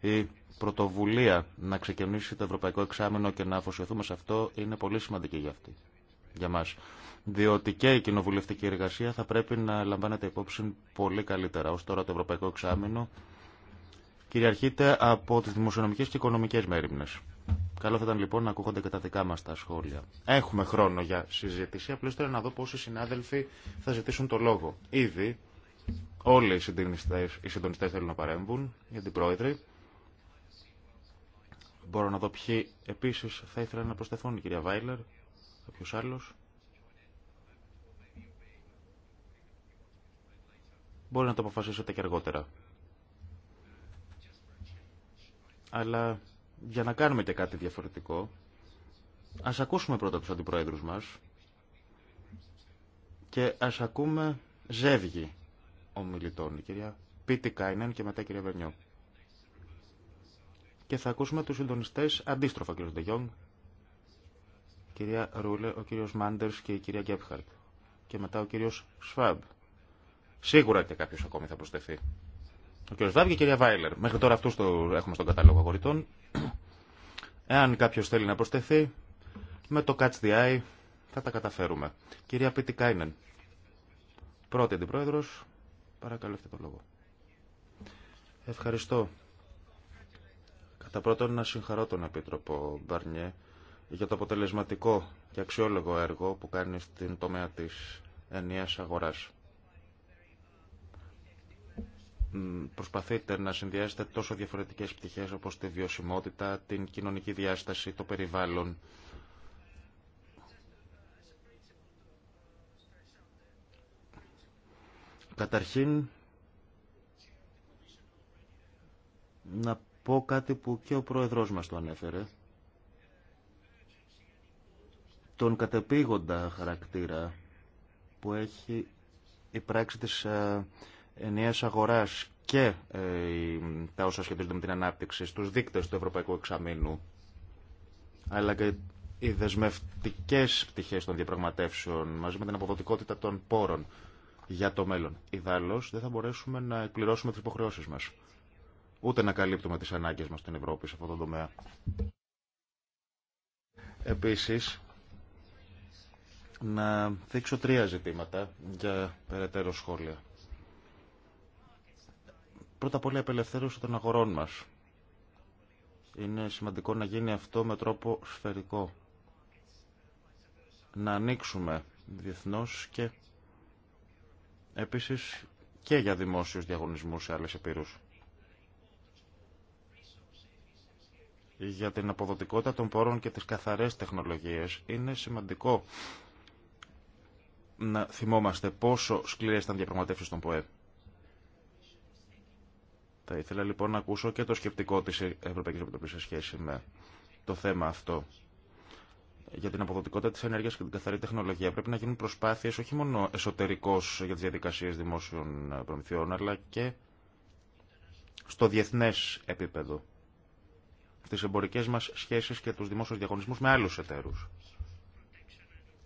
Η πρωτοβουλία να ξεκινήσει το Ευρωπαϊκό Εξάμεινο και να αφοσιωθούμε σε αυτό είναι πολύ σημαντική για αυτή. Για μας. Διότι και η κοινοβουλευτική εργασία θα πρέπει να λαμβάνεται υπόψη πολύ καλύτερα. Ως τώρα το Ευρωπαϊκό Εξάμεινο κυριαρχείται από τις δημοσιονομικές και οικονομικές μέρημνες. Καλό θα ήταν λοιπόν να ακούγονται και τα δικά μα τα σχόλια. Έχουμε χρόνο για συζήτηση. Απλώ θέλω να δω πόσοι συνάδελφοι θα ζητήσουν το λόγο. Ήδη Όλοι οι συντονιστές, θέλουν να παρέμβουν, οι αντιπρόεδροι. Μπορώ να δω ποιοι επίσης θα ήθελαν να προσθεθούν, η κυρία Βάιλερ, κάποιο άλλο. Μπορεί να το αποφασίσετε και αργότερα. Αλλά για να κάνουμε και κάτι διαφορετικό, ας ακούσουμε πρώτα τους αντιπρόεδρους μας και ας ακούμε ζεύγη ομιλητών. Η κυρία Πίτη Κάινεν και μετά η κυρία Βερνιό. Και θα ακούσουμε τους συντονιστές αντίστροφα, κύριο Ντεγιόν, κυρία Ρούλε, ο κύριος Μάντερς και η κυρία Γκέπχαρτ. Και μετά ο κύριος Σφάμπ. Σίγουρα και κάποιος ακόμη θα προσθεθεί. Ο κύριος Σφάμπ και η κυρία Βάιλερ. Μέχρι τώρα αυτούς το έχουμε στον κατάλογο αγορητών. Εάν κάποιος θέλει να προσθεθεί, με το Catch the Eye θα τα καταφέρουμε. Κυρία Πίτη Κάινεν, πρώτη αντιπρόεδρος, Παρακαλώ, έχετε το λόγο. Ευχαριστώ. Κατά πρώτον, να συγχαρώ τον Επίτροπο Μπαρνιέ για το αποτελεσματικό και αξιόλογο έργο που κάνει στην τομέα της ενιαίας αγοράς. Προσπαθείτε να συνδυάσετε τόσο διαφορετικές πτυχές όπως τη βιωσιμότητα, την κοινωνική διάσταση, το περιβάλλον, Καταρχήν, να πω κάτι που και ο Πρόεδρός μας το ανέφερε. Τον κατεπήγοντα χαρακτήρα που έχει η πράξη της ε, ενιαίας αγοράς και ε, τα όσα σχετίζονται με την ανάπτυξη στους δείκτες του Ευρωπαϊκού Εξαμήνου, αλλά και οι δεσμευτικές πτυχές των διαπραγματεύσεων μαζί με την αποδοτικότητα των πόρων για το μέλλον. Ιδάλω δεν θα μπορέσουμε να εκπληρώσουμε τι υποχρεώσει μα. Ούτε να καλύπτουμε τι ανάγκε μα στην Ευρώπη σε αυτό το τομέα. Επίση, να δείξω τρία ζητήματα για περαιτέρω σχόλια. Πρώτα απ' όλα, η απελευθέρωση των αγορών μα. Είναι σημαντικό να γίνει αυτό με τρόπο σφαιρικό. Να ανοίξουμε διεθνώς και Επίσης και για δημόσιους διαγωνισμούς σε άλλες επίρους. Για την αποδοτικότητα των πόρων και τις καθαρές τεχνολογίες είναι σημαντικό να θυμόμαστε πόσο σκληρές ήταν διαπραγματεύσεις των ΠΟΕ. Θα ήθελα λοιπόν να ακούσω και το σκεπτικό της Ευρωπαϊκής Επιτροπής σε σχέση με το θέμα αυτό για την αποδοτικότητα της ενέργειας και την καθαρή τεχνολογία πρέπει να γίνουν προσπάθειες όχι μόνο εσωτερικώς για τις διαδικασίες δημόσιων προμηθειών αλλά και στο διεθνές επίπεδο τις εμπορικές μας σχέσεις και του δημόσιους διαγωνισμούς με άλλους εταίρους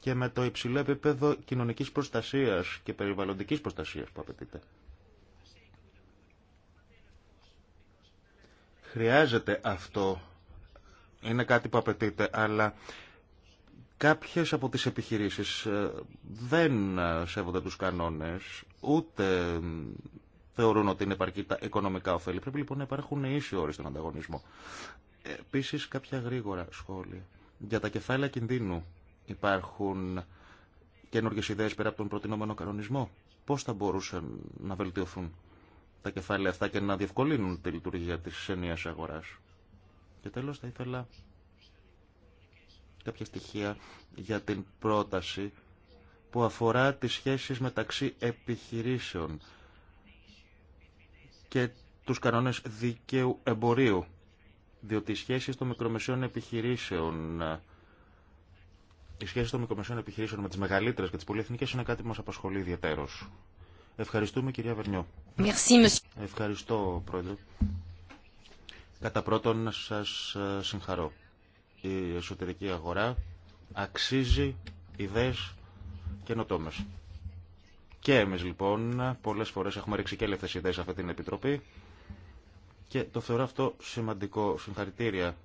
και με το υψηλό επίπεδο κοινωνικής προστασία και περιβαλλοντική προστασία που απαιτείται. Χρειάζεται αυτό. Είναι κάτι που απαιτείται, αλλά Κάποιες από τις επιχειρήσεις ε, δεν ε, σέβονται τους κανόνες, ούτε θεωρούν ότι είναι επαρκή τα οικονομικά ωφέλη. Πρέπει λοιπόν να υπάρχουν ίσοι όροι στον ανταγωνισμό. Επίσης, κάποια γρήγορα σχόλια. Για τα κεφάλαια κινδύνου υπάρχουν καινούργιες ιδέε πέρα από τον προτινόμενο κανονισμό. Πώς θα μπορούσαν να βελτιωθούν τα κεφάλαια αυτά και να διευκολύνουν τη λειτουργία της ενία αγοράς. Και τέλος, θα ήθελα κάποια στοιχεία για την πρόταση που αφορά τις σχέσεις μεταξύ επιχειρήσεων και τους κανόνες δικαίου εμπορίου. Διότι οι σχέσεις των μικρομεσαίων επιχειρήσεων οι σχέσεις των μικρομεσαίων επιχειρήσεων με τις μεγαλύτερες και τις πολυεθνικές είναι κάτι που μας απασχολεί ιδιαίτερως. Ευχαριστούμε κυρία Βερνιό. Ευχαριστώ πρόεδρε. Κατά πρώτον να σας ε, συγχαρώ η εσωτερική αγορά αξίζει ιδέες καινοτόμε. Και εμείς λοιπόν πολλές φορές έχουμε ρίξει και ιδέες σε αυτή την Επιτροπή και το θεωρώ αυτό σημαντικό. Συγχαρητήρια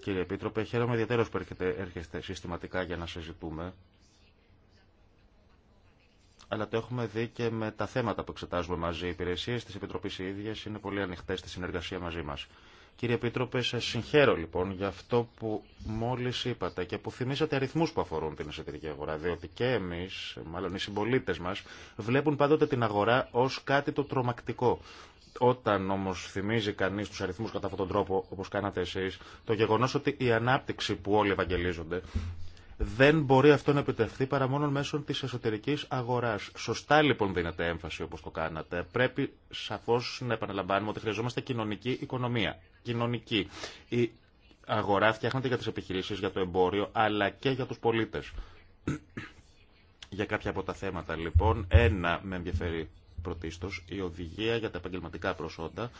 κύριε Επίτροπε. Χαίρομαι ιδιαίτερα που έρχεστε συστηματικά για να συζητούμε αλλά το έχουμε δει και με τα θέματα που εξετάζουμε μαζί. Οι υπηρεσίε τη Επιτροπή οι ίδιε είναι πολύ ανοιχτέ στη συνεργασία μαζί μα. Κύριε Επίτροπε, σα συγχαίρω λοιπόν για αυτό που μόλι είπατε και που θυμήσατε αριθμού που αφορούν την εσωτερική αγορά. Διότι και εμεί, μάλλον οι συμπολίτε μα, βλέπουν πάντοτε την αγορά ω κάτι το τρομακτικό. Όταν όμω θυμίζει κανεί του αριθμού κατά αυτόν τον τρόπο, όπω κάνατε εσεί, το γεγονό ότι η ανάπτυξη που όλοι ευαγγελίζονται δεν μπορεί αυτό να επιτευχθεί παρά μόνο μέσω τη εσωτερική αγορά. Σωστά λοιπόν δίνεται έμφαση όπω το κάνατε. Πρέπει σαφώ να επαναλαμβάνουμε ότι χρειαζόμαστε κοινωνική οικονομία. Κοινωνική. Η αγορά φτιάχνεται για τι επιχειρήσει, για το εμπόριο, αλλά και για του πολίτε. για κάποια από τα θέματα λοιπόν, ένα με ενδιαφέρει πρωτίστω, η οδηγία για τα επαγγελματικά προσόντα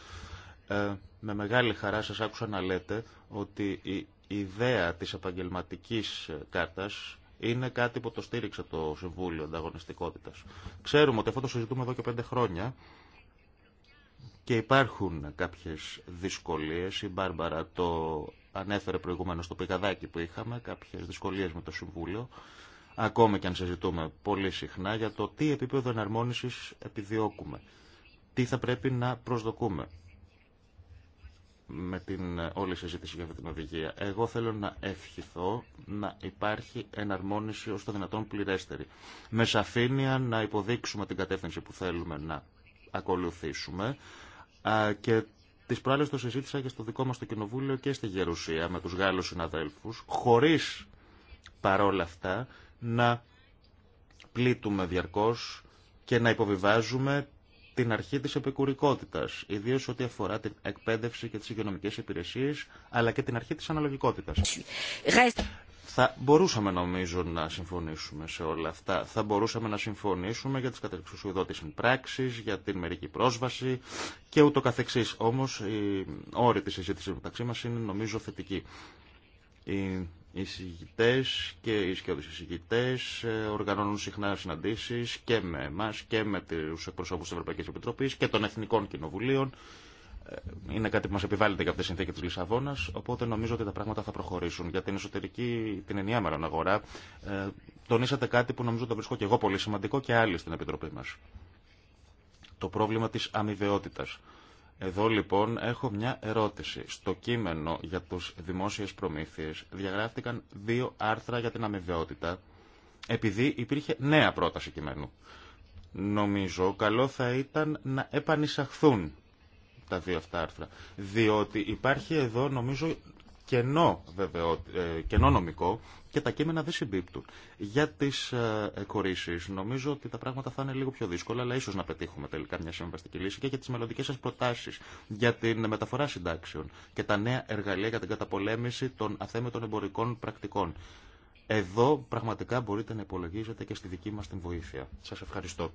ε, με μεγάλη χαρά σας άκουσα να λέτε ότι η ιδέα της επαγγελματική κάρτας είναι κάτι που το στήριξε το Συμβούλιο Ανταγωνιστικότητας. Ξέρουμε ότι αυτό το συζητούμε εδώ και πέντε χρόνια και υπάρχουν κάποιες δυσκολίες. Η Μπάρμπαρα το ανέφερε προηγούμενο στο πηγαδάκι που είχαμε, κάποιες δυσκολίες με το Συμβούλιο, ακόμη και αν συζητούμε πολύ συχνά για το τι επίπεδο εναρμόνισης επιδιώκουμε, τι θα πρέπει να προσδοκούμε με την ε, όλη συζήτηση για αυτή την οδηγία. Εγώ θέλω να ευχηθώ να υπάρχει εναρμόνιση ως το δυνατόν πληρέστερη. Με σαφήνεια να υποδείξουμε την κατεύθυνση που θέλουμε να ακολουθήσουμε και τις προάλλε το συζήτησα και στο δικό μας το κοινοβούλιο και στη Γερουσία με τους Γάλλους συναδέλφου, χωρίς παρόλα αυτά να πλήττουμε διαρκώ και να υποβιβάζουμε την αρχή της επικουρικότητας, ιδίως ό,τι αφορά την εκπαίδευση και τις οικονομικές υπηρεσίες, αλλά και την αρχή της αναλογικότητας. Θα μπορούσαμε νομίζω να συμφωνήσουμε σε όλα αυτά. Θα μπορούσαμε να συμφωνήσουμε για τις κατεξουσιοδότης πράξης, για την μερική πρόσβαση και ούτω καθεξής. Όμως η όρη της συζήτησης μεταξύ μας είναι νομίζω θετική. Οι και οι σκιώδεις συζητητές ε, οργανώνουν συχνά συναντήσεις και με εμάς και με τους εκπροσώπους της Ευρωπαϊκής Επιτροπής και των Εθνικών Κοινοβουλίων. Ε, είναι κάτι που μας επιβάλλεται για αυτές τη συνθήκη της Λισαβόνας, οπότε νομίζω ότι τα πράγματα θα προχωρήσουν. Για την εσωτερική, την ενιαία μέλλον αγορά, ε, τονίσατε κάτι που νομίζω το βρίσκω και εγώ πολύ σημαντικό και άλλοι στην Επιτροπή μας. Το πρόβλημα της αμοιβαιότητας. Εδώ λοιπόν έχω μια ερώτηση. Στο κείμενο για τους δημόσιες προμήθειες διαγράφτηκαν δύο άρθρα για την αμοιβαιότητα επειδή υπήρχε νέα πρόταση κειμένου. Νομίζω καλό θα ήταν να επανεισαχθούν τα δύο αυτά άρθρα. Διότι υπάρχει εδώ νομίζω κενό, βεβαιό, ε, κενό νομικό και τα κείμενα δεν συμπίπτουν. Για τις ε, κορίσεις νομίζω ότι τα πράγματα θα είναι λίγο πιο δύσκολα, αλλά ίσως να πετύχουμε τελικά μια συμβαστική λύση και για τις μελλοντικέ σα προτάσει για την μεταφορά συντάξεων και τα νέα εργαλεία για την καταπολέμηση των αθέμετων εμπορικών πρακτικών. Εδώ πραγματικά μπορείτε να υπολογίζετε και στη δική μα την βοήθεια. Σα ευχαριστώ.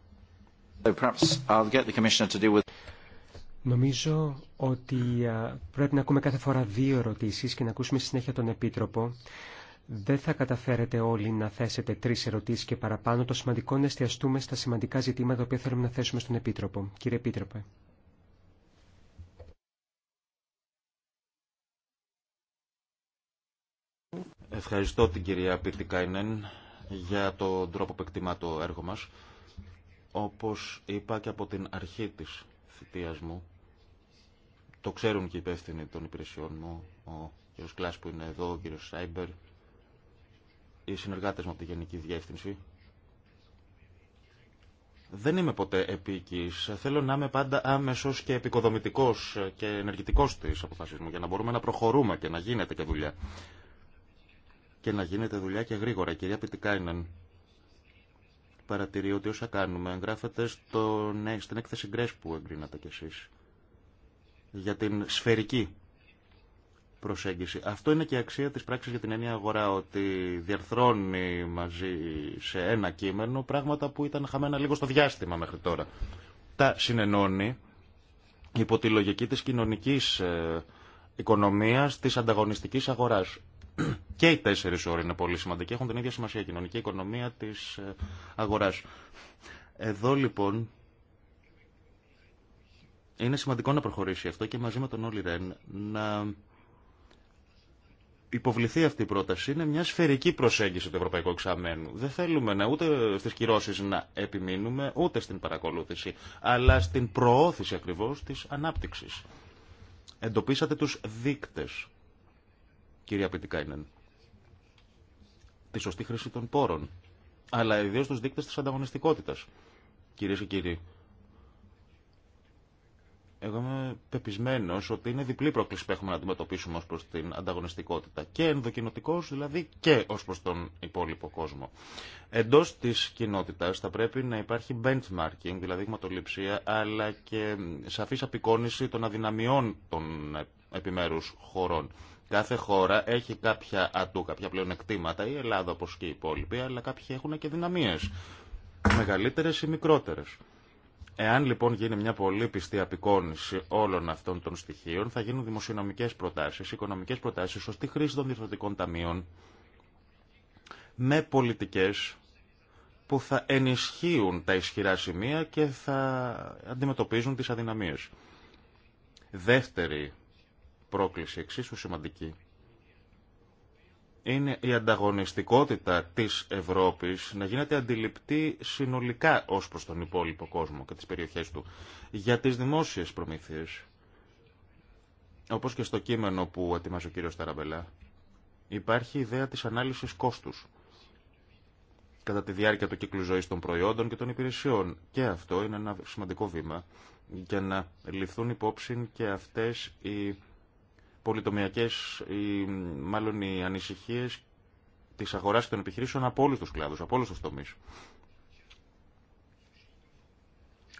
Νομίζω ότι πρέπει να ακούμε κάθε φορά δύο ερωτήσεις και να ακούσουμε συνέχεια τον Επίτροπο. Δεν θα καταφέρετε όλοι να θέσετε τρεις ερωτήσεις και παραπάνω. Το σημαντικό είναι να εστιαστούμε στα σημαντικά ζητήματα τα οποία θέλουμε να θέσουμε στον Επίτροπο. Κύριε Επίτροπε. Ευχαριστώ την κυρία Κάινεν για τον τρόπο που εκτιμά το έργο μας. Όπως είπα και από την αρχή της θητείας μου, το ξέρουν και οι υπεύθυνοι των υπηρεσιών μου, ο κ. Κλάς που είναι εδώ, ο κ. Σάιμπερ, οι συνεργάτες μου από τη Γενική Διεύθυνση. Δεν είμαι ποτέ επίκης. Θέλω να είμαι πάντα άμεσος και επικοδομητικός και ενεργητικός της αποφασής μου για να μπορούμε να προχωρούμε και να γίνεται και δουλειά. Και να γίνεται δουλειά και γρήγορα. Η κυρία Πιτικάινεν παρατηρεί ότι όσα κάνουμε εγγράφεται στο... ναι, στην έκθεση Γκρέσπου που εγκρίνατε κι εσείς για την σφαιρική προσέγγιση. Αυτό είναι και η αξία της πράξης για την ενιαία αγορά, ότι διαρθρώνει μαζί σε ένα κείμενο πράγματα που ήταν χαμένα λίγο στο διάστημα μέχρι τώρα. Τα συνενώνει υπό τη λογική της κοινωνικής ε, οικονομίας, της ανταγωνιστικής αγοράς. Και οι τέσσερι όροι είναι πολύ σημαντικοί. Έχουν την ίδια σημασία η κοινωνική οικονομία τη ε, αγορά. Εδώ λοιπόν είναι σημαντικό να προχωρήσει αυτό και μαζί με τον Όλυ Ρεν να υποβληθεί αυτή η πρόταση. Είναι μια σφαιρική προσέγγιση του Ευρωπαϊκού Εξαμένου. Δεν θέλουμε να ούτε στι κυρώσει να επιμείνουμε, ούτε στην παρακολούθηση, αλλά στην προώθηση ακριβώ τη ανάπτυξη. Εντοπίσατε του δείκτε, κυρία Πιτικάινεν. Τη σωστή χρήση των πόρων. Αλλά ιδίω του δείκτε τη ανταγωνιστικότητα. Κυρίε και κύριοι, εγώ είμαι πεπισμένο ότι είναι διπλή πρόκληση που έχουμε να αντιμετωπίσουμε ω προ την ανταγωνιστικότητα. Και ενδοκινοτικό, δηλαδή και ω προ τον υπόλοιπο κόσμο. Εντό τη κοινότητα θα πρέπει να υπάρχει benchmarking, δηλαδή γματοληψία, αλλά και σαφή απεικόνηση των αδυναμιών των επιμέρου χωρών. Κάθε χώρα έχει κάποια ατού, κάποια πλέον εκτήματα, η Ελλάδα όπω και οι υπόλοιποι, αλλά κάποιοι έχουν και δυναμίε. Μεγαλύτερε ή μικρότερε. Εάν λοιπόν γίνει μια πολύ πιστή απεικόνηση όλων αυτών των στοιχείων, θα γίνουν δημοσιονομικές προτάσεις, οικονομικές προτάσεις, σωστή χρήση των διευθυντικών ταμείων, με πολιτικές που θα ενισχύουν τα ισχυρά σημεία και θα αντιμετωπίζουν τις αδυναμίες. Δεύτερη πρόκληση εξίσου σημαντική είναι η ανταγωνιστικότητα της Ευρώπης να γίνεται αντιληπτή συνολικά ως προς τον υπόλοιπο κόσμο και τις περιοχές του. Για τις δημόσιες προμήθειες, όπως και στο κείμενο που ετοιμάζει ο κύριος Ταραμπελά, υπάρχει η ιδέα της ανάλυσης κόστους κατά τη διάρκεια του κύκλου ζωής των προϊόντων και των υπηρεσιών. Και αυτό είναι ένα σημαντικό βήμα για να ληφθούν υπόψη και αυτές οι πολυτομιακές, ή μάλλον οι ανησυχίες της αγοράς και των επιχειρήσεων από όλους τους κλάδους, από όλους τους τομείς.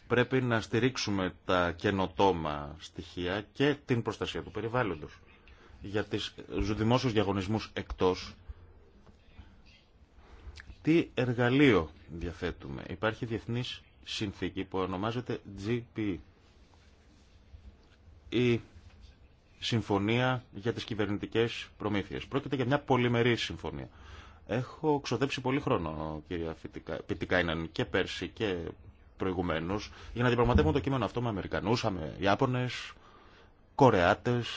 Πρέπει να στηρίξουμε τα καινοτόμα στοιχεία και την προστασία του περιβάλλοντος. Για τις δημόσιους διαγωνισμούς εκτός, τι εργαλείο διαθέτουμε. Υπάρχει διεθνής συνθήκη που ονομάζεται GP. E. Η συμφωνία για τις κυβερνητικές προμήθειες. Πρόκειται για μια πολυμερή συμφωνία. Έχω ξοδέψει πολύ χρόνο, κυρία Πιτικάιναν, και πέρσι και προηγουμένω για να διαπραγματεύουμε το κείμενο αυτό με Αμερικανούς, με Ιάπωνες, Κορεάτες.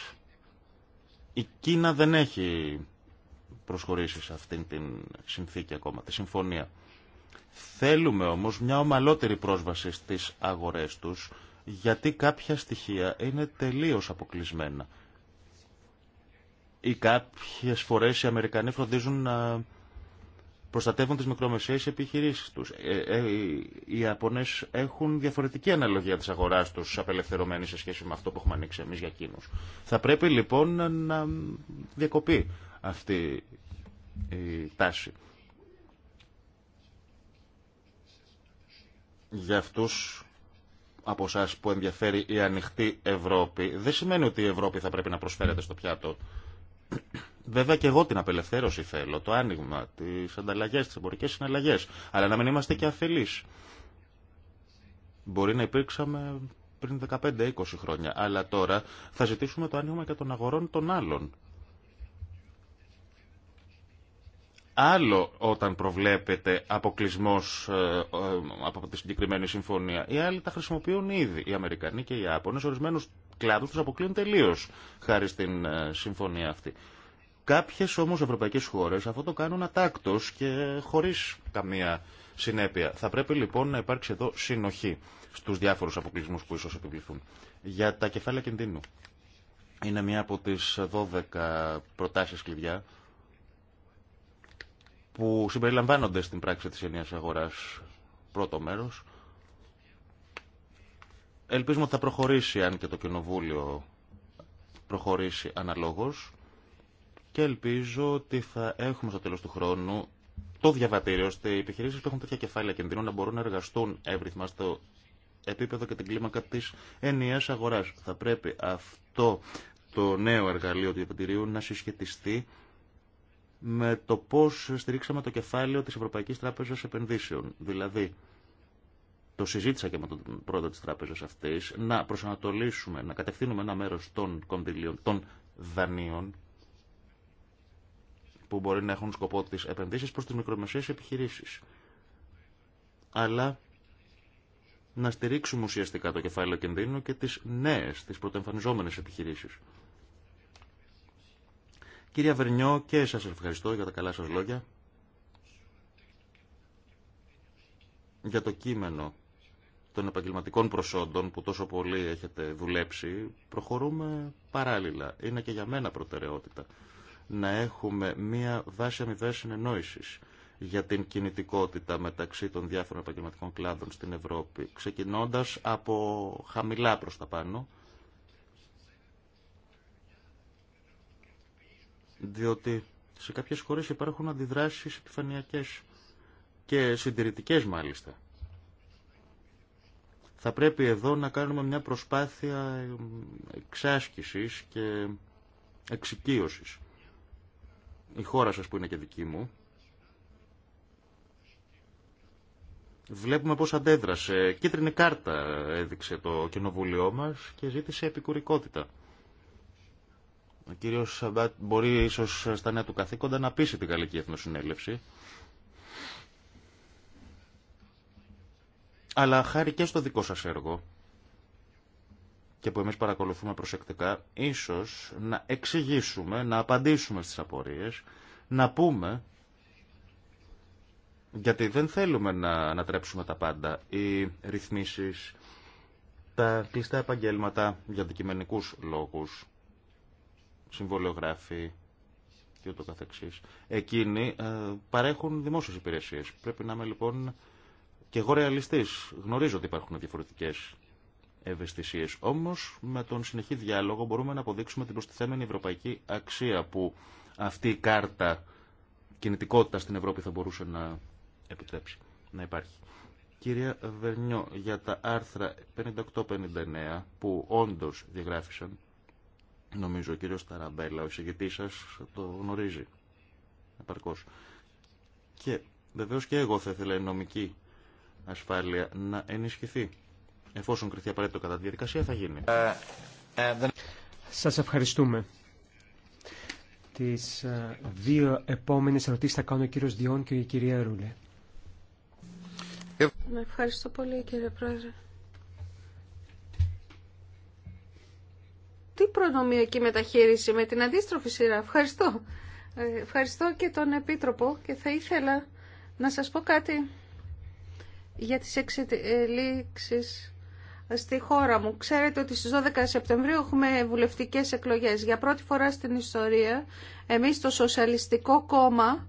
Η Κίνα δεν έχει προσχωρήσει σε αυτήν την συνθήκη ακόμα, τη συμφωνία. Θέλουμε όμως μια ομαλότερη πρόσβαση στις αγορές τους γιατί κάποια στοιχεία είναι τελείως αποκλεισμένα. Ή κάποιες φορές οι Αμερικανοί φροντίζουν να προστατεύουν τις μικρομεσαίες επιχειρήσεις τους. Ε, ε, οι Ιαπωνές έχουν διαφορετική αναλογία της αγοράς τους απελευθερωμένη σε σχέση με αυτό που έχουμε ανοίξει εμείς για εκείνους. Θα πρέπει λοιπόν να διακοπεί αυτή η τάση. Για αυτούς από εσά που ενδιαφέρει η ανοιχτή Ευρώπη, δεν σημαίνει ότι η Ευρώπη θα πρέπει να προσφέρεται στο πιάτο. Βέβαια και εγώ την απελευθέρωση θέλω, το άνοιγμα, τι ανταλλαγέ, τι εμπορικέ συναλλαγέ. Αλλά να μην είμαστε και αφελεί. Μπορεί να υπήρξαμε πριν 15-20 χρόνια, αλλά τώρα θα ζητήσουμε το άνοιγμα και των αγορών των άλλων. Άλλο όταν προβλέπεται αποκλεισμό ε, ε, από τη συγκεκριμένη συμφωνία. Οι άλλοι τα χρησιμοποιούν ήδη. Οι Αμερικανοί και οι Ιάπωνε ορισμένου κλάδου του αποκλείουν τελείω χάρη στην ε, συμφωνία αυτή. Κάποιε όμω ευρωπαϊκέ χώρε αυτό το κάνουν ατάκτω και χωρί καμία συνέπεια. Θα πρέπει λοιπόν να υπάρξει εδώ συνοχή στου διάφορου αποκλεισμού που ίσω επιβληθούν. Για τα κεφάλαια κινδύνου. Είναι μία από τι 12 προτάσει κλειδιά που συμπεριλαμβάνονται στην πράξη της ενιαίας αγοράς. Πρώτο μέρος. Ελπίζουμε ότι θα προχωρήσει αν και το Κοινοβούλιο προχωρήσει αναλόγως και ελπίζω ότι θα έχουμε στο τέλος του χρόνου το διαβατήριο ώστε οι επιχειρήσεις που έχουν τέτοια κεφάλαια κινδύνου να μπορούν να εργαστούν εύρυθμα στο επίπεδο και την κλίμακα της ενιαίας αγοράς. Θα πρέπει αυτό το νέο εργαλείο του Επιτήριου να συσχετιστεί με το πώς στηρίξαμε το κεφάλαιο της Ευρωπαϊκής Τράπεζας Επενδύσεων. Δηλαδή, το συζήτησα και με τον πρόεδρο της τράπεζας αυτής, να προσανατολίσουμε, να κατευθύνουμε ένα μέρος των κονδυλίων, των δανείων, που μπορεί να έχουν σκοπό τις επενδύσεις προς τις μικρομεσαίες επιχειρήσεις. Αλλά να στηρίξουμε ουσιαστικά το κεφάλαιο κινδύνου και τις νέες, τις πρωτοεμφανιζόμενες επιχειρήσεις. Κυρία Βερνιό, και σας ευχαριστώ για τα καλά σας λόγια. Για το κείμενο των επαγγελματικών προσόντων που τόσο πολύ έχετε δουλέψει, προχωρούμε παράλληλα. Είναι και για μένα προτεραιότητα να έχουμε μία βάση αμοιβές συνεννόησης για την κινητικότητα μεταξύ των διάφορων επαγγελματικών κλάδων στην Ευρώπη, ξεκινώντας από χαμηλά προς τα πάνω, διότι σε κάποιες χώρες υπάρχουν αντιδράσεις επιφανειακές και συντηρητικές μάλιστα. Θα πρέπει εδώ να κάνουμε μια προσπάθεια εξάσκησης και εξοικείωσης. Η χώρα σας που είναι και δική μου, Βλέπουμε πώς αντέδρασε. Κίτρινη κάρτα έδειξε το κοινοβούλιο μας και ζήτησε επικουρικότητα. Ο κύριο Σαμπάτ μπορεί ίσω στα νέα του καθήκοντα να πείσει την Γαλλική Εθνοσυνέλευση. Αλλά χάρη και στο δικό σα έργο και που εμεί παρακολουθούμε προσεκτικά, ίσω να εξηγήσουμε, να απαντήσουμε στι απορίε, να πούμε, γιατί δεν θέλουμε να ανατρέψουμε τα πάντα, οι ρυθμίσεις, τα κλειστά επαγγέλματα για αντικειμενικούς λόγους, συμβολιογράφοι και ούτω καθεξής, εκείνοι ε, παρέχουν δημόσιες υπηρεσίες. Πρέπει να είμαι λοιπόν και εγώ ρεαλιστής. Γνωρίζω ότι υπάρχουν διαφορετικές ευαισθησίες. Όμως με τον συνεχή διάλογο μπορούμε να αποδείξουμε την προστιθέμενη ευρωπαϊκή αξία που αυτή η κάρτα κινητικότητα στην Ευρώπη θα μπορούσε να επιτρέψει να υπάρχει. Κυρία Βερνιό, για τα άρθρα 58-59 που όντως διαγράφησαν, Νομίζω ο κύριος Ταραμπέλα, ο εισηγητής σας, το γνωρίζει επαρκώς. Και βεβαίως και εγώ θα ήθελα η νομική ασφάλεια να ενισχυθεί. Εφόσον κριθεί απαραίτητο κατά τη διαδικασία θα γίνει. Ε, ε, σας ευχαριστούμε. Τις ε, δύο επόμενες ερωτήσεις θα κάνουν ο κύριος Διόν και η κυρία Ρούλε. Ευχαριστώ πολύ κύριε Πρόεδρε. τι προνομιακή μεταχείριση με την αντίστροφη σειρά. Ευχαριστώ. Ε, ευχαριστώ και τον Επίτροπο και θα ήθελα να σας πω κάτι για τις εξελίξεις στη χώρα μου. Ξέρετε ότι στις 12 Σεπτεμβρίου έχουμε βουλευτικές εκλογές. Για πρώτη φορά στην ιστορία, εμείς το Σοσιαλιστικό Κόμμα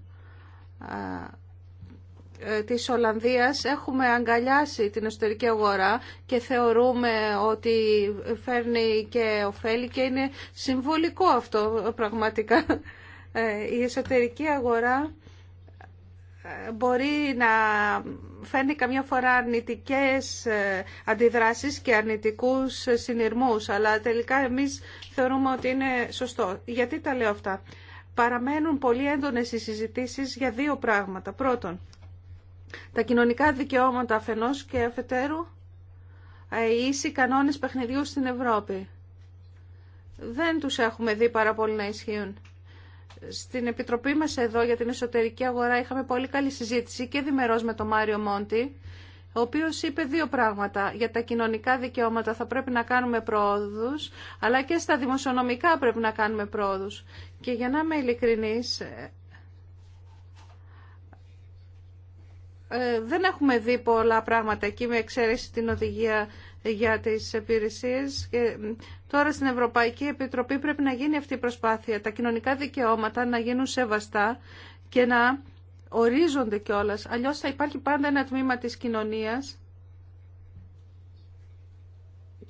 ε, της Ολλανδίας έχουμε αγκαλιάσει την εσωτερική αγορά και θεωρούμε ότι φέρνει και ωφέλει και είναι συμβολικό αυτό πραγματικά. Ε, η εσωτερική αγορά ε, μπορεί να φέρνει καμιά φορά αρνητικές αντιδράσεις και αρνητικούς συνειρμούς, αλλά τελικά εμείς θεωρούμε ότι είναι σωστό. Γιατί τα λέω αυτά. Παραμένουν πολύ έντονες οι συζητήσεις για δύο πράγματα. Πρώτον, τα κοινωνικά δικαιώματα αφενός και αφετέρου ε, οι ίσοι κανόνες παιχνιδιού στην Ευρώπη. Δεν τους έχουμε δει πάρα πολύ να ισχύουν. Στην Επιτροπή μας εδώ για την εσωτερική αγορά είχαμε πολύ καλή συζήτηση και διμερός με τον Μάριο Μόντι, ο οποίος είπε δύο πράγματα. Για τα κοινωνικά δικαιώματα θα πρέπει να κάνουμε πρόοδους, αλλά και στα δημοσιονομικά πρέπει να κάνουμε πρόοδους. Και για να είμαι ειλικρινής, ε, Ε, δεν έχουμε δει πολλά πράγματα εκεί με εξαίρεση την οδηγία για τις υπηρεσίε. Τώρα στην Ευρωπαϊκή Επιτροπή πρέπει να γίνει αυτή η προσπάθεια, τα κοινωνικά δικαιώματα να γίνουν σεβαστά και να ορίζονται κιόλας. Αλλιώς θα υπάρχει πάντα ένα τμήμα της κοινωνίας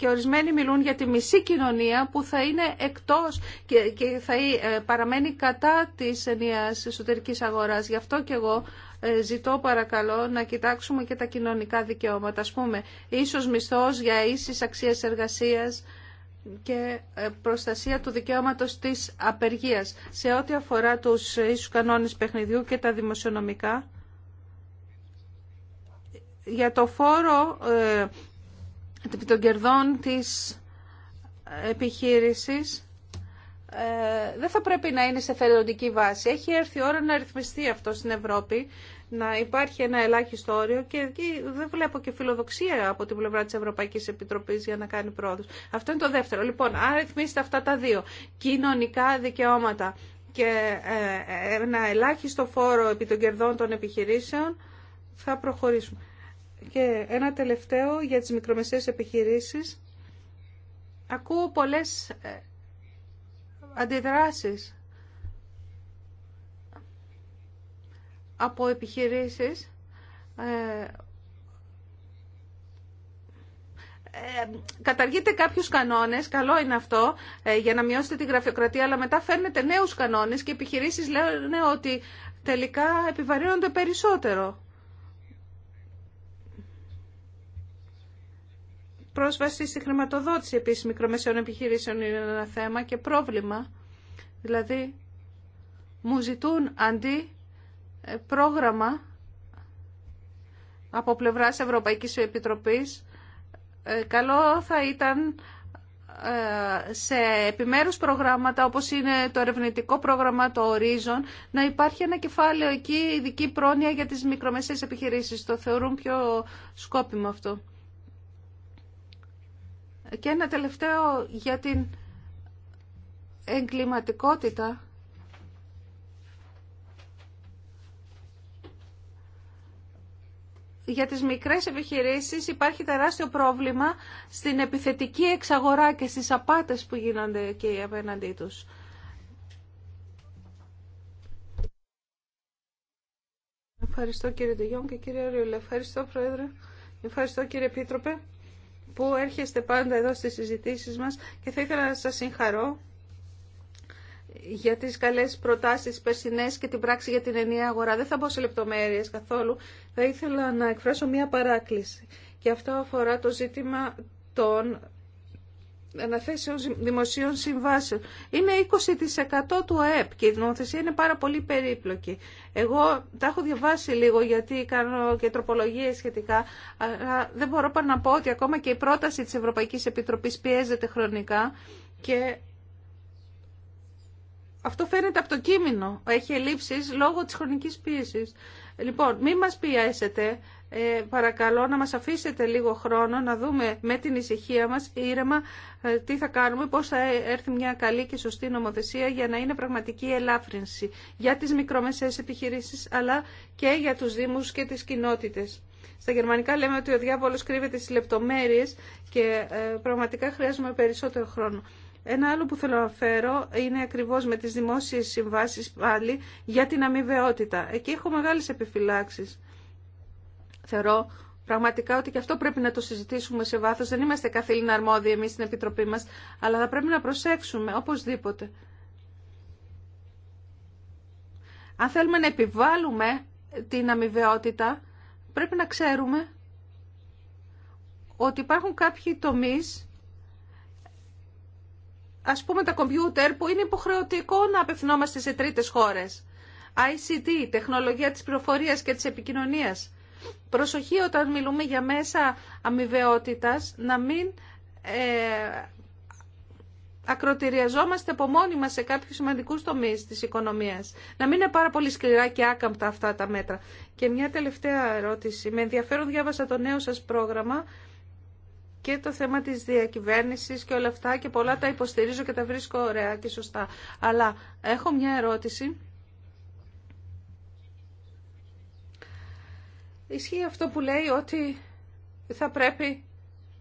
και ορισμένοι μιλούν για τη μισή κοινωνία που θα είναι εκτός και θα ε, παραμένει κατά της ενιαίας εσωτερικής αγοράς. Γι' αυτό και εγώ ε, ζητώ παρακαλώ να κοιτάξουμε και τα κοινωνικά δικαιώματα. Ας πούμε, ίσως μισθός για ίσης αξίες εργασίας και ε, προστασία του δικαιώματος της απεργίας. Σε ό,τι αφορά τους ίσους κανόνες παιχνιδιού και τα δημοσιονομικά, για το φόρο Επί των κερδών της επιχείρησης ε, δεν θα πρέπει να είναι σε θελοντική βάση. Έχει έρθει η ώρα να ρυθμιστεί αυτό στην Ευρώπη, να υπάρχει ένα ελάχιστο όριο και εκεί δεν βλέπω και φιλοδοξία από την πλευρά της Ευρωπαϊκής Επιτροπής για να κάνει πρόοδος. Αυτό είναι το δεύτερο. Λοιπόν, αν ρυθμίσετε αυτά τα δύο, κοινωνικά δικαιώματα και ε, ε, ένα ελάχιστο φόρο επί των κερδών των επιχειρήσεων, θα προχωρήσουμε. Και ένα τελευταίο για τις μικρομεσαίες επιχειρήσεις. Ακούω πολλές ε, αντιδράσεις από επιχειρήσεις ε, ε, καταργείτε κάποιους κανόνες, καλό είναι αυτό, ε, για να μειώσετε τη γραφειοκρατία, αλλά μετά φέρνετε νέους κανόνες και οι επιχειρήσεις λένε ότι τελικά επιβαρύνονται περισσότερο. πρόσβαση στη χρηματοδότηση επίσης μικρομεσαίων επιχειρήσεων είναι ένα θέμα και πρόβλημα. Δηλαδή, μου ζητούν αντί ε, πρόγραμμα από πλευράς Ευρωπαϊκής Επιτροπής, ε, καλό θα ήταν ε, σε επιμέρους προγράμματα όπως είναι το ερευνητικό πρόγραμμα το Horizon να υπάρχει ένα κεφάλαιο εκεί ειδική πρόνοια για τις μικρομεσαίες επιχειρήσεις. Το θεωρούν πιο σκόπιμο αυτό. Και ένα τελευταίο για την εγκληματικότητα. για τις μικρές επιχειρήσεις υπάρχει τεράστιο πρόβλημα στην επιθετική εξαγορά και στις απάτες που γίνονται εκεί απέναντί τους. Ευχαριστώ κύριε Ντεγιόν και κύριε Ριουλέ. Ευχαριστώ Πρόεδρε. Ευχαριστώ κύριε Επίτροπε που έρχεστε πάντα εδώ στις συζητήσεις μας και θα ήθελα να σας συγχαρώ για τις καλές προτάσεις περσινές και την πράξη για την ενιαία αγορά. Δεν θα μπω σε λεπτομέρειες καθόλου. Θα ήθελα να εκφράσω μία παράκληση. Και αυτό αφορά το ζήτημα των αναθέσεων δημοσίων συμβάσεων. Είναι 20% του ΑΕΠ και η νομοθεσία είναι πάρα πολύ περίπλοκη. Εγώ τα έχω διαβάσει λίγο γιατί κάνω και τροπολογίες σχετικά. Αλλά δεν μπορώ πάνω να πω ότι ακόμα και η πρόταση της Ευρωπαϊκής Επιτροπής πιέζεται χρονικά και αυτό φαίνεται από το κείμενο. Έχει ελλείψεις λόγω της χρονικής πίεσης. Λοιπόν, μην μας πιέσετε ε, παρακαλώ να μας αφήσετε λίγο χρόνο να δούμε με την ησυχία μας ήρεμα ε, τι θα κάνουμε, πώς θα έρθει μια καλή και σωστή νομοθεσία για να είναι πραγματική ελάφρυνση για τις μικρομεσαίες επιχειρήσεις αλλά και για τους Δήμους και τις κοινότητες. Στα γερμανικά λέμε ότι ο διάβολος κρύβεται στις λεπτομέρειες και ε, πραγματικά χρειάζομαι περισσότερο χρόνο. Ένα άλλο που θέλω να φέρω είναι ακριβώς με τις δημόσιες συμβάσεις πάλι για την αμοιβαιότητα. Εκεί έχω μεγάλες επιφυλάξεις Θεωρώ πραγματικά ότι και αυτό πρέπει να το συζητήσουμε σε βάθος. Δεν είμαστε καθήλυνα αρμόδιοι εμείς στην Επιτροπή μας, αλλά θα πρέπει να προσέξουμε οπωσδήποτε. Αν θέλουμε να επιβάλλουμε την αμοιβαιότητα, πρέπει να ξέρουμε ότι υπάρχουν κάποιοι τομείς, ας πούμε τα κομπιούτερ, που είναι υποχρεωτικό να απευθυνόμαστε σε τρίτες χώρες. ICT, τεχνολογία της πληροφορίας και της επικοινωνίας. Προσοχή όταν μιλούμε για μέσα αμοιβαιότητας να μην ε, ακροτηριαζόμαστε από μόνοι μας σε κάποιους σημαντικούς τομείς της οικονομίας. Να μην είναι πάρα πολύ σκληρά και άκαμπτα αυτά τα μέτρα. Και μια τελευταία ερώτηση. Με ενδιαφέρον διάβασα το νέο σας πρόγραμμα και το θέμα της διακυβέρνησης και όλα αυτά και πολλά τα υποστηρίζω και τα βρίσκω ωραία και σωστά. Αλλά έχω μια ερώτηση ισχύει αυτό που λέει ότι θα πρέπει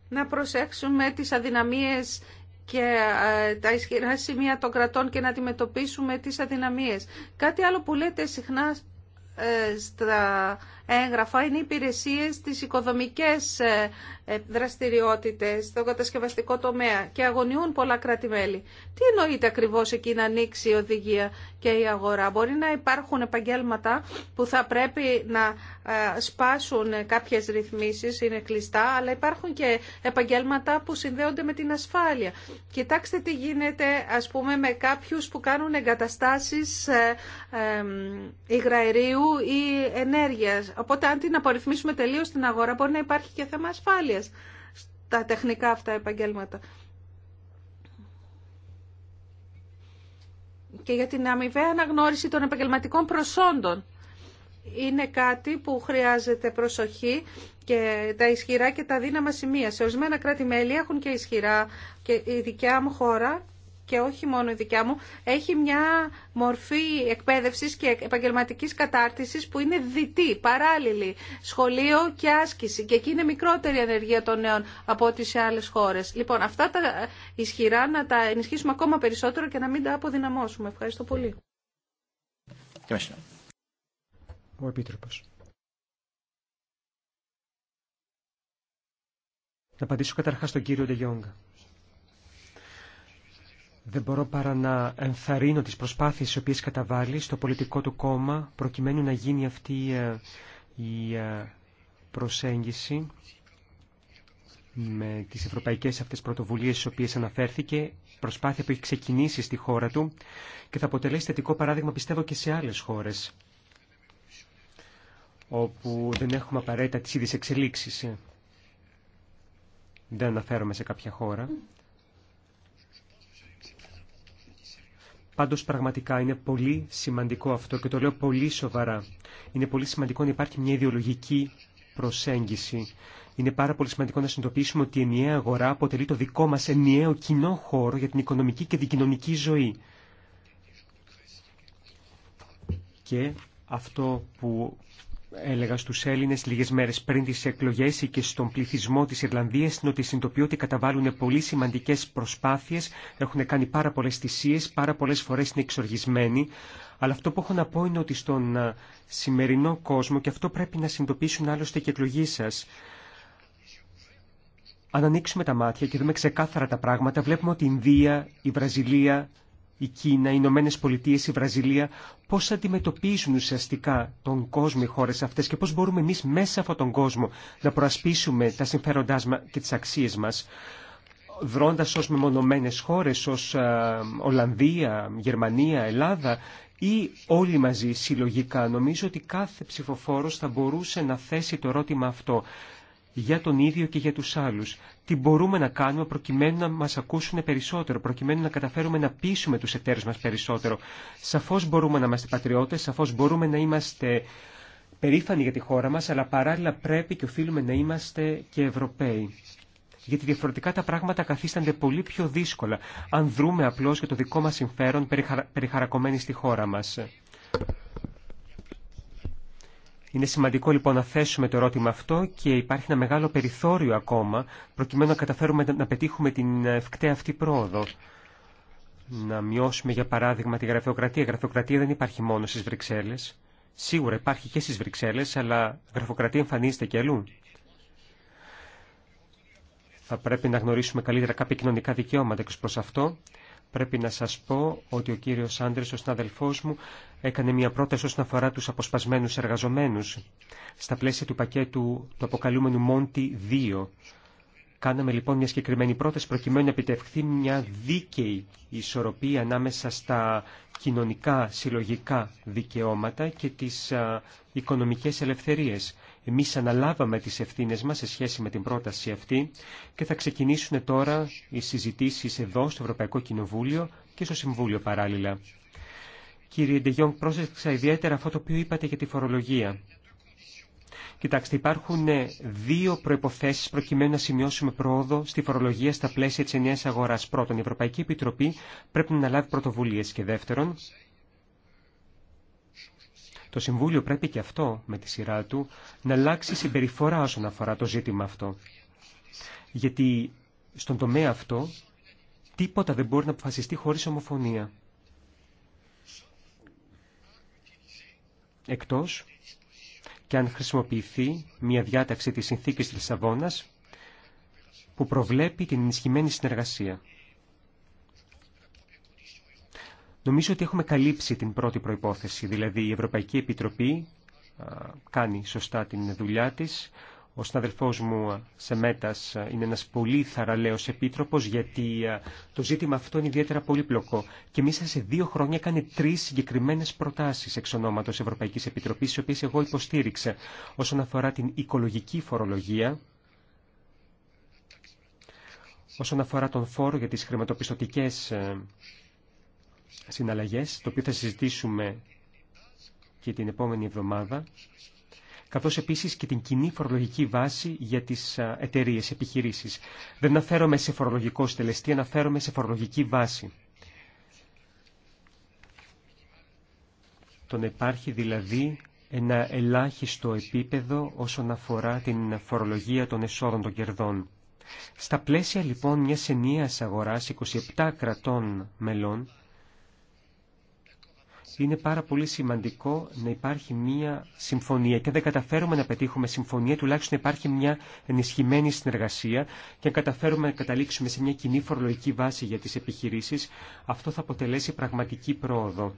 να προσέξουμε τις αδυναμίες και ε, τα ισχυρά σημεία των κρατών και να αντιμετωπίσουμε τις αδυναμίες. Κάτι άλλο που λέτε συχνά ε, στα έγγραφα είναι οι υπηρεσίες της οικοδομικές ε, ε, δραστηριότητες, στο κατασκευαστικό τομέα και αγωνιούν πολλά κράτη-μέλη. Τι εννοείται ακριβώς εκεί να ανοίξει η οδηγία και η αγορά. Μπορεί να υπάρχουν επαγγέλματα που θα πρέπει να ε, σπάσουν κάποιες ρυθμίσεις, είναι κλειστά, αλλά υπάρχουν και επαγγέλματα που συνδέονται με την ασφάλεια. Κοιτάξτε τι γίνεται ας πούμε με κάποιους που κάνουν εγκαταστάσεις υγραερίου ή ενέργειας Οπότε αν την απορριθμίσουμε τελείως στην αγορά μπορεί να υπάρχει και θέμα ασφάλειας στα τεχνικά αυτά επαγγέλματα. Και για την αμοιβαία αναγνώριση των επαγγελματικών προσόντων. Είναι κάτι που χρειάζεται προσοχή και τα ισχυρά και τα δύναμα σημεία. Σε ορισμένα κράτη-μέλη έχουν και ισχυρά και η δικιά μου χώρα και όχι μόνο η δικιά μου, έχει μια μορφή εκπαίδευση και επαγγελματική κατάρτιση που είναι διτή, παράλληλη, σχολείο και άσκηση. Και εκεί είναι μικρότερη η ανεργία των νέων από ό,τι σε άλλε χώρε. Λοιπόν, αυτά τα ισχυρά να τα ενισχύσουμε ακόμα περισσότερο και να μην τα αποδυναμώσουμε. Ευχαριστώ πολύ. Ο Επίτροπος. Να απαντήσω καταρχάς στον κύριο Ντεγιόγκα. Δεν μπορώ παρά να ενθαρρύνω τις προσπάθειες τις οποίες καταβάλει στο πολιτικό του κόμμα προκειμένου να γίνει αυτή ε, η ε, προσέγγιση με τις ευρωπαϊκές αυτές πρωτοβουλίες στις οποίες αναφέρθηκε, προσπάθεια που έχει ξεκινήσει στη χώρα του και θα αποτελέσει θετικό παράδειγμα πιστεύω και σε άλλες χώρες όπου δεν έχουμε απαραίτητα τις ίδιες εξελίξεις. Ε. Δεν αναφέρομαι σε κάποια χώρα. Πάντως πραγματικά είναι πολύ σημαντικό αυτό και το λέω πολύ σοβαρά. Είναι πολύ σημαντικό να υπάρχει μια ιδεολογική προσέγγιση. Είναι πάρα πολύ σημαντικό να συνειδητοποιήσουμε ότι η ενιαία αγορά αποτελεί το δικό μας ενιαίο κοινό χώρο για την οικονομική και την κοινωνική ζωή. Και αυτό που έλεγα στου Έλληνε λίγε μέρε πριν τι εκλογέ και στον πληθυσμό τη Ιρλανδίας είναι ότι συνειδητοποιώ ότι καταβάλουν πολύ σημαντικέ προσπάθειε έχουν κάνει πάρα πολλέ θυσίε, πάρα πολλέ φορέ είναι εξοργισμένοι. Αλλά αυτό που έχω να πω είναι ότι στον σημερινό κόσμο, και αυτό πρέπει να συνειδητοποιήσουν άλλωστε και εκλογή σα. Αν ανοίξουμε τα μάτια και δούμε ξεκάθαρα τα πράγματα, βλέπουμε ότι η Ινδία, η Βραζιλία, η Κίνα, οι Ηνωμένε Πολιτείε, η Βραζιλία, πώ αντιμετωπίζουν ουσιαστικά τον κόσμο οι χώρε αυτέ και πώ μπορούμε εμεί μέσα από τον κόσμο να προασπίσουμε τα συμφέροντά μα και τι αξίε μα. Δρώντα ω μεμονωμένε χώρε, ω Ολλανδία, Γερμανία, Ελλάδα ή όλοι μαζί συλλογικά. Νομίζω ότι κάθε ψηφοφόρο θα μπορούσε να θέσει το ερώτημα αυτό για τον ίδιο και για τους άλλους. Τι μπορούμε να κάνουμε προκειμένου να μας ακούσουν περισσότερο, προκειμένου να καταφέρουμε να πείσουμε τους εταίρους μας περισσότερο. Σαφώς μπορούμε να είμαστε πατριώτες, σαφώς μπορούμε να είμαστε περήφανοι για τη χώρα μας, αλλά παράλληλα πρέπει και οφείλουμε να είμαστε και Ευρωπαίοι. Γιατί διαφορετικά τα πράγματα καθίστανται πολύ πιο δύσκολα, αν δρούμε απλώς για το δικό μας συμφέρον περιχαρακωμένοι στη χώρα μας. Είναι σημαντικό λοιπόν να θέσουμε το ερώτημα αυτό και υπάρχει ένα μεγάλο περιθώριο ακόμα προκειμένου να καταφέρουμε να πετύχουμε την ευκταία αυτή πρόοδο. Να μειώσουμε για παράδειγμα τη γραφειοκρατία. Η γραφειοκρατία δεν υπάρχει μόνο στις Βρυξέλλες. Σίγουρα υπάρχει και στις Βρυξέλλες, αλλά γραφειοκρατία εμφανίζεται και αλλού. Θα πρέπει να γνωρίσουμε καλύτερα κάποια κοινωνικά δικαιώματα και προς αυτό Πρέπει να σας πω ότι ο κύριος Άντρες, ο συναδελφός μου, έκανε μια πρόταση όσον αφορά τους αποσπασμένους εργαζομένους. Στα πλαίσια του πακέτου του αποκαλούμενου Μόντι 2, Κάναμε λοιπόν μια συγκεκριμένη πρόταση προκειμένου να επιτευχθεί μια δίκαιη ισορροπία ανάμεσα στα κοινωνικά συλλογικά δικαιώματα και τις οικονομικές ελευθερίες. Εμείς αναλάβαμε τις ευθύνες μας σε σχέση με την πρόταση αυτή και θα ξεκινήσουν τώρα οι συζητήσεις εδώ στο Ευρωπαϊκό Κοινοβούλιο και στο Συμβούλιο παράλληλα. Κύριε Ντεγιόνγκ, πρόσεξα ιδιαίτερα αυτό το οποίο είπατε για τη φορολογία. Κοιτάξτε, υπάρχουν δύο προποθέσει προκειμένου να σημειώσουμε πρόοδο στη φορολογία στα πλαίσια τη ενιαία αγορά. Πρώτον, η Ευρωπαϊκή Επιτροπή πρέπει να λάβει πρωτοβουλίε. Και δεύτερον, το Συμβούλιο πρέπει και αυτό, με τη σειρά του, να αλλάξει συμπεριφορά όσον αφορά το ζήτημα αυτό. Γιατί στον τομέα αυτό τίποτα δεν μπορεί να αποφασιστεί χωρίς ομοφωνία. Εκτός και αν χρησιμοποιηθεί μια διάταξη της Συνθήκης της Λισαβόνας που προβλέπει την ενισχυμένη συνεργασία. Νομίζω ότι έχουμε καλύψει την πρώτη προϋπόθεση, δηλαδή η Ευρωπαϊκή Επιτροπή κάνει σωστά την δουλειά της. Ο συναδελφός μου Σεμέτας είναι ένας πολύ θαραλέος επίτροπος γιατί το ζήτημα αυτό είναι ιδιαίτερα πολύπλοκο και μέσα σε δύο χρόνια έκανε τρεις συγκεκριμένε προτάσεις εξ ονόματος Ευρωπαϊκής Επιτροπής, οι οποίες εγώ υποστήριξα όσον αφορά την οικολογική φορολογία, όσον αφορά τον φόρο για τις χρηματοπιστωτικές ε, συναλλαγές, το οποίο θα συζητήσουμε και την επόμενη εβδομάδα, καθώς επίσης και την κοινή φορολογική βάση για τις εταιρείες επιχειρήσεις. Δεν αναφέρομαι σε φορολογικό στελεστή, αναφέρομαι σε φορολογική βάση. Το υπάρχει δηλαδή ένα ελάχιστο επίπεδο όσον αφορά την φορολογία των εσόδων των κερδών. Στα πλαίσια λοιπόν μιας ενίας αγοράς 27 κρατών μελών, είναι πάρα πολύ σημαντικό να υπάρχει μία συμφωνία και αν δεν καταφέρουμε να πετύχουμε συμφωνία τουλάχιστον να υπάρχει μία ενισχυμένη συνεργασία και αν καταφέρουμε να καταλήξουμε σε μία κοινή φορολογική βάση για τις επιχειρήσεις αυτό θα αποτελέσει πραγματική πρόοδο.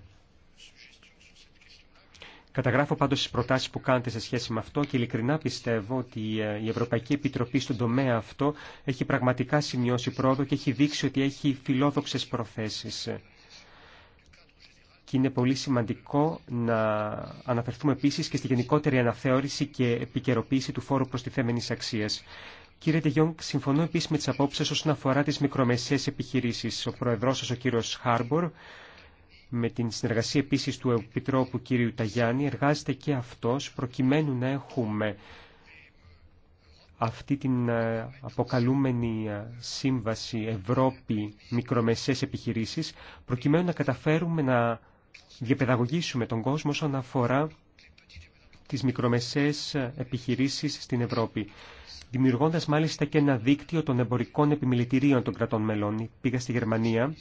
Καταγράφω πάντως τις προτάσεις που κάνετε σε σχέση με αυτό και ειλικρινά πιστεύω ότι ε, η Ευρωπαϊκή Επιτροπή στον τομέα αυτό έχει πραγματικά σημειώσει πρόοδο και έχει δείξει ότι έχει φιλόδοξες προθέσεις και είναι πολύ σημαντικό να αναφερθούμε επίσης και στη γενικότερη αναθεώρηση και επικαιροποίηση του φόρου τη προς θέμενης αξίας. Κύριε Τεγιόνγκ, συμφωνώ επίσης με τις απόψεις όσον αφορά τις μικρομεσαίες επιχειρήσεις. Ο Προεδρός σας, ο κύριος Χάρμπορ, με την συνεργασία επίσης του Επιτρόπου κύριου Ταγιάννη, εργάζεται και αυτός προκειμένου να έχουμε αυτή την ε, αποκαλούμενη ε, σύμβαση Ευρώπη μικρομεσαίες επιχειρήσεις προκειμένου να καταφέρουμε να διαπαιδαγωγήσουμε τον κόσμο όσον αφορά τις μικρομεσαίες επιχειρήσεις στην Ευρώπη, δημιουργώντας μάλιστα και ένα δίκτυο των εμπορικών επιμελητηρίων των κρατών μελών. Πήγα στη Γερμανία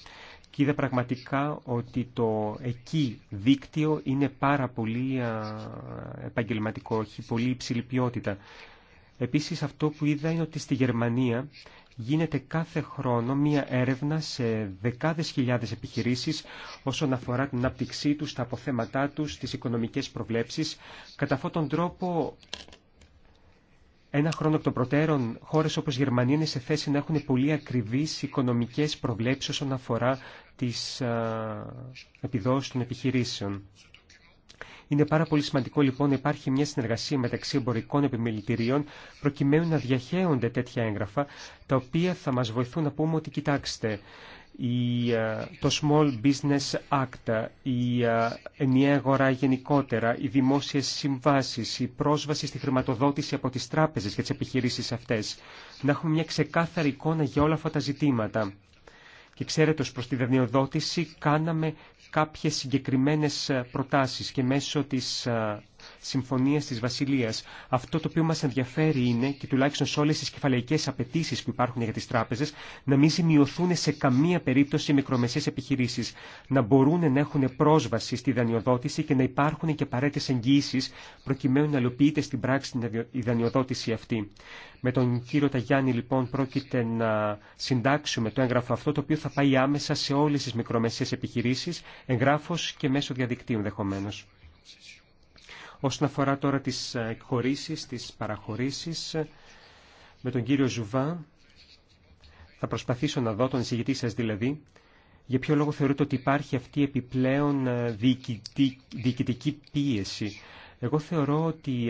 και είδα πραγματικά ότι το εκεί δίκτυο είναι πάρα πολύ επαγγελματικό, έχει πολύ υψηλή ποιότητα. Επίσης αυτό που είδα είναι ότι στη Γερμανία γίνεται κάθε χρόνο μία έρευνα σε δεκάδες χιλιάδες επιχειρήσεις όσον αφορά την απτυξή τους, τα αποθέματά τους, τις οικονομικές προβλέψεις. Κατά αυτόν τον τρόπο ένα χρόνο από τον προτέρων, χώρες όπως η Γερμανία είναι σε θέση να έχουν πολύ ακριβείς οικονομικές προβλέψεις όσον αφορά τι επιδόσεις των επιχειρήσεων. Είναι πάρα πολύ σημαντικό λοιπόν να υπάρχει μια συνεργασία μεταξύ εμπορικών επιμελητηρίων προκειμένου να διαχέονται τέτοια έγγραφα τα οποία θα μας βοηθούν να πούμε ότι κοιτάξτε ε, το Small Business Act, η ε, ενιαία αγορά γενικότερα, οι δημόσιες συμβάσεις, η πρόσβαση στη χρηματοδότηση από τις τράπεζες για τις επιχειρήσεις αυτές. Να έχουμε μια ξεκάθαρη εικόνα για όλα αυτά τα ζητήματα. Και ξέρετε, ως προς τη δανειοδότηση κάναμε κάποιες συγκεκριμένες ε, προτάσεις και μέσω της ε, Συμφωνία τη Βασιλεία. Αυτό το οποίο μα ενδιαφέρει είναι, και τουλάχιστον σε όλε τι κεφαλαϊκέ απαιτήσει που υπάρχουν για τι τράπεζε, να μην ζημιωθούν σε καμία περίπτωση οι μικρομεσαίε επιχειρήσεις, να μπορούν να έχουν πρόσβαση στη δανειοδότηση και να υπάρχουν και απαραίτητε εγγύησεις προκειμένου να υλοποιείται στην πράξη η δανειοδότηση αυτή. Με τον κύριο Ταγιάννη λοιπόν πρόκειται να συντάξουμε το έγγραφο αυτό το οποίο θα πάει άμεσα σε όλε τι μικρομεσαίε επιχειρήσει, εγγράφο και μέσω διαδικτύου ενδεχομένω. Όσον αφορά τώρα τις ε, εκχωρήσεις, τις παραχωρήσεις, ε, με τον κύριο Ζουβά θα προσπαθήσω να δω, τον εισηγητή σας δηλαδή, για ποιο λόγο θεωρείτε ότι υπάρχει αυτή η επιπλέον ε, διοικητική πίεση. Εγώ θεωρώ ότι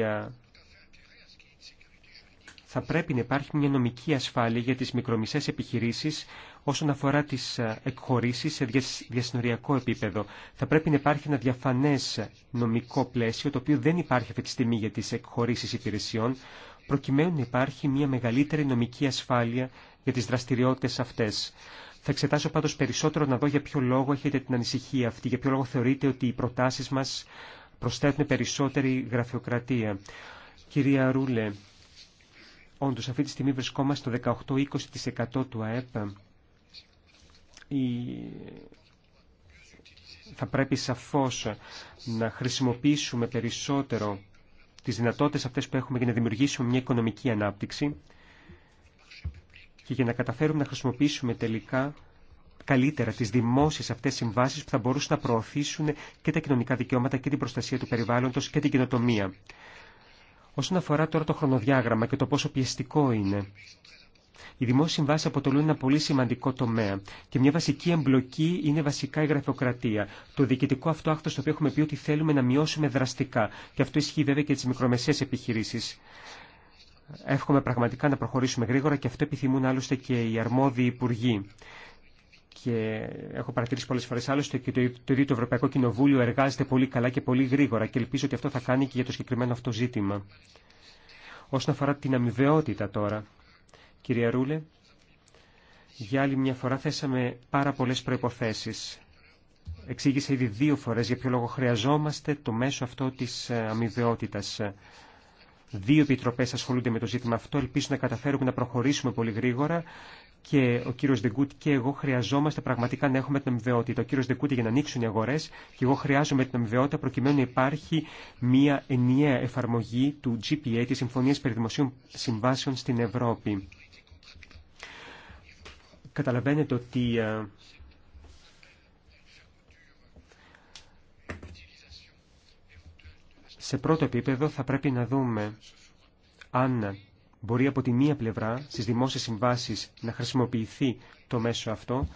θα πρέπει να υπάρχει μια νομική ασφάλεια για τις μικρομισές επιχειρήσεις όσον αφορά τις ε, εκχωρήσεις σε διασυνοριακό επίπεδο. Θα πρέπει να υπάρχει ένα διαφανές νομικό πλαίσιο, το οποίο δεν υπάρχει αυτή τη στιγμή για τις εκχωρήσεις υπηρεσιών, προκειμένου να υπάρχει μια μεγαλύτερη νομική ασφάλεια για τις δραστηριότητες αυτές. Θα εξετάσω πάντως περισσότερο να δω για ποιο λόγο έχετε την ανησυχία αυτή, για ποιο λόγο θεωρείτε ότι οι προτάσεις μας προσθέτουν περισσότερη γραφειοκρατία. Κυρία Ρούλε, όντως αυτή τη στιγμή βρισκόμαστε στο 18-20% του ΑΕΠ θα πρέπει σαφώς να χρησιμοποιήσουμε περισσότερο τις δυνατότητες αυτές που έχουμε για να δημιουργήσουμε μια οικονομική ανάπτυξη και για να καταφέρουμε να χρησιμοποιήσουμε τελικά καλύτερα τις δημόσιες αυτές συμβάσεις που θα μπορούσαν να προωθήσουν και τα κοινωνικά δικαιώματα και την προστασία του περιβάλλοντος και την κοινοτομία. Όσον αφορά τώρα το χρονοδιάγραμμα και το πόσο πιεστικό είναι, οι δημόσιε συμβάσει αποτελούν ένα πολύ σημαντικό τομέα και μια βασική εμπλοκή είναι βασικά η γραφειοκρατία. Το διοικητικό αυτό άκτο το οποίο έχουμε πει ότι θέλουμε να μειώσουμε δραστικά. Και αυτό ισχύει βέβαια και τι μικρομεσαίε επιχειρήσει. Εύχομαι πραγματικά να προχωρήσουμε γρήγορα και αυτό επιθυμούν άλλωστε και οι αρμόδιοι υπουργοί και έχω παρατηρήσει πολλέ φορέ άλλωστε και το, ίδιο το Ευρωπαϊκό Κοινοβούλιο εργάζεται πολύ καλά και πολύ γρήγορα και ελπίζω ότι αυτό θα κάνει και για το συγκεκριμένο αυτό ζήτημα. Όσον αφορά την αμοιβαιότητα τώρα, Κυρία Ρούλε, για άλλη μια φορά θέσαμε πάρα πολλές προϋποθέσεις. Εξήγησε ήδη δύο φορές για ποιο λόγο χρειαζόμαστε το μέσο αυτό της ε, αμοιβαιότητας. Δύο επιτροπέ ασχολούνται με το ζήτημα αυτό. Ελπίζω να καταφέρουμε να προχωρήσουμε πολύ γρήγορα και ο κύριο Δεγκούτ και εγώ χρειαζόμαστε πραγματικά να έχουμε την αμοιβαιότητα. Ο κύριο Δεγκούτ για να ανοίξουν οι αγορέ και εγώ χρειάζομαι την αμοιβαιότητα προκειμένου να υπάρχει μια ενιαία εφαρμογή του GPA, τη Συμφωνία Περιδημοσίων Συμβάσεων στην Ευρώπη καταλαβαίνετε ότι ε, σε πρώτο επίπεδο θα πρέπει να δούμε αν μπορεί από τη μία πλευρά στις δημόσιες συμβάσεις να χρησιμοποιηθεί το μέσο αυτό,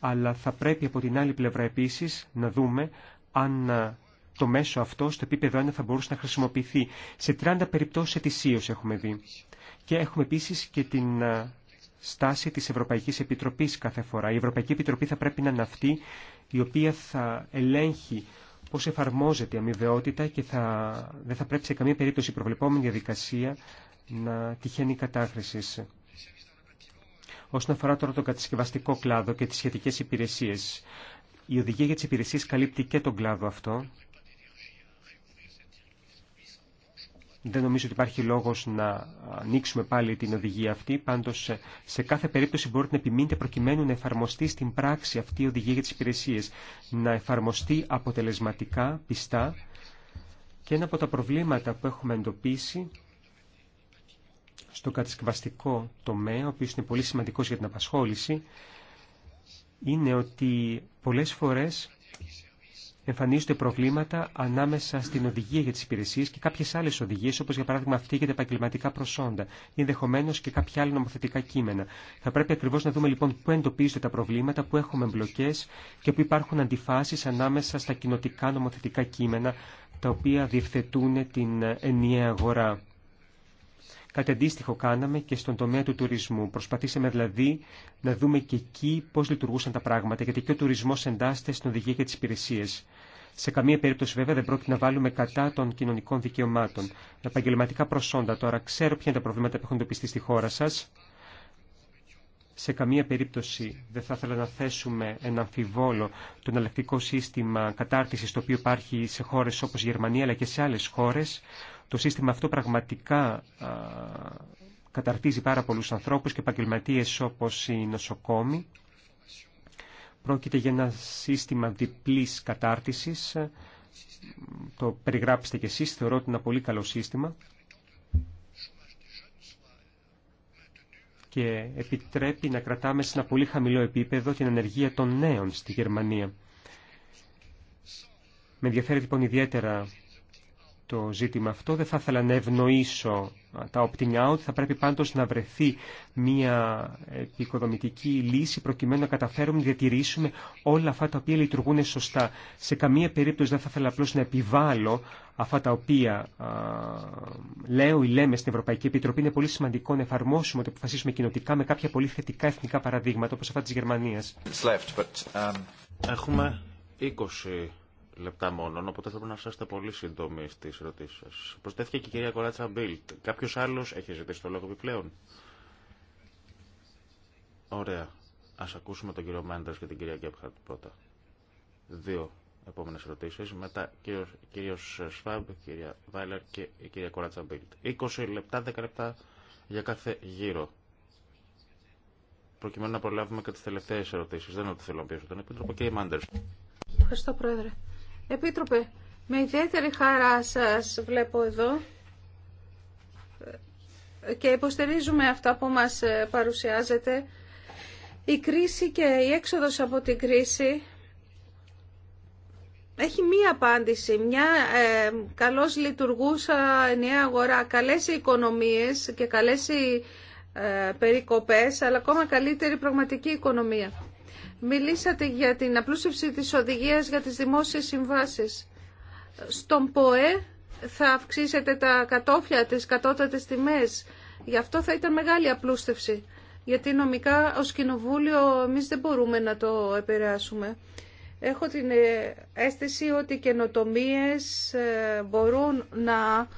αλλά θα πρέπει από την άλλη πλευρά επίσης να δούμε αν ε, το μέσο αυτό στο επίπεδο 1 θα μπορούσε να χρησιμοποιηθεί. Σε 30 περιπτώσεις ετησίως έχουμε δει. Και έχουμε επίσης και την ε, στάση της Ευρωπαϊκής Επιτροπής κάθε φορά. Η Ευρωπαϊκή Επιτροπή θα πρέπει να είναι αυτή η οποία θα ελέγχει πώς εφαρμόζεται η αμοιβαιότητα και θα, δεν θα πρέπει σε καμία περίπτωση η προβλεπόμενη διαδικασία να τυχαίνει κατάχρηση. Όσον αφορά τώρα τον κατασκευαστικό κλάδο και τις σχετικές υπηρεσίες, η οδηγία για τις υπηρεσίες καλύπτει και τον κλάδο αυτό Δεν νομίζω ότι υπάρχει λόγος να ανοίξουμε πάλι την οδηγία αυτή, πάντως σε κάθε περίπτωση μπορείτε να επιμείνετε προκειμένου να εφαρμοστεί στην πράξη αυτή η οδηγία για τις υπηρεσίες, να εφαρμοστεί αποτελεσματικά, πιστά και ένα από τα προβλήματα που έχουμε εντοπίσει στο κατασκευαστικό τομέα, ο οποίος είναι πολύ σημαντικός για την απασχόληση, είναι ότι πολλές φορές εμφανίζονται προβλήματα ανάμεσα στην οδηγία για τις υπηρεσίες και κάποιες άλλες οδηγίες, όπως για παράδειγμα αυτή για τα επαγγελματικά προσόντα, ή ενδεχομένως και κάποια άλλα νομοθετικά κείμενα. Θα πρέπει ακριβώ να δούμε λοιπόν πού εντοπίζονται τα προβλήματα, πού έχουμε μπλοκές και πού υπάρχουν αντιφάσει ανάμεσα στα κοινοτικά νομοθετικά κείμενα, τα οποία διευθετούν την ενιαία αγορά. Κάτι αντίστοιχο κάναμε και στον τομέα του τουρισμού. Προσπαθήσαμε δηλαδή να δούμε και εκεί πώς λειτουργούσαν τα πράγματα, γιατί και ο τουρισμός εντάσσεται στην οδηγία και τις υπηρεσίες. Σε καμία περίπτωση βέβαια δεν πρόκειται να βάλουμε κατά των κοινωνικών δικαιωμάτων. Τα επαγγελματικά προσόντα τώρα ξέρω ποια είναι τα προβλήματα που έχουν εντοπιστεί στη χώρα σας. Σε καμία περίπτωση δεν θα ήθελα να θέσουμε ένα αμφιβόλο το εναλλακτικό σύστημα κατάρτισης το οποίο υπάρχει σε χώρες όπως η Γερμανία αλλά και σε άλλες χώρες το σύστημα αυτό πραγματικά καταρτίζει πάρα πολλούς ανθρώπους και επαγγελματίε όπως οι νοσοκόμοι. Πρόκειται για ένα σύστημα διπλής κατάρτισης. Το περιγράψετε και εσείς, θεωρώ ότι είναι ένα πολύ καλό σύστημα. και επιτρέπει να κρατάμε σε ένα πολύ χαμηλό επίπεδο την ενέργεια των νέων στη Γερμανία. Με ενδιαφέρει λοιπόν ιδιαίτερα το ζήτημα αυτό. Δεν θα ήθελα να ευνοήσω τα opting-out. Θα πρέπει πάντως να βρεθεί μια επικοδομητική λύση προκειμένου να καταφέρουμε να διατηρήσουμε όλα αυτά τα οποία λειτουργούν σωστά. Σε καμία περίπτωση δεν θα ήθελα απλώς να επιβάλλω αυτά τα οποία α, λέω ή λέμε στην Ευρωπαϊκή Επιτροπή. Είναι πολύ σημαντικό να εφαρμόσουμε ότι αποφασίσουμε κοινοτικά με κάποια πολύ θετικά εθνικά παραδείγματα όπως αυτά της Γερμανίας. Um, Έχουμε 20 λεπτά μόνο, οπότε πρέπει να είστε πολύ σύντομοι στι ερωτήσει σα. Προσθέθηκε και η κυρία Κοράτσα Μπίλτ. Κάποιο άλλο έχει ζητήσει το λόγο επιπλέον. Ωραία. Α ακούσουμε τον κύριο Μάντερ και την κυρία Γκέπχαρτ πρώτα. Δύο επόμενε ερωτήσει. Μετά κύριο Σφαμπ, κυρία Βάιλερ και η κυρία Κοράτσα Μπίλτ. 20 λεπτά, 10 λεπτά για κάθε γύρο προκειμένου να προλάβουμε και τι τελευταίε ερωτήσει. Δεν είναι ότι θέλω να πιέσω τον Επίτροπο. Κύριε Μάντερ. Ευχαριστώ, Πρόεδρε. Επίτροπε, με ιδιαίτερη χαρά σας βλέπω εδώ και υποστηρίζουμε αυτά που μας παρουσιάζετε. Η κρίση και η έξοδος από την κρίση έχει μία απάντηση, μια ε, καλώς λειτουργούσα νεα αγορά, καλές οι οικονομίες και καλές οι ε, περικοπές, αλλά ακόμα καλύτερη πραγματική οικονομία. Μιλήσατε για την απλούστευση της οδηγίας για τις δημόσιες συμβάσεις. Στον ΠΟΕ θα αυξήσετε τα κατόφια τις κατώτατες τιμές. Γι' αυτό θα ήταν μεγάλη απλούστευση. Γιατί νομικά ως Κοινοβούλιο εμείς δεν μπορούμε να το επηρεάσουμε. Έχω την ε, αίσθηση ότι οι καινοτομίες ε, μπορούν να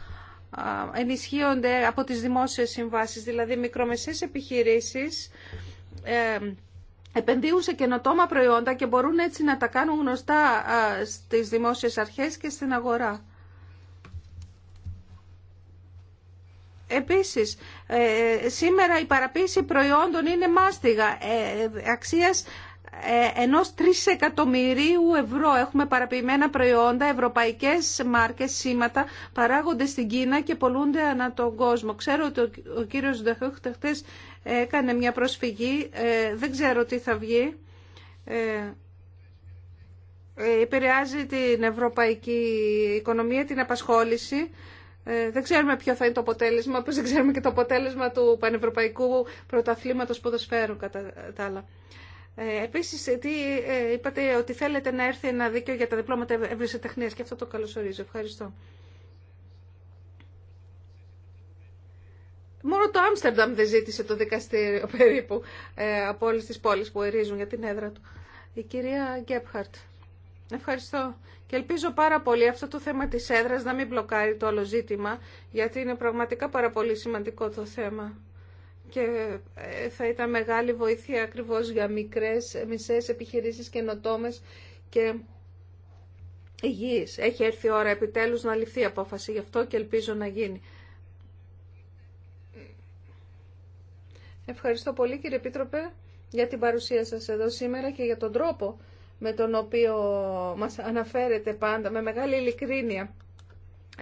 ενισχύονται από τις δημόσιες συμβάσεις, δηλαδή μικρομεσές επιχειρήσεις ε, επενδύουν σε καινοτόμα προϊόντα και μπορούν έτσι να τα κάνουν γνωστά στις δημόσιες αρχές και στην αγορά. Επίσης, ε, σήμερα η παραποίηση προϊόντων είναι μάστιγα ε, αξίας ε, ενός τρισεκατομμυρίου ευρώ έχουμε παραποιημένα προϊόντα, ευρωπαϊκές μάρκες, σήματα, παράγονται στην Κίνα και πολλούνται ανά τον κόσμο. Ξέρω ότι ο κύριος Ντεχούχτ χτες έκανε μια προσφυγή, ε, δεν ξέρω τι θα βγει. Ε, επηρεάζει την ευρωπαϊκή οικονομία, την απασχόληση. δεν ξέρουμε ποιο θα είναι το αποτέλεσμα, όπως δεν ξέρουμε και το αποτέλεσμα του Πανευρωπαϊκού Πρωταθλήματος Ποδοσφαίρου κατά τα άλλα. Ε, επίσης, ε, είπατε ότι θέλετε να έρθει ένα δίκαιο για τα διπλώματα τεχνίας και αυτό το καλωσορίζω. Ευχαριστώ. Μόνο το Άμστερνταμ δεν ζήτησε το δικαστήριο περίπου ε, από όλες τις πόλεις που ερίζουν για την έδρα του. Η κυρία Γκέπχαρτ. Ευχαριστώ. Και ελπίζω πάρα πολύ αυτό το θέμα της έδρας να μην μπλοκάρει το όλο ζήτημα, γιατί είναι πραγματικά πάρα πολύ σημαντικό το θέμα και ε, θα ήταν μεγάλη βοήθεια ακριβώς για μικρές, μισές επιχειρήσεις καινοτόμε και υγιείς. Έχει έρθει η ώρα επιτέλους να ληφθεί η απόφαση γι' αυτό και ελπίζω να γίνει. Ευχαριστώ πολύ κύριε Επίτροπε για την παρουσία σας εδώ σήμερα και για τον τρόπο με τον οποίο μας αναφέρετε πάντα με μεγάλη ειλικρίνεια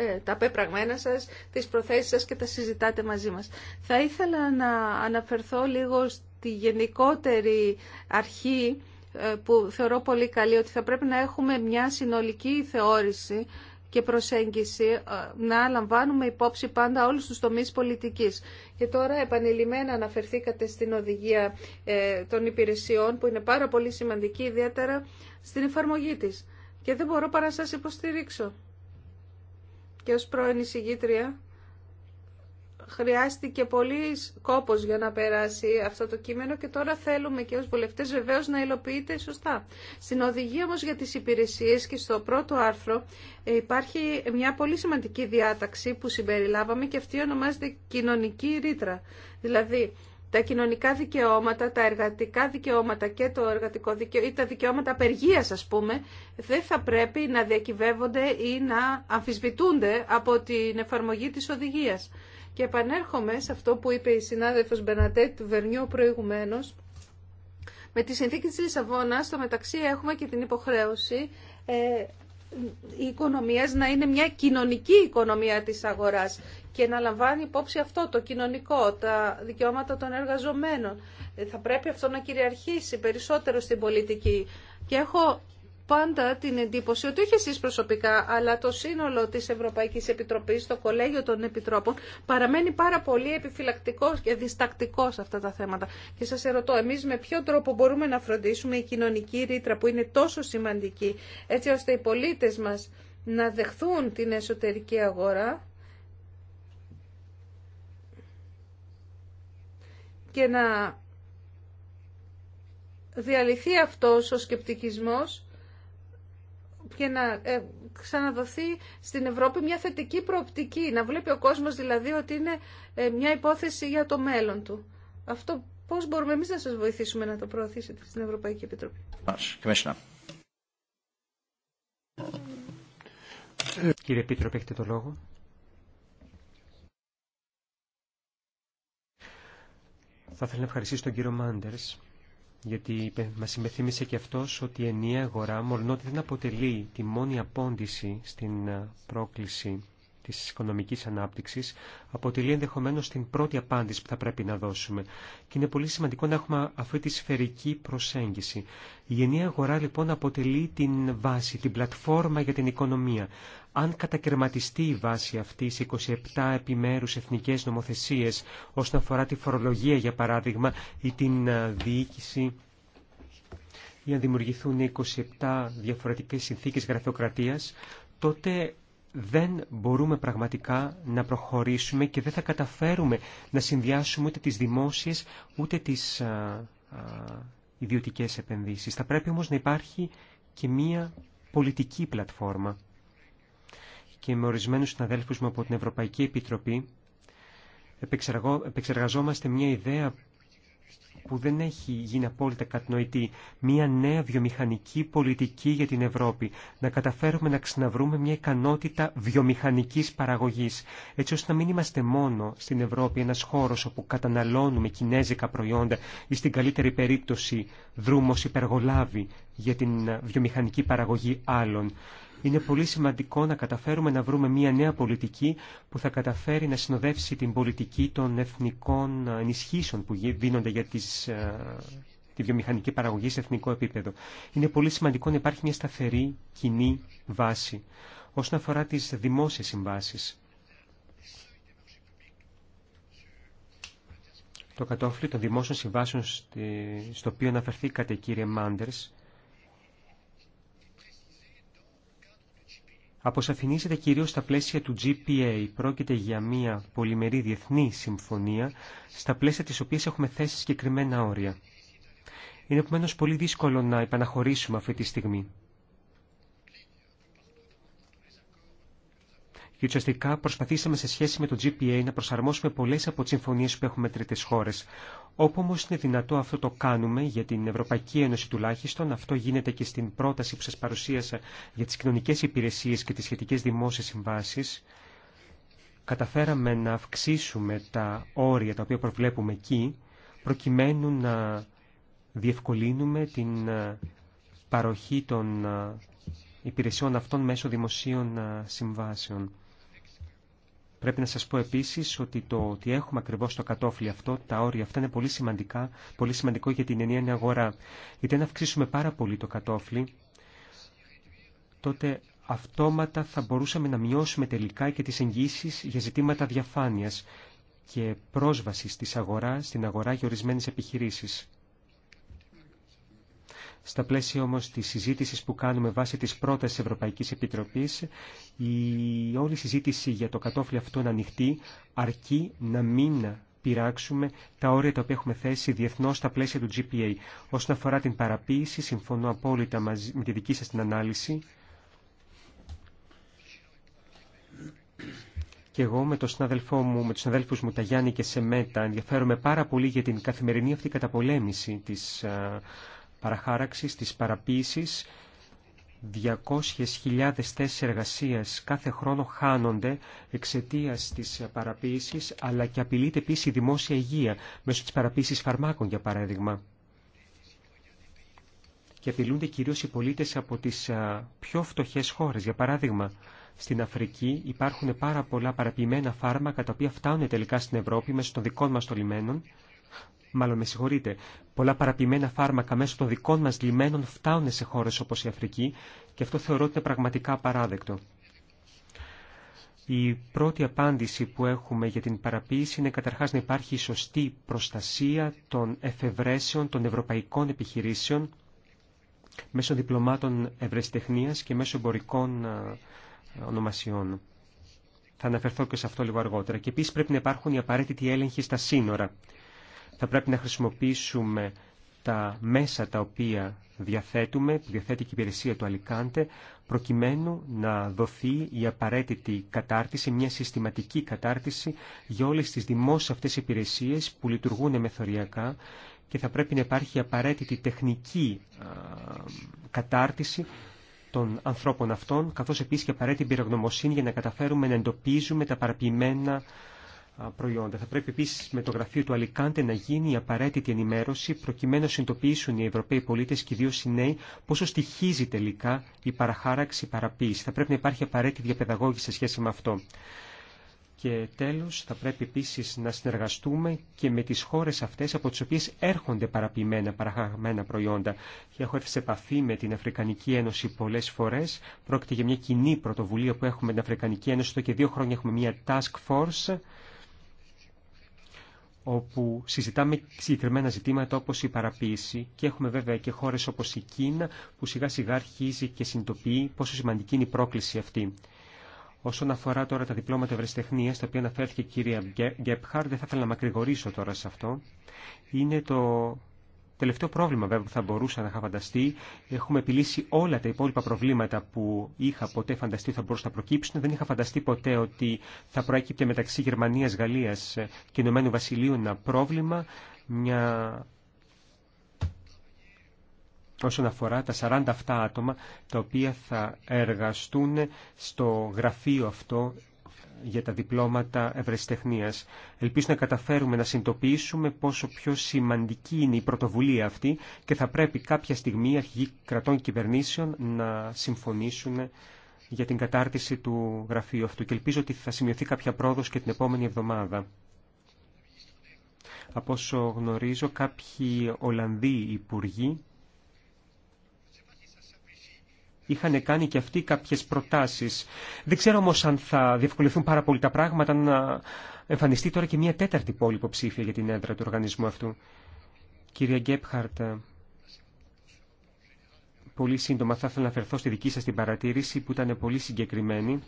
ε, τα πεπραγμένα σας, τις προθέσεις σας και τα συζητάτε μαζί μας. Θα ήθελα να αναφερθώ λίγο στη γενικότερη αρχή ε, που θεωρώ πολύ καλή, ότι θα πρέπει να έχουμε μια συνολική θεώρηση και προσέγγιση ε, να λαμβάνουμε υπόψη πάντα όλους τους τομείς πολιτικής. Και τώρα επανειλημμένα αναφερθήκατε στην οδηγία των υπηρεσιών που είναι πάρα πολύ σημαντική ιδιαίτερα στην εφαρμογή της. Και δεν μπορώ παρά να σας υποστηρίξω και ως πρώην εισηγήτρια χρειάστηκε πολύ κόπος για να περάσει αυτό το κείμενο και τώρα θέλουμε και ως βουλευτές βεβαίως να υλοποιείται σωστά. Στην οδηγία όμως για τις υπηρεσίες και στο πρώτο άρθρο ε, υπάρχει μια πολύ σημαντική διάταξη που συμπεριλάβαμε και αυτή ονομάζεται κοινωνική ρήτρα. Δηλαδή τα κοινωνικά δικαιώματα, τα εργατικά δικαιώματα και το εργατικό ή τα δικαιώματα απεργίας ας πούμε, δεν θα πρέπει να διακυβεύονται ή να αμφισβητούνται από την εφαρμογή της οδηγίας. Και επανέρχομαι σε αυτό που είπε η συνάδελφος Μπενατέτ Βερνιού προηγουμένως. Με τη συνθήκη της Λισαβόνας, στο μεταξύ έχουμε και την υποχρέωση ε, οι οικονομίες να είναι μια κοινωνική οικονομία της αγοράς και να λαμβάνει υπόψη αυτό το κοινωνικό, τα δικαιώματα των εργαζομένων. Ε, θα πρέπει αυτό να κυριαρχήσει περισσότερο στην πολιτική. Και έχω πάντα την εντύπωση ότι όχι εσείς προσωπικά, αλλά το σύνολο της Ευρωπαϊκής Επιτροπής, το Κολέγιο των Επιτρόπων, παραμένει πάρα πολύ επιφυλακτικός και διστακτικός σε αυτά τα θέματα. Και σας ερωτώ, εμείς με ποιο τρόπο μπορούμε να φροντίσουμε η κοινωνική ρήτρα που είναι τόσο σημαντική, έτσι ώστε οι πολίτες μας να δεχθούν την εσωτερική αγορά και να διαλυθεί αυτός ο σκεπτικισμός και να ε, ξαναδοθεί στην Ευρώπη μια θετική προοπτική. Να βλέπει ο κόσμος δηλαδή ότι είναι ε, μια υπόθεση για το μέλλον του. Αυτό πώς μπορούμε εμείς να σας βοηθήσουμε να το προωθήσετε στην Ευρωπαϊκή Επιτροπή. Κύριε Επίτροπε, έχετε το λόγο. Θα ήθελα να ευχαριστήσω τον κύριο Μάντερς γιατί μα συμμεθύμισε και αυτό ότι η ενιαία αγορά, ότι δεν αποτελεί τη μόνη απόντηση στην ε, πρόκληση της οικονομική ανάπτυξη, αποτελεί ενδεχομένω την πρώτη απάντηση που θα πρέπει να δώσουμε. Και είναι πολύ σημαντικό να έχουμε αυτή τη σφαιρική προσέγγιση. Η ενιαία αγορά λοιπόν αποτελεί την βάση, την πλατφόρμα για την οικονομία αν κατακαιρματιστεί η βάση αυτή σε 27 επιμέρους εθνικές νομοθεσίες όσον αφορά τη φορολογία για παράδειγμα ή την ε, διοίκηση ή αν δημιουργηθούν 27 διαφορετικές συνθήκες γραφειοκρατίας, τότε δεν μπορούμε πραγματικά να προχωρήσουμε και δεν θα καταφέρουμε να συνδυάσουμε ούτε τις δημόσιες ούτε τις α, ε, α, ε, ιδιωτικές επενδύσεις. Θα πρέπει όμως να υπάρχει και μία πολιτική πλατφόρμα και με ορισμένους συναδέλφους μου από την Ευρωπαϊκή Επιτροπή επεξεργαζόμαστε μια ιδέα που δεν έχει γίνει απόλυτα κατνοητή, μια νέα βιομηχανική πολιτική για την Ευρώπη, να καταφέρουμε να ξαναβρούμε μια ικανότητα βιομηχανικής παραγωγής, έτσι ώστε να μην είμαστε μόνο στην Ευρώπη ένας χώρος όπου καταναλώνουμε κινέζικα προϊόντα ή στην καλύτερη περίπτωση δρούμος υπεργολάβη για την βιομηχανική παραγωγή άλλων είναι πολύ σημαντικό να καταφέρουμε να βρούμε μια νέα πολιτική που θα καταφέρει να συνοδεύσει την πολιτική των εθνικών ενισχύσεων που δίνονται για τις, ε, τη βιομηχανική παραγωγή σε εθνικό επίπεδο. Είναι πολύ σημαντικό να υπάρχει μια σταθερή κοινή βάση όσον αφορά τις δημόσιες συμβάσεις. Το κατόφλι των δημόσιων συμβάσεων στο οποίο αναφερθήκατε κύριε Μάντερς αποσαφηνίζεται κυρίως στα πλαίσια του GPA. Πρόκειται για μια πολυμερή διεθνή συμφωνία, στα πλαίσια της οποίας έχουμε θέσει συγκεκριμένα όρια. Είναι επομένω πολύ δύσκολο να επαναχωρήσουμε αυτή τη στιγμή. και ουσιαστικά προσπαθήσαμε σε σχέση με το GPA να προσαρμόσουμε πολλέ από τι συμφωνίε που έχουμε με τρίτε χώρε. Όπου όμω είναι δυνατό αυτό το κάνουμε για την Ευρωπαϊκή Ένωση τουλάχιστον, αυτό γίνεται και στην πρόταση που σα παρουσίασα για τι κοινωνικέ υπηρεσίε και τι σχετικέ δημόσιε συμβάσει. Καταφέραμε να αυξήσουμε τα όρια τα οποία προβλέπουμε εκεί, προκειμένου να διευκολύνουμε την ε, παροχή των ε, υπηρεσιών αυτών μέσω δημοσίων ε, συμβάσεων. Πρέπει να σας πω επίσης ότι το ότι έχουμε ακριβώς το κατόφλι αυτό, τα όρια αυτά είναι πολύ, σημαντικά, πολύ σημαντικό για την ενιαία αγορά. Γιατί αν αυξήσουμε πάρα πολύ το κατόφλι, τότε αυτόματα θα μπορούσαμε να μειώσουμε τελικά και τις εγγύσεις για ζητήματα διαφάνειας και πρόσβασης της αγορά, στην αγορά για ορισμένες επιχειρήσεις. Στα πλαίσια όμως της συζήτησης που κάνουμε βάσει της πρώτας Ευρωπαϊκής Επιτροπής, η όλη συζήτηση για το κατόφλι αυτό να ανοιχτή αρκεί να μην πειράξουμε τα όρια τα οποία έχουμε θέσει διεθνώς στα πλαίσια του GPA. Όσον αφορά την παραποίηση, συμφωνώ απόλυτα μαζί, με τη δική σας την ανάλυση. Και εγώ με, τον συναδελφό μου, με τους συναδέλφους μου, τα Γιάννη και Σεμέτα, ενδιαφέρομαι πάρα πολύ για την καθημερινή αυτή καταπολέμηση της παραχάραξης, της παραποίησης. 200.000 θέσει εργασία κάθε χρόνο χάνονται εξαιτία τη παραποίηση, αλλά και απειλείται επίση η δημόσια υγεία μέσω τη παραποίηση φαρμάκων, για παράδειγμα. Και απειλούνται κυρίω οι πολίτε από τι πιο φτωχέ χώρε, Για παράδειγμα, στην Αφρική υπάρχουν πάρα πολλά παραποιημένα φάρμακα τα οποία φτάνουν τελικά στην Ευρώπη μέσω των δικών μας τολιμένων μάλλον με συγχωρείτε, πολλά παραπημένα φάρμακα μέσω των δικών μας λιμένων φτάνουν σε χώρες όπως η Αφρική και αυτό θεωρώ ότι είναι πραγματικά παράδεκτο. Η πρώτη απάντηση που έχουμε για την παραποίηση είναι καταρχάς να υπάρχει η σωστή προστασία των εφευρέσεων των ευρωπαϊκών επιχειρήσεων μέσω διπλωμάτων ευρεσιτεχνίας και μέσω εμπορικών ονομασιών. Θα αναφερθώ και σε αυτό λίγο αργότερα. Και επίσης πρέπει να υπάρχουν οι απαραίτητοι έλεγχοι στα σύνορα θα πρέπει να χρησιμοποιήσουμε τα μέσα τα οποία διαθέτουμε, που διαθέτει και η υπηρεσία του Αλικάντε, προκειμένου να δοθεί η απαραίτητη κατάρτιση, μια συστηματική κατάρτιση για όλες τις δημόσιες αυτές υπηρεσίες που λειτουργούν μεθοριακά και θα πρέπει να υπάρχει απαραίτητη τεχνική κατάρτιση των ανθρώπων αυτών, καθώς επίσης και απαραίτητη πυρογνωμοσύνη για να καταφέρουμε να εντοπίζουμε τα παραποιημένα προϊόντα. Θα πρέπει επίση με το γραφείο του Αλικάντε να γίνει η απαραίτητη ενημέρωση προκειμένου να συνειδητοποιήσουν οι Ευρωπαίοι πολίτε και ιδίω οι νέοι πόσο στοιχίζει τελικά η παραχάραξη, η παραποίηση. Θα πρέπει να υπάρχει απαραίτητη διαπαιδαγώγηση σε σχέση με αυτό. Και τέλο, θα πρέπει επίση να συνεργαστούμε και με τι χώρε αυτέ από τι οποίε έρχονται παραποιημένα, παραχαγμένα προϊόντα. Και έχω έρθει σε επαφή με την Αφρικανική Ένωση πολλέ φορέ. Πρόκειται για μια κοινή πρωτοβουλία που έχουμε με την Αφρικανική Ένωση. Εδώ και δύο χρόνια έχουμε μια task force όπου συζητάμε συγκεκριμένα ζητήματα όπως η παραποίηση και έχουμε βέβαια και χώρες όπως η Κίνα που σιγά σιγά αρχίζει και συνειδητοποιεί πόσο σημαντική είναι η πρόκληση αυτή. Όσον αφορά τώρα τα διπλώματα ευρεσιτεχνία, τα οποία αναφέρθηκε η κυρία Γκέπχαρ, δεν θα ήθελα να μακρηγορήσω τώρα σε αυτό, είναι το τελευταίο πρόβλημα βέβαια που θα μπορούσα να είχα φανταστεί. Έχουμε επιλύσει όλα τα υπόλοιπα προβλήματα που είχα ποτέ φανταστεί θα μπορούσαν να προκύψουν. Δεν είχα φανταστεί ποτέ ότι θα προέκυπτε μεταξύ Γερμανίας, Γαλλίας και Ηνωμένου Βασιλείου ένα πρόβλημα, μια όσον αφορά τα 47 άτομα τα οποία θα εργαστούν στο γραφείο αυτό για τα διπλώματα ευρεσιτεχνίας. Ελπίζω να καταφέρουμε να συνειδητοποιήσουμε πόσο πιο σημαντική είναι η πρωτοβουλία αυτή και θα πρέπει κάποια στιγμή οι αρχηγοί κρατών και κυβερνήσεων να συμφωνήσουν για την κατάρτιση του γραφείου αυτού και ελπίζω ότι θα σημειωθεί κάποια πρόοδος και την επόμενη εβδομάδα. Από όσο γνωρίζω, κάποιοι Ολλανδοί υπουργοί είχαν κάνει και αυτοί κάποιες προτάσεις. Δεν ξέρω όμως αν θα διευκολυνθούν πάρα πολύ τα πράγματα να εμφανιστεί τώρα και μια τέταρτη πόλη υποψήφια για την έδρα του οργανισμού αυτού. Κύριε Γκέπχαρτ, πολύ σύντομα θα ήθελα να αφαιρθώ στη δική σας την παρατήρηση που ήταν πολύ συγκεκριμένη.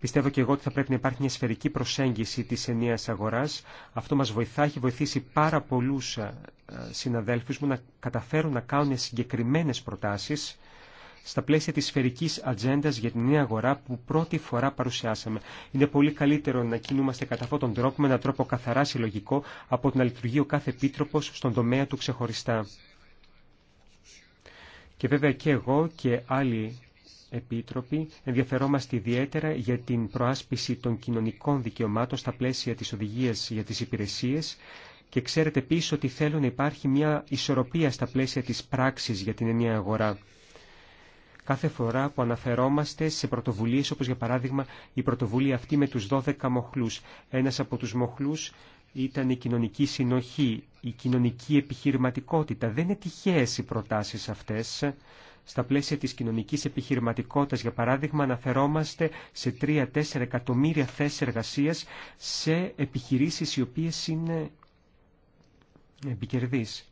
Πιστεύω και εγώ ότι θα πρέπει να υπάρχει μια σφαιρική προσέγγιση της ενίας αγοράς. Αυτό μας βοηθά, έχει βοηθήσει πάρα πολλούς ε, συναδέλφους μου να καταφέρουν να κάνουν συγκεκριμένες προτάσεις στα πλαίσια της σφαιρικής ατζέντα για την νέα αγορά που πρώτη φορά παρουσιάσαμε. Είναι πολύ καλύτερο να κινούμαστε κατά αυτόν τον τρόπο με έναν τρόπο καθαρά συλλογικό από το να λειτουργεί ο κάθε επίτροπος στον τομέα του ξεχωριστά. Και βέβαια και εγώ και άλλοι Επίτροποι, ενδιαφερόμαστε ιδιαίτερα για την προάσπιση των κοινωνικών δικαιωμάτων στα πλαίσια της οδηγίας για τις υπηρεσίες και ξέρετε επίσης ότι θέλω να υπάρχει μια ισορροπία στα πλαίσια της πράξης για την ενιαία αγορά κάθε φορά που αναφερόμαστε σε πρωτοβουλίες όπως για παράδειγμα η πρωτοβουλία αυτή με τους 12 μοχλούς. Ένας από τους μοχλούς ήταν η κοινωνική συνοχή, η κοινωνική επιχειρηματικότητα. Δεν είναι τυχαίες οι προτάσεις αυτές. Στα πλαίσια της κοινωνικής επιχειρηματικότητας, για παράδειγμα, αναφερόμαστε σε 3-4 εκατομμύρια θέσεις εργασίας σε επιχειρήσεις οι οποίες είναι επικερδείς.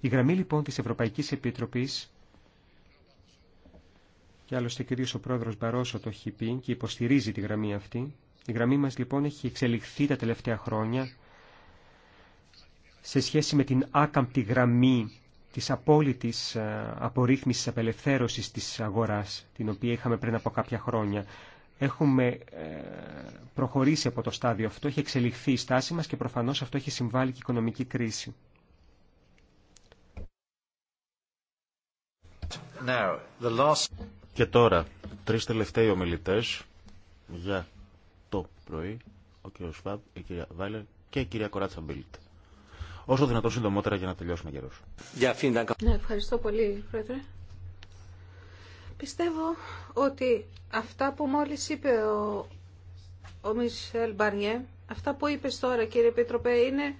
Η γραμμή λοιπόν της Ευρωπαϊκής Επιτροπής και άλλωστε κυρίως ο πρόεδρος Μπαρόσο το έχει πει και υποστηρίζει τη γραμμή αυτή. Η γραμμή μας λοιπόν έχει εξελιχθεί τα τελευταία χρόνια σε σχέση με την άκαμπτη γραμμή της απόλυτης ε, απορρίθμιση απελευθέρωσης τη αγορά την οποία είχαμε πριν από κάποια χρόνια. Έχουμε ε, προχωρήσει από το στάδιο αυτό, έχει εξελιχθεί η στάση μα και προφανώ αυτό έχει συμβάλει και η οικονομική κρίση. Now, the last... Και τώρα, τρεις τελευταίοι ομιλητές για το πρωί, ο κ. Φαμπ, η κυρία Βάιλερ και η κυρία Κοράτσα Μπίλτ. Όσο δυνατόν συντομότερα για να τελειώσουμε καιρός. Ναι, ευχαριστώ πολύ, Πρόεδρε. Πιστεύω ότι αυτά που μόλις είπε ο, ο Μισελ Μπαρνιέ, αυτά που είπε τώρα κύριε Επίτροπε, είναι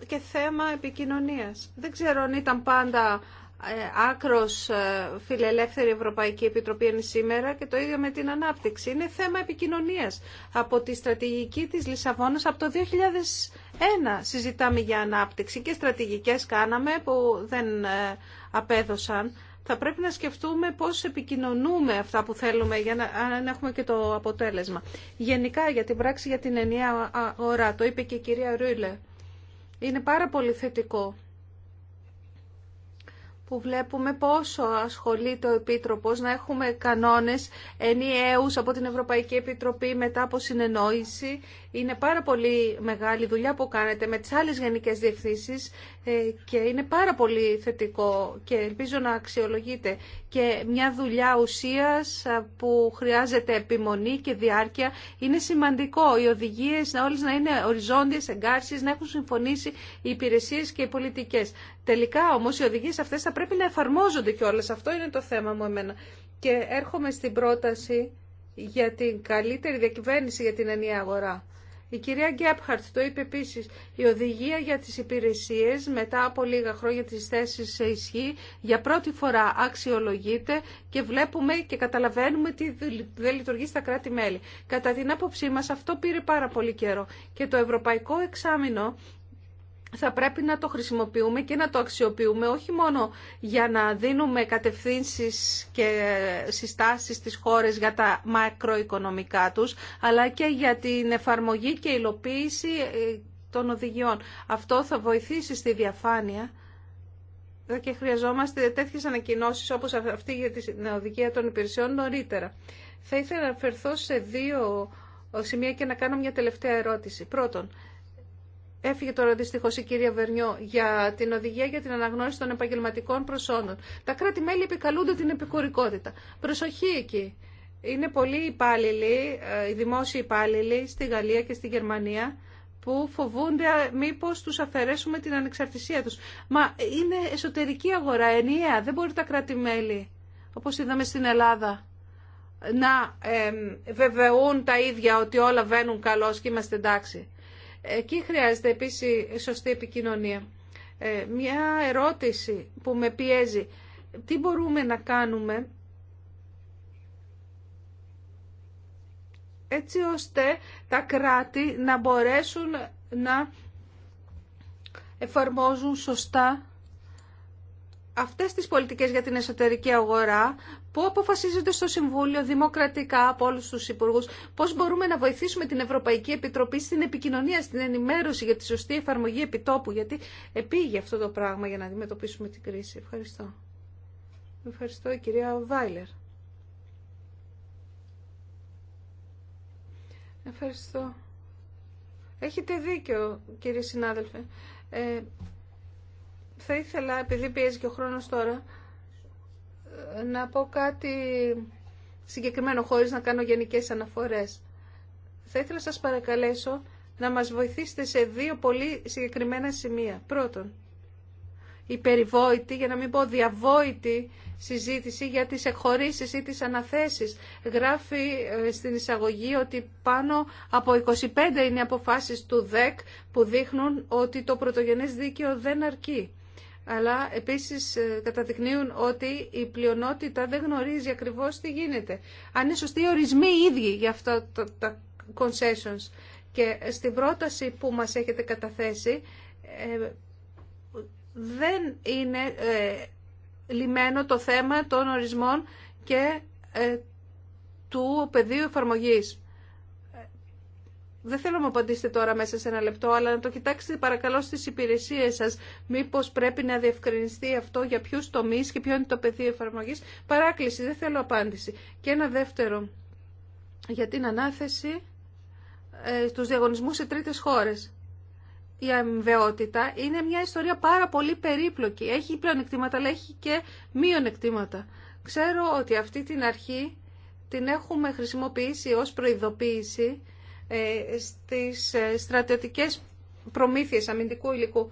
ε, και θέμα επικοινωνίας. Δεν ξέρω αν ήταν πάντα ε, άκρος ε, φιλελεύθερη Ευρωπαϊκή Επιτροπή είναι σήμερα και το ίδιο με την ανάπτυξη. Είναι θέμα επικοινωνίας. Από τη στρατηγική της Λισαβόνας από το 2001 συζητάμε για ανάπτυξη και στρατηγικές κάναμε που δεν ε, απέδωσαν. Θα πρέπει να σκεφτούμε πώς επικοινωνούμε αυτά που θέλουμε για να έχουμε και το αποτέλεσμα. Γενικά για την πράξη για την ενιαία ώρα, το είπε και η κυρία Ρούλε είναι πάρα πολύ θετικό που βλέπουμε πόσο ασχολείται ο Επίτροπος να έχουμε κανόνες ενιαίους από την Ευρωπαϊκή Επιτροπή μετά από συνεννόηση είναι πάρα πολύ μεγάλη δουλειά που κάνετε με τις άλλες γενικές διευθύνσεις ε, και είναι πάρα πολύ θετικό και ελπίζω να αξιολογείτε και μια δουλειά ουσίας που χρειάζεται επιμονή και διάρκεια. Είναι σημαντικό οι οδηγίες να όλες να είναι οριζόντιες εγκάρσεις, να έχουν συμφωνήσει οι υπηρεσίες και οι πολιτικές. Τελικά όμως οι οδηγίες αυτές θα πρέπει να εφαρμόζονται κιόλα. Αυτό είναι το θέμα μου εμένα. Και έρχομαι στην πρόταση για την καλύτερη διακυβέρνηση για την ενιαία αγορά. Η κυρία Γκέπχαρτ το είπε επίση. Η οδηγία για τι υπηρεσίε μετά από λίγα χρόνια τη θέση σε ισχύ για πρώτη φορά αξιολογείται και βλέπουμε και καταλαβαίνουμε τι δεν λειτουργεί στα κράτη-μέλη. Κατά την άποψή μα αυτό πήρε πάρα πολύ καιρό. Και το Ευρωπαϊκό Εξάμεινο θα πρέπει να το χρησιμοποιούμε και να το αξιοποιούμε όχι μόνο για να δίνουμε κατευθύνσεις και συστάσεις στις χώρες για τα μακροοικονομικά τους, αλλά και για την εφαρμογή και υλοποίηση ε, των οδηγιών. Αυτό θα βοηθήσει στη διαφάνεια και χρειαζόμαστε τέτοιες ανακοινώσεις όπως αυτή για την οδηγία των υπηρεσιών νωρίτερα. Θα ήθελα να αφαιρθώ σε δύο ε, σημεία και να κάνω μια τελευταία ερώτηση. Πρώτον, Έφυγε τώρα δυστυχώ η κυρία Βερνιό για την οδηγία για την αναγνώριση των επαγγελματικών προσώνων. Τα κράτη-μέλη επικαλούνται την επικουρικότητα. Προσοχή εκεί. Είναι πολλοί υπάλληλοι, ε, οι δημόσιοι υπάλληλοι στη Γαλλία και στη Γερμανία που φοβούνται μήπως τους αφαιρέσουμε την ανεξαρτησία τους. Μα είναι εσωτερική αγορά, ενιαία, δεν μπορεί τα κράτη-μέλη, όπως είδαμε στην Ελλάδα, να ε, βεβαιούν τα ίδια ότι όλα βαίνουν καλώς και είμαστε εντάξει. Εκεί χρειάζεται επίσης σωστή επικοινωνία. Ε, μια ερώτηση που με πιέζει. Τι μπορούμε να κάνουμε έτσι ώστε τα κράτη να μπορέσουν να εφαρμόζουν σωστά αυτές τις πολιτικές για την εσωτερική αγορά Πού αποφασίζονται στο Συμβούλιο δημοκρατικά από όλου του υπουργού, πώ μπορούμε να βοηθήσουμε την Ευρωπαϊκή Επιτροπή στην επικοινωνία, στην ενημέρωση για τη σωστή εφαρμογή επιτόπου, γιατί επήγε αυτό το πράγμα για να αντιμετωπίσουμε την κρίση. Ευχαριστώ. Ευχαριστώ, κυρία Βάιλερ. Ευχαριστώ. Έχετε δίκιο, κύριε συνάδελφε. Ε, θα ήθελα, επειδή πιέζει και ο χρόνος τώρα, να πω κάτι συγκεκριμένο χωρίς να κάνω γενικές αναφορές. Θα ήθελα να σας παρακαλέσω να μας βοηθήσετε σε δύο πολύ συγκεκριμένα σημεία. Πρώτον, η περιβόητη, για να μην πω διαβόητη συζήτηση για τις εκχωρήσεις ή τις αναθέσεις. Γράφει ε, στην εισαγωγή ότι πάνω από 25 είναι οι αποφάσεις του ΔΕΚ που δείχνουν ότι το πρωτογενές δίκαιο δεν αρκεί αλλά επίσης ε, καταδεικνύουν ότι η πλειονότητα δεν γνωρίζει ακριβώς τι γίνεται. Αν είναι σωστοί οι ορισμοί ίδιοι για αυτά τα concessions. Και στην πρόταση που μας έχετε καταθέσει ε, δεν είναι ε, λιμένο το θέμα των ορισμών και του πεδίου εφαρμογής. Δεν θέλω να μου απαντήσετε τώρα μέσα σε ένα λεπτό, αλλά να το κοιτάξετε παρακαλώ στις υπηρεσίε σα. Μήπω πρέπει να διευκρινιστεί αυτό για ποιου τομεί και ποιο είναι το πεδίο εφαρμογή. Παράκληση, δεν θέλω απάντηση. Και ένα δεύτερο, για την ανάθεση ε, στους διαγωνισμούς σε τρίτες χώρε. Η αμοιβαιότητα είναι μια ιστορία πάρα πολύ περίπλοκη. Έχει πλεονεκτήματα, αλλά έχει και μείονεκτήματα. Ξέρω ότι αυτή την αρχή την έχουμε χρησιμοποιήσει ως προειδοποίηση ε, στις ε, στρατιωτικές προμήθειες αμυντικού υλικού.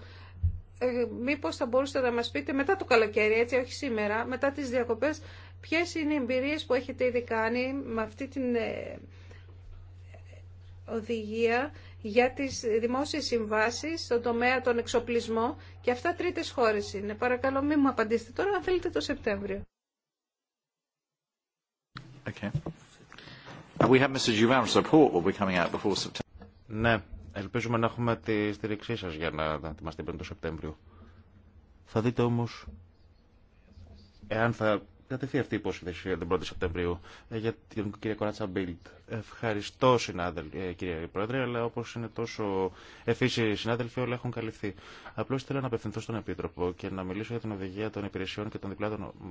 Ε, μήπως θα μπορούσατε να μας πείτε μετά το καλοκαίρι, έτσι όχι σήμερα, μετά τις διακοπές, ποιες είναι οι εμπειρίες που έχετε ήδη κάνει με αυτή την οδηγία για τις δημόσιες συμβάσεις στον τομέα των εξοπλισμών και αυτά τρίτες χώρες είναι. Παρακαλώ μην μου απαντήσετε τώρα αν θέλετε το Σεπτέμβριο. Okay. Ναι, ελπίζουμε να έχουμε τη στήριξή σας για να ετοιμαστεί πριν το Σεπτέμβριο. Θα δείτε όμως εάν θα κατευθεί αυτή η υπόσχεση τον την 1η Σεπτεμβρίου ε, για την κυρία Κοράτσα Μπίλτ. Ευχαριστώ, συνάδελφοι, ε, κύριε Πρόεδρε, αλλά όπω είναι τόσο ευφύ οι συνάδελφοι, όλα έχουν καλυφθεί. Απλώ ήθελα να απευθυνθώ στον Επίτροπο και να μιλήσω για την οδηγία των υπηρεσιών και των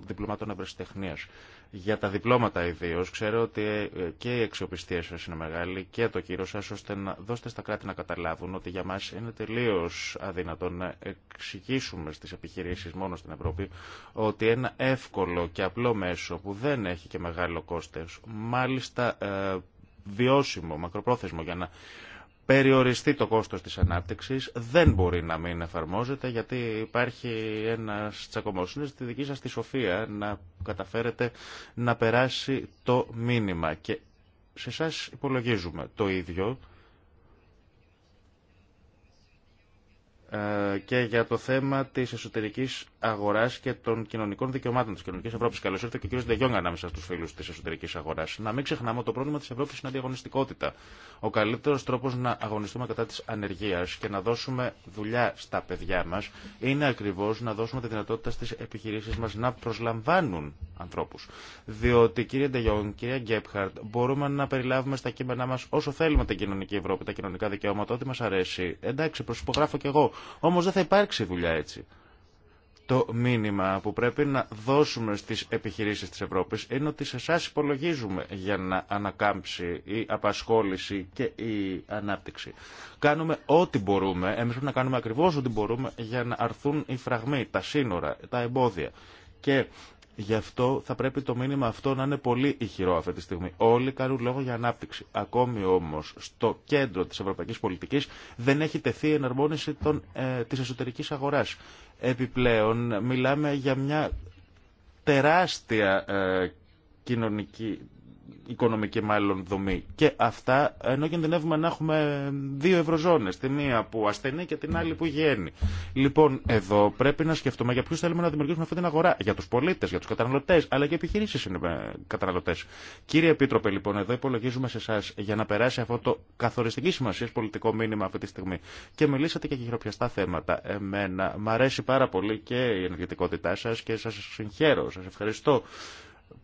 διπλωμάτων ευρεσιτεχνία. Για τα διπλώματα ιδίω, ξέρω ότι ε, και η αξιοπιστία σα είναι μεγάλη και το κύριο σα, ώστε να δώσετε στα κράτη να καταλάβουν ότι για μα είναι τελείω αδύνατο να εξηγήσουμε στι επιχειρήσει μόνο στην Ευρώπη ότι ένα εύκολο και απλό μέσο που δεν έχει και μεγάλο κόστο, μάλιστα ε, βιώσιμο, μακροπρόθεσμο για να περιοριστεί το κόστος της ανάπτυξης δεν μπορεί να μην εφαρμόζεται γιατί υπάρχει ένας τσακωμός. Είναι στη δική σας τη σοφία να καταφέρετε να περάσει το μήνυμα και σε εσά υπολογίζουμε το ίδιο ε, και για το θέμα της εσωτερικής αγορά και των κοινωνικών δικαιωμάτων τη κοινωνική Ευρώπη. Καλώ ήρθε και ο κ. Ντεγιόνγκ ανάμεσα στου φίλου τη εσωτερική αγορά. Να μην ξεχνάμε ότι το πρόβλημα τη Ευρώπη είναι αντιαγωνιστικότητα. Ο καλύτερο τρόπο να αγωνιστούμε κατά τη ανεργία και να δώσουμε δουλειά στα παιδιά μα είναι ακριβώ να δώσουμε τη δυνατότητα στι επιχειρήσει μα να προσλαμβάνουν ανθρώπου. Διότι, κύριε Ντεγιόνγκ, κυρία Γκέπχαρτ, μπορούμε να περιλάβουμε στα κείμενά μα όσο θέλουμε την κοινωνική Ευρώπη, τα κοινωνικά δικαιώματα, ό,τι μα αρέσει. Εντάξει, προσυπογράφω κι εγώ. Όμω δεν θα υπάρξει δουλειά έτσι το μήνυμα που πρέπει να δώσουμε στις επιχειρήσεις της Ευρώπης είναι ότι σε εσά υπολογίζουμε για να ανακάμψει η απασχόληση και η ανάπτυξη. Κάνουμε ό,τι μπορούμε, εμείς πρέπει να κάνουμε ακριβώς ό,τι μπορούμε για να αρθούν οι φραγμοί, τα σύνορα, τα εμπόδια. Και Γι' αυτό θα πρέπει το μήνυμα αυτό να είναι πολύ ηχηρό αυτή τη στιγμή. Όλοι κάνουν λόγο για ανάπτυξη. Ακόμη όμω στο κέντρο τη ευρωπαϊκή πολιτική δεν έχει τεθεί η εναρμόνιση ε, τη εσωτερική αγορά. Επιπλέον μιλάμε για μια τεράστια ε, κοινωνική οικονομική μάλλον δομή. Και αυτά ενώ κινδυνεύουμε να έχουμε δύο ευρωζώνες, τη μία που ασθενεί και την άλλη που υγιένει. Λοιπόν, εδώ πρέπει να σκεφτούμε για ποιους θέλουμε να δημιουργήσουμε αυτή την αγορά. Για τους πολίτες, για τους καταναλωτές, αλλά και επιχειρήσεις είναι ε, καταναλωτές. Κύριε Επίτροπε, λοιπόν, εδώ υπολογίζουμε σε εσά για να περάσει αυτό το καθοριστική σημασία πολιτικό μήνυμα αυτή τη στιγμή. Και μιλήσατε και για χειροπιαστά θέματα. Εμένα μ' αρέσει πάρα πολύ και η ενεργητικότητά σας και σας συγχαίρω, σα ευχαριστώ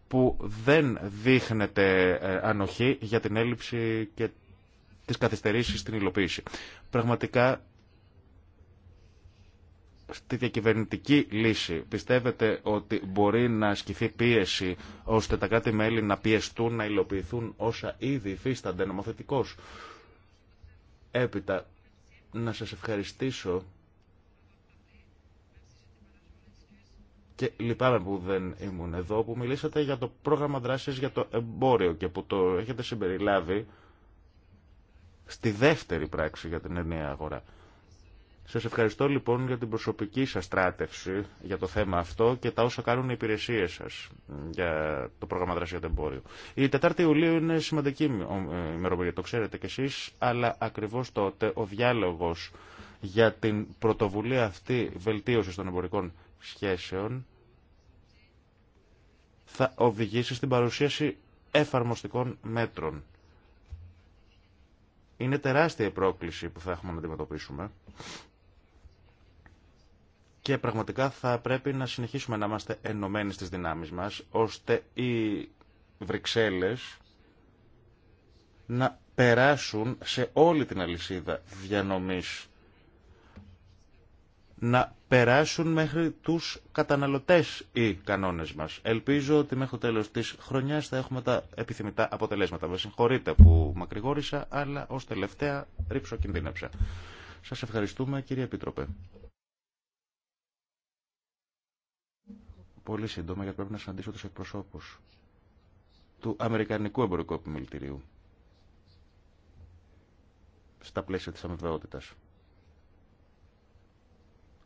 που δεν δείχνεται ε, ανοχή για την έλλειψη και τις καθυστερήσεις στην υλοποίηση. Πραγματικά, στη διακυβερνητική λύση πιστεύετε ότι μπορεί να ασκηθεί πίεση ώστε τα κράτη-μέλη να πιεστούν, να υλοποιηθούν όσα ήδη υφίστανται νομοθετικώς. Έπειτα, να σας ευχαριστήσω και λυπάμαι που δεν ήμουν εδώ, που μιλήσατε για το πρόγραμμα δράσης για το εμπόριο και που το έχετε συμπεριλάβει στη δεύτερη πράξη για την ενιαία αγορά. Σας ευχαριστώ λοιπόν για την προσωπική σας στράτευση για το θέμα αυτό και τα όσα κάνουν οι υπηρεσίες σας για το πρόγραμμα δράση για το εμπόριο. Η 4η Ιουλίου είναι σημαντική ημερομηνία, το ξέρετε κι εσείς, αλλά ακριβώς τότε ο διάλογος για την πρωτοβουλία αυτή βελτίωσης των εμπορικών σχέσεων θα οδηγήσει στην παρουσίαση εφαρμοστικών μέτρων. Είναι τεράστια η πρόκληση που θα έχουμε να αντιμετωπίσουμε και πραγματικά θα πρέπει να συνεχίσουμε να είμαστε ενωμένοι στις δυνάμεις μας, ώστε οι Βρυξέλλες να περάσουν σε όλη την αλυσίδα διανομής, να περάσουν μέχρι τους καταναλωτές οι κανόνες μας. Ελπίζω ότι μέχρι το τέλος της χρονιάς θα έχουμε τα επιθυμητά αποτελέσματα. Με συγχωρείτε που μακρηγόρησα, αλλά ως τελευταία ρίψω κινδύνεψα. Σας ευχαριστούμε κύριε Επίτροπε. Πολύ σύντομα γιατί πρέπει να συναντήσω τους εκπροσώπους του Αμερικανικού Εμπορικού Επιμελητηρίου στα πλαίσια της αμοιβαιότητας.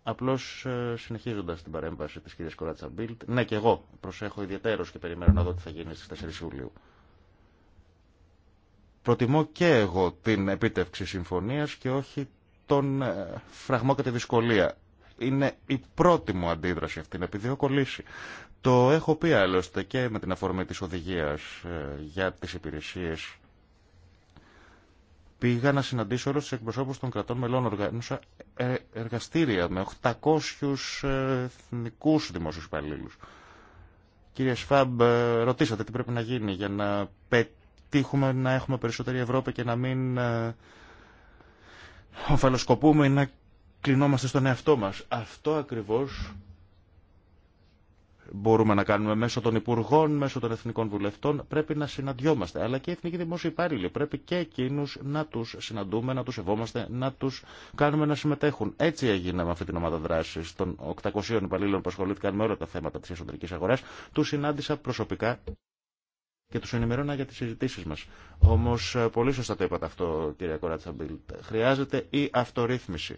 Απλώς ε, συνεχίζοντας την παρέμβαση της κυρίας Κοράτσα Μπίλτ, ναι και εγώ προσέχω ιδιαίτερος και περιμένω να δω τι θα γίνει στις 4 Ιουλίου. Προτιμώ και εγώ την επίτευξη συμφωνίας και όχι τον ε, φραγμό και τη δυσκολία. Είναι η πρώτη μου αντίδραση αυτή, επειδή έχω κολλήσει. Το έχω πει άλλωστε και με την αφορμή τη οδηγία ε, για τι υπηρεσίε πήγα να συναντήσω όλους τους εκπροσώπους των κρατών μελών οργάνωσα ε, εργαστήρια με 800 ε, εθνικούς δημόσιους υπαλλήλους. Κύριε Σφάμπ, ε, ρωτήσατε τι πρέπει να γίνει για να πετύχουμε να έχουμε περισσότερη Ευρώπη και να μην οφαλοσκοπούμε ή να κλεινόμαστε στον εαυτό μας. Αυτό ακριβώς μπορούμε να κάνουμε μέσω των Υπουργών, μέσω των Εθνικών Βουλευτών. Πρέπει να συναντιόμαστε. Αλλά και οι Εθνικοί Δημόσιοι Υπάλληλοι. Πρέπει και εκείνου να του συναντούμε, να του σεβόμαστε, να του κάνουμε να συμμετέχουν. Έτσι έγινε με αυτή την ομάδα δράση των 800 υπαλλήλων που ασχολήθηκαν με όλα τα θέματα τη εσωτερική αγορά. Του συνάντησα προσωπικά και του ενημερώνα για τι συζητήσει μα. Όμω, ε, πολύ σωστά το είπατε αυτό, κυρία Κοράτσα Χρειάζεται η αυτορύθμιση.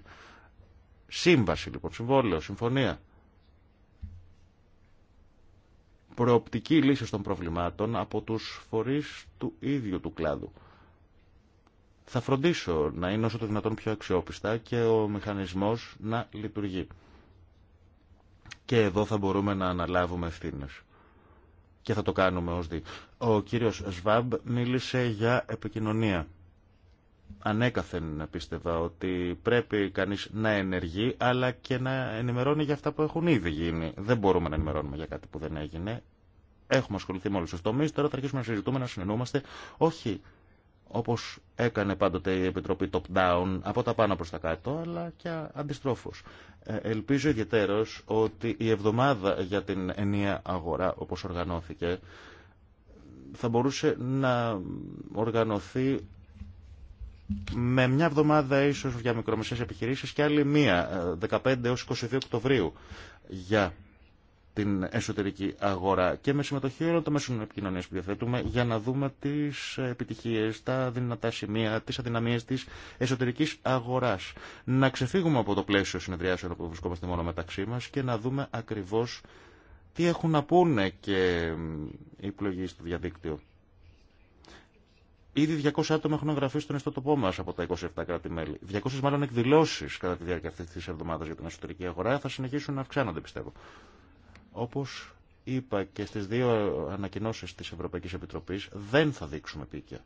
Σύμβαση λοιπόν, συμβόλαιο, συμφωνία προοπτική λύση των προβλημάτων από τους φορείς του ίδιου του κλάδου. Θα φροντίσω να είναι όσο το δυνατόν πιο αξιόπιστα και ο μηχανισμός να λειτουργεί. Και εδώ θα μπορούμε να αναλάβουμε ευθύνε. Και θα το κάνουμε ως δι. Ο κύριος Σβάμπ μίλησε για επικοινωνία ανέκαθεν πίστευα ότι πρέπει κανείς να ενεργεί αλλά και να ενημερώνει για αυτά που έχουν ήδη γίνει. Δεν μπορούμε να ενημερώνουμε για κάτι που δεν έγινε. Έχουμε ασχοληθεί με όλους τους τομείς, τώρα θα αρχίσουμε να συζητούμε, να συνεννούμαστε, όχι όπως έκανε πάντοτε η Επιτροπή top-down, από τα πάνω προς τα κάτω, αλλά και αντιστρόφως. Ε, ελπίζω ιδιαιτέρως ότι η εβδομάδα για την ενία αγορά, όπως οργανώθηκε, θα μπορούσε να οργανωθεί με μια εβδομάδα ίσω για μικρομεσαίες επιχειρήσεις και άλλη μία, 15 ε, έως 22 Οκτωβρίου, για την εσωτερική αγορά και με συμμετοχή όλων των μέσων επικοινωνία που διαθέτουμε για να δούμε τι επιτυχίε, τα δυνατά σημεία, τι αδυναμίε τη εσωτερική αγορά. Να ξεφύγουμε από το πλαίσιο συνεδριάσεων που βρισκόμαστε μόνο μεταξύ μα και να δούμε ακριβώ τι έχουν να πούνε και οι πλογοί στο διαδίκτυο. Ήδη 200 άτομα έχουν εγγραφεί στον ιστοτοπό μα από τα 27 κράτη-μέλη. 200 μάλλον εκδηλώσει κατά τη διάρκεια αυτή τη εβδομάδα για την εσωτερική αγορά θα συνεχίσουν να αυξάνονται, πιστεύω. Όπω είπα και στι δύο ανακοινώσει τη Ευρωπαϊκή Επιτροπή, δεν θα δείξουμε πίκια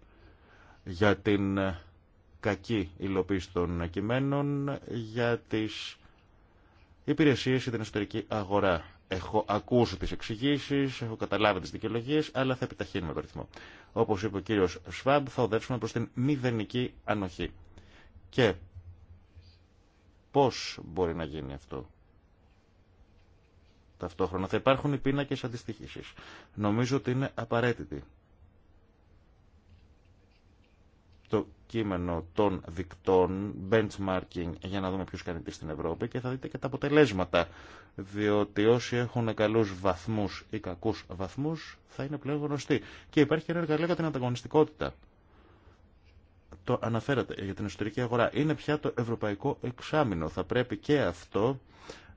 για την ε, κακή υλοποίηση των κειμένων, για τι υπηρεσίε για την εσωτερική αγορά. Έχω ακούσει τις εξηγήσει, έχω καταλάβει τις δικαιολογίε, αλλά θα επιταχύνουμε το ρυθμό. Όπως είπε ο κύριος Σφάμπ, θα οδεύσουμε προς την μηδενική ανοχή. Και πώς μπορεί να γίνει αυτό. Ταυτόχρονα θα υπάρχουν οι πίνακες αντιστοιχήσεις. Νομίζω ότι είναι απαραίτητοι το κείμενο των δικτών, benchmarking, για να δούμε ποιος κάνει τι στην Ευρώπη και θα δείτε και τα αποτελέσματα, διότι όσοι έχουν καλούς βαθμούς ή κακούς βαθμούς θα είναι πλέον γνωστοί. Και υπάρχει ένα εργαλείο για την ανταγωνιστικότητα. Το αναφέρατε για την εσωτερική αγορά. Είναι πια το ευρωπαϊκό εξάμεινο. Θα πρέπει και αυτό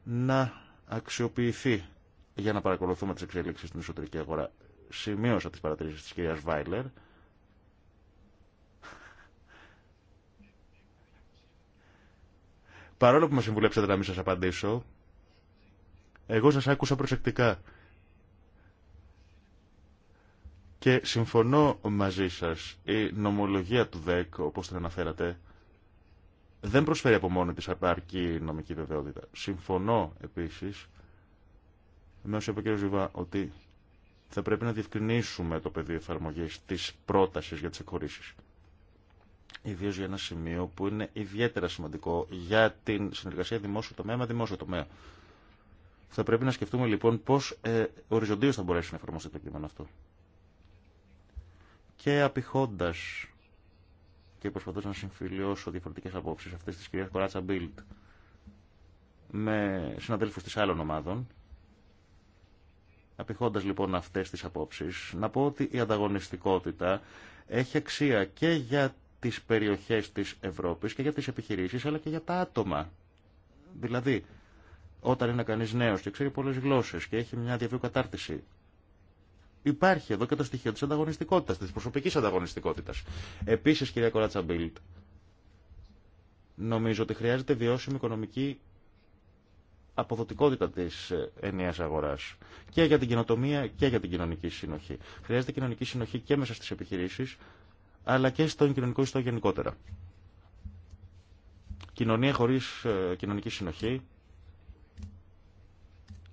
να αξιοποιηθεί για να παρακολουθούμε τις εξελίξεις στην εσωτερική αγορά. Σημείωσα τις παρατηρήσεις της κυρίας Βάιλερ Παρόλο που με συμβουλέψατε να μην σας απαντήσω, εγώ σας άκουσα προσεκτικά. Και συμφωνώ μαζί σας, η νομολογία του ΔΕΚ, όπως την αναφέρατε, δεν προσφέρει από μόνο της αρκή νομική βεβαιότητα. Συμφωνώ επίσης, με όσο είπε ο κ. Ζιβά, ότι θα πρέπει να διευκρινίσουμε το πεδίο εφαρμογής της πρότασης για τις εκχωρήσεις. Ιδίω για ένα σημείο που είναι ιδιαίτερα σημαντικό για την συνεργασία δημόσιο τομέα με δημόσιο τομέα. Θα πρέπει να σκεφτούμε λοιπόν πώς ε, θα μπορέσει να εφαρμοστεί το κείμενο αυτό. Και απειχώντας και προσπαθώ να συμφιλειώσω διαφορετικές απόψει αυτές τη κυρία Κοράτσα Μπίλτ με συναδέλφου τη άλλων ομάδων, Απηχώντας λοιπόν αυτές τις απόψεις, να πω ότι η ανταγωνιστικότητα έχει αξία και για τις περιοχές της Ευρώπης και για τις επιχειρήσεις αλλά και για τα άτομα. Δηλαδή, όταν είναι κανείς νέος και ξέρει πολλές γλώσσες και έχει μια διαβίου κατάρτιση, υπάρχει εδώ και το στοιχείο της ανταγωνιστικότητας, της προσωπικής ανταγωνιστικότητας. Επίσης, κυρία Κοράτσα Μπίλτ, νομίζω ότι χρειάζεται βιώσιμη οικονομική αποδοτικότητα της ε, ενιαίας αγοράς. και για την κοινοτομία και για την κοινωνική συνοχή. Χρειάζεται κοινωνική συνοχή και μέσα στι επιχειρήσει αλλά και στον κοινωνικό ιστό γενικότερα. Κοινωνία χωρίς ε, κοινωνική συνοχή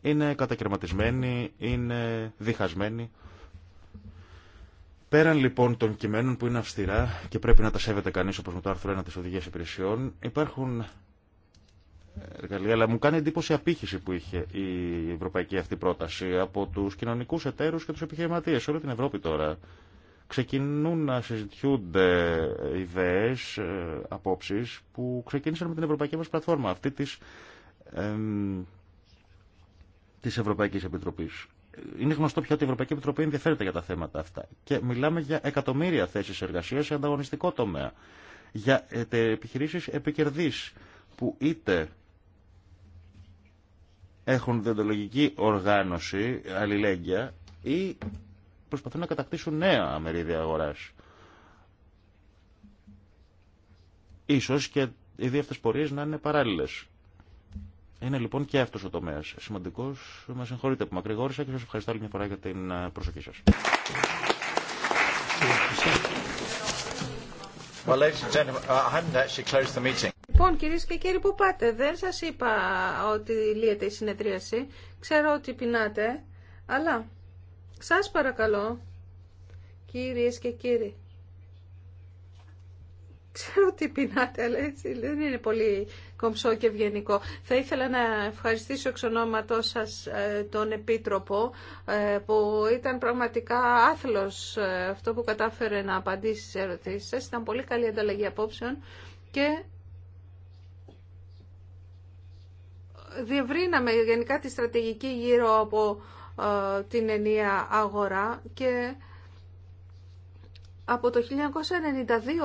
είναι κατακαιρματισμένη, είναι διχασμένη. Πέραν λοιπόν των κειμένων που είναι αυστηρά και πρέπει να τα σέβεται κανείς όπως με το άρθρο 1 της Οδηγίας Υπηρεσιών, υπάρχουν εργαλεία, αλλά μου κάνει εντύπωση η απήχηση που είχε η ευρωπαϊκή αυτή πρόταση από τους κοινωνικούς εταίρους και τους επιχειρηματίες. Σε όλη την Ευρώπη τώρα ξεκινούν να συζητιούνται ιδέες, ε, απόψεις που ξεκίνησαν με την Ευρωπαϊκή μας πλατφόρμα, αυτή της, της Ευρωπαϊκής Επιτροπής. Είναι γνωστό πια ότι η Ευρωπαϊκή Επιτροπή ενδιαφέρεται για τα θέματα αυτά και μιλάμε για εκατομμύρια θέσεις εργασίας σε ανταγωνιστικό τομέα, για ε, επιχειρήσεις επικερδής που είτε έχουν διοντολογική οργάνωση αλληλέγγυα ή προσπαθούν να κατακτήσουν νέα μερίδια αγοράς. Ίσως και οι δύο αυτές πορείες να είναι παράλληλες. Είναι λοιπόν και αυτός ο τομέας σημαντικός. μας συγχωρείτε που μακρηγόρησα και σας ευχαριστώ άλλη μια φορά για την ε, προσοχή σας. Well, Λοιπόν, κυρίες και κύριοι, που πάτε. Δεν σας είπα ότι λύεται η συνεδρίαση. Ξέρω ότι πεινάτε, αλλά σας παρακαλώ, κυρίες και κύριοι. Ξέρω ότι πεινάτε, αλλά έτσι δεν είναι πολύ κομψό και ευγενικό. Θα ήθελα να ευχαριστήσω εξ ονόματός σας ε, τον Επίτροπο ε, που ήταν πραγματικά άθλος ε, αυτό που κατάφερε να απαντήσει στις ερωτήσεις σας. Ήταν πολύ καλή ανταλλαγή απόψεων και διευρύναμε γενικά τη στρατηγική γύρω από ε, την ενία αγορά και από το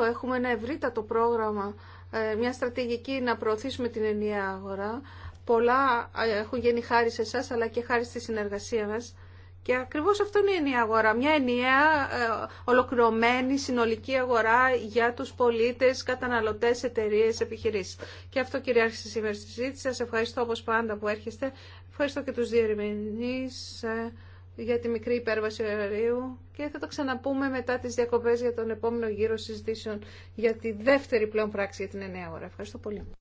1992 έχουμε ένα ευρύτατο πρόγραμμα, ε, μια στρατηγική να προωθήσουμε την ενιαία αγορά. Πολλά ε, έχουν γίνει χάρη σε εσά, αλλά και χάρη στη συνεργασία μας. Και ακριβώς αυτό είναι η αγορά, μια ενιαία ε, ολοκληρωμένη συνολική αγορά για τους πολίτες, καταναλωτές, εταιρείες, επιχειρήσεις. Και αυτό κυριάρχησε σήμερα στη συζήτηση. Σας ευχαριστώ όπως πάντα που έρχεστε. Ευχαριστώ και τους διερμηνείς ε, για τη μικρή υπέρβαση ωραρίου και θα το ξαναπούμε μετά τις διακοπές για τον επόμενο γύρο συζητήσεων για τη δεύτερη πλέον πράξη για την ενιαία αγορά. Ευχαριστώ πολύ.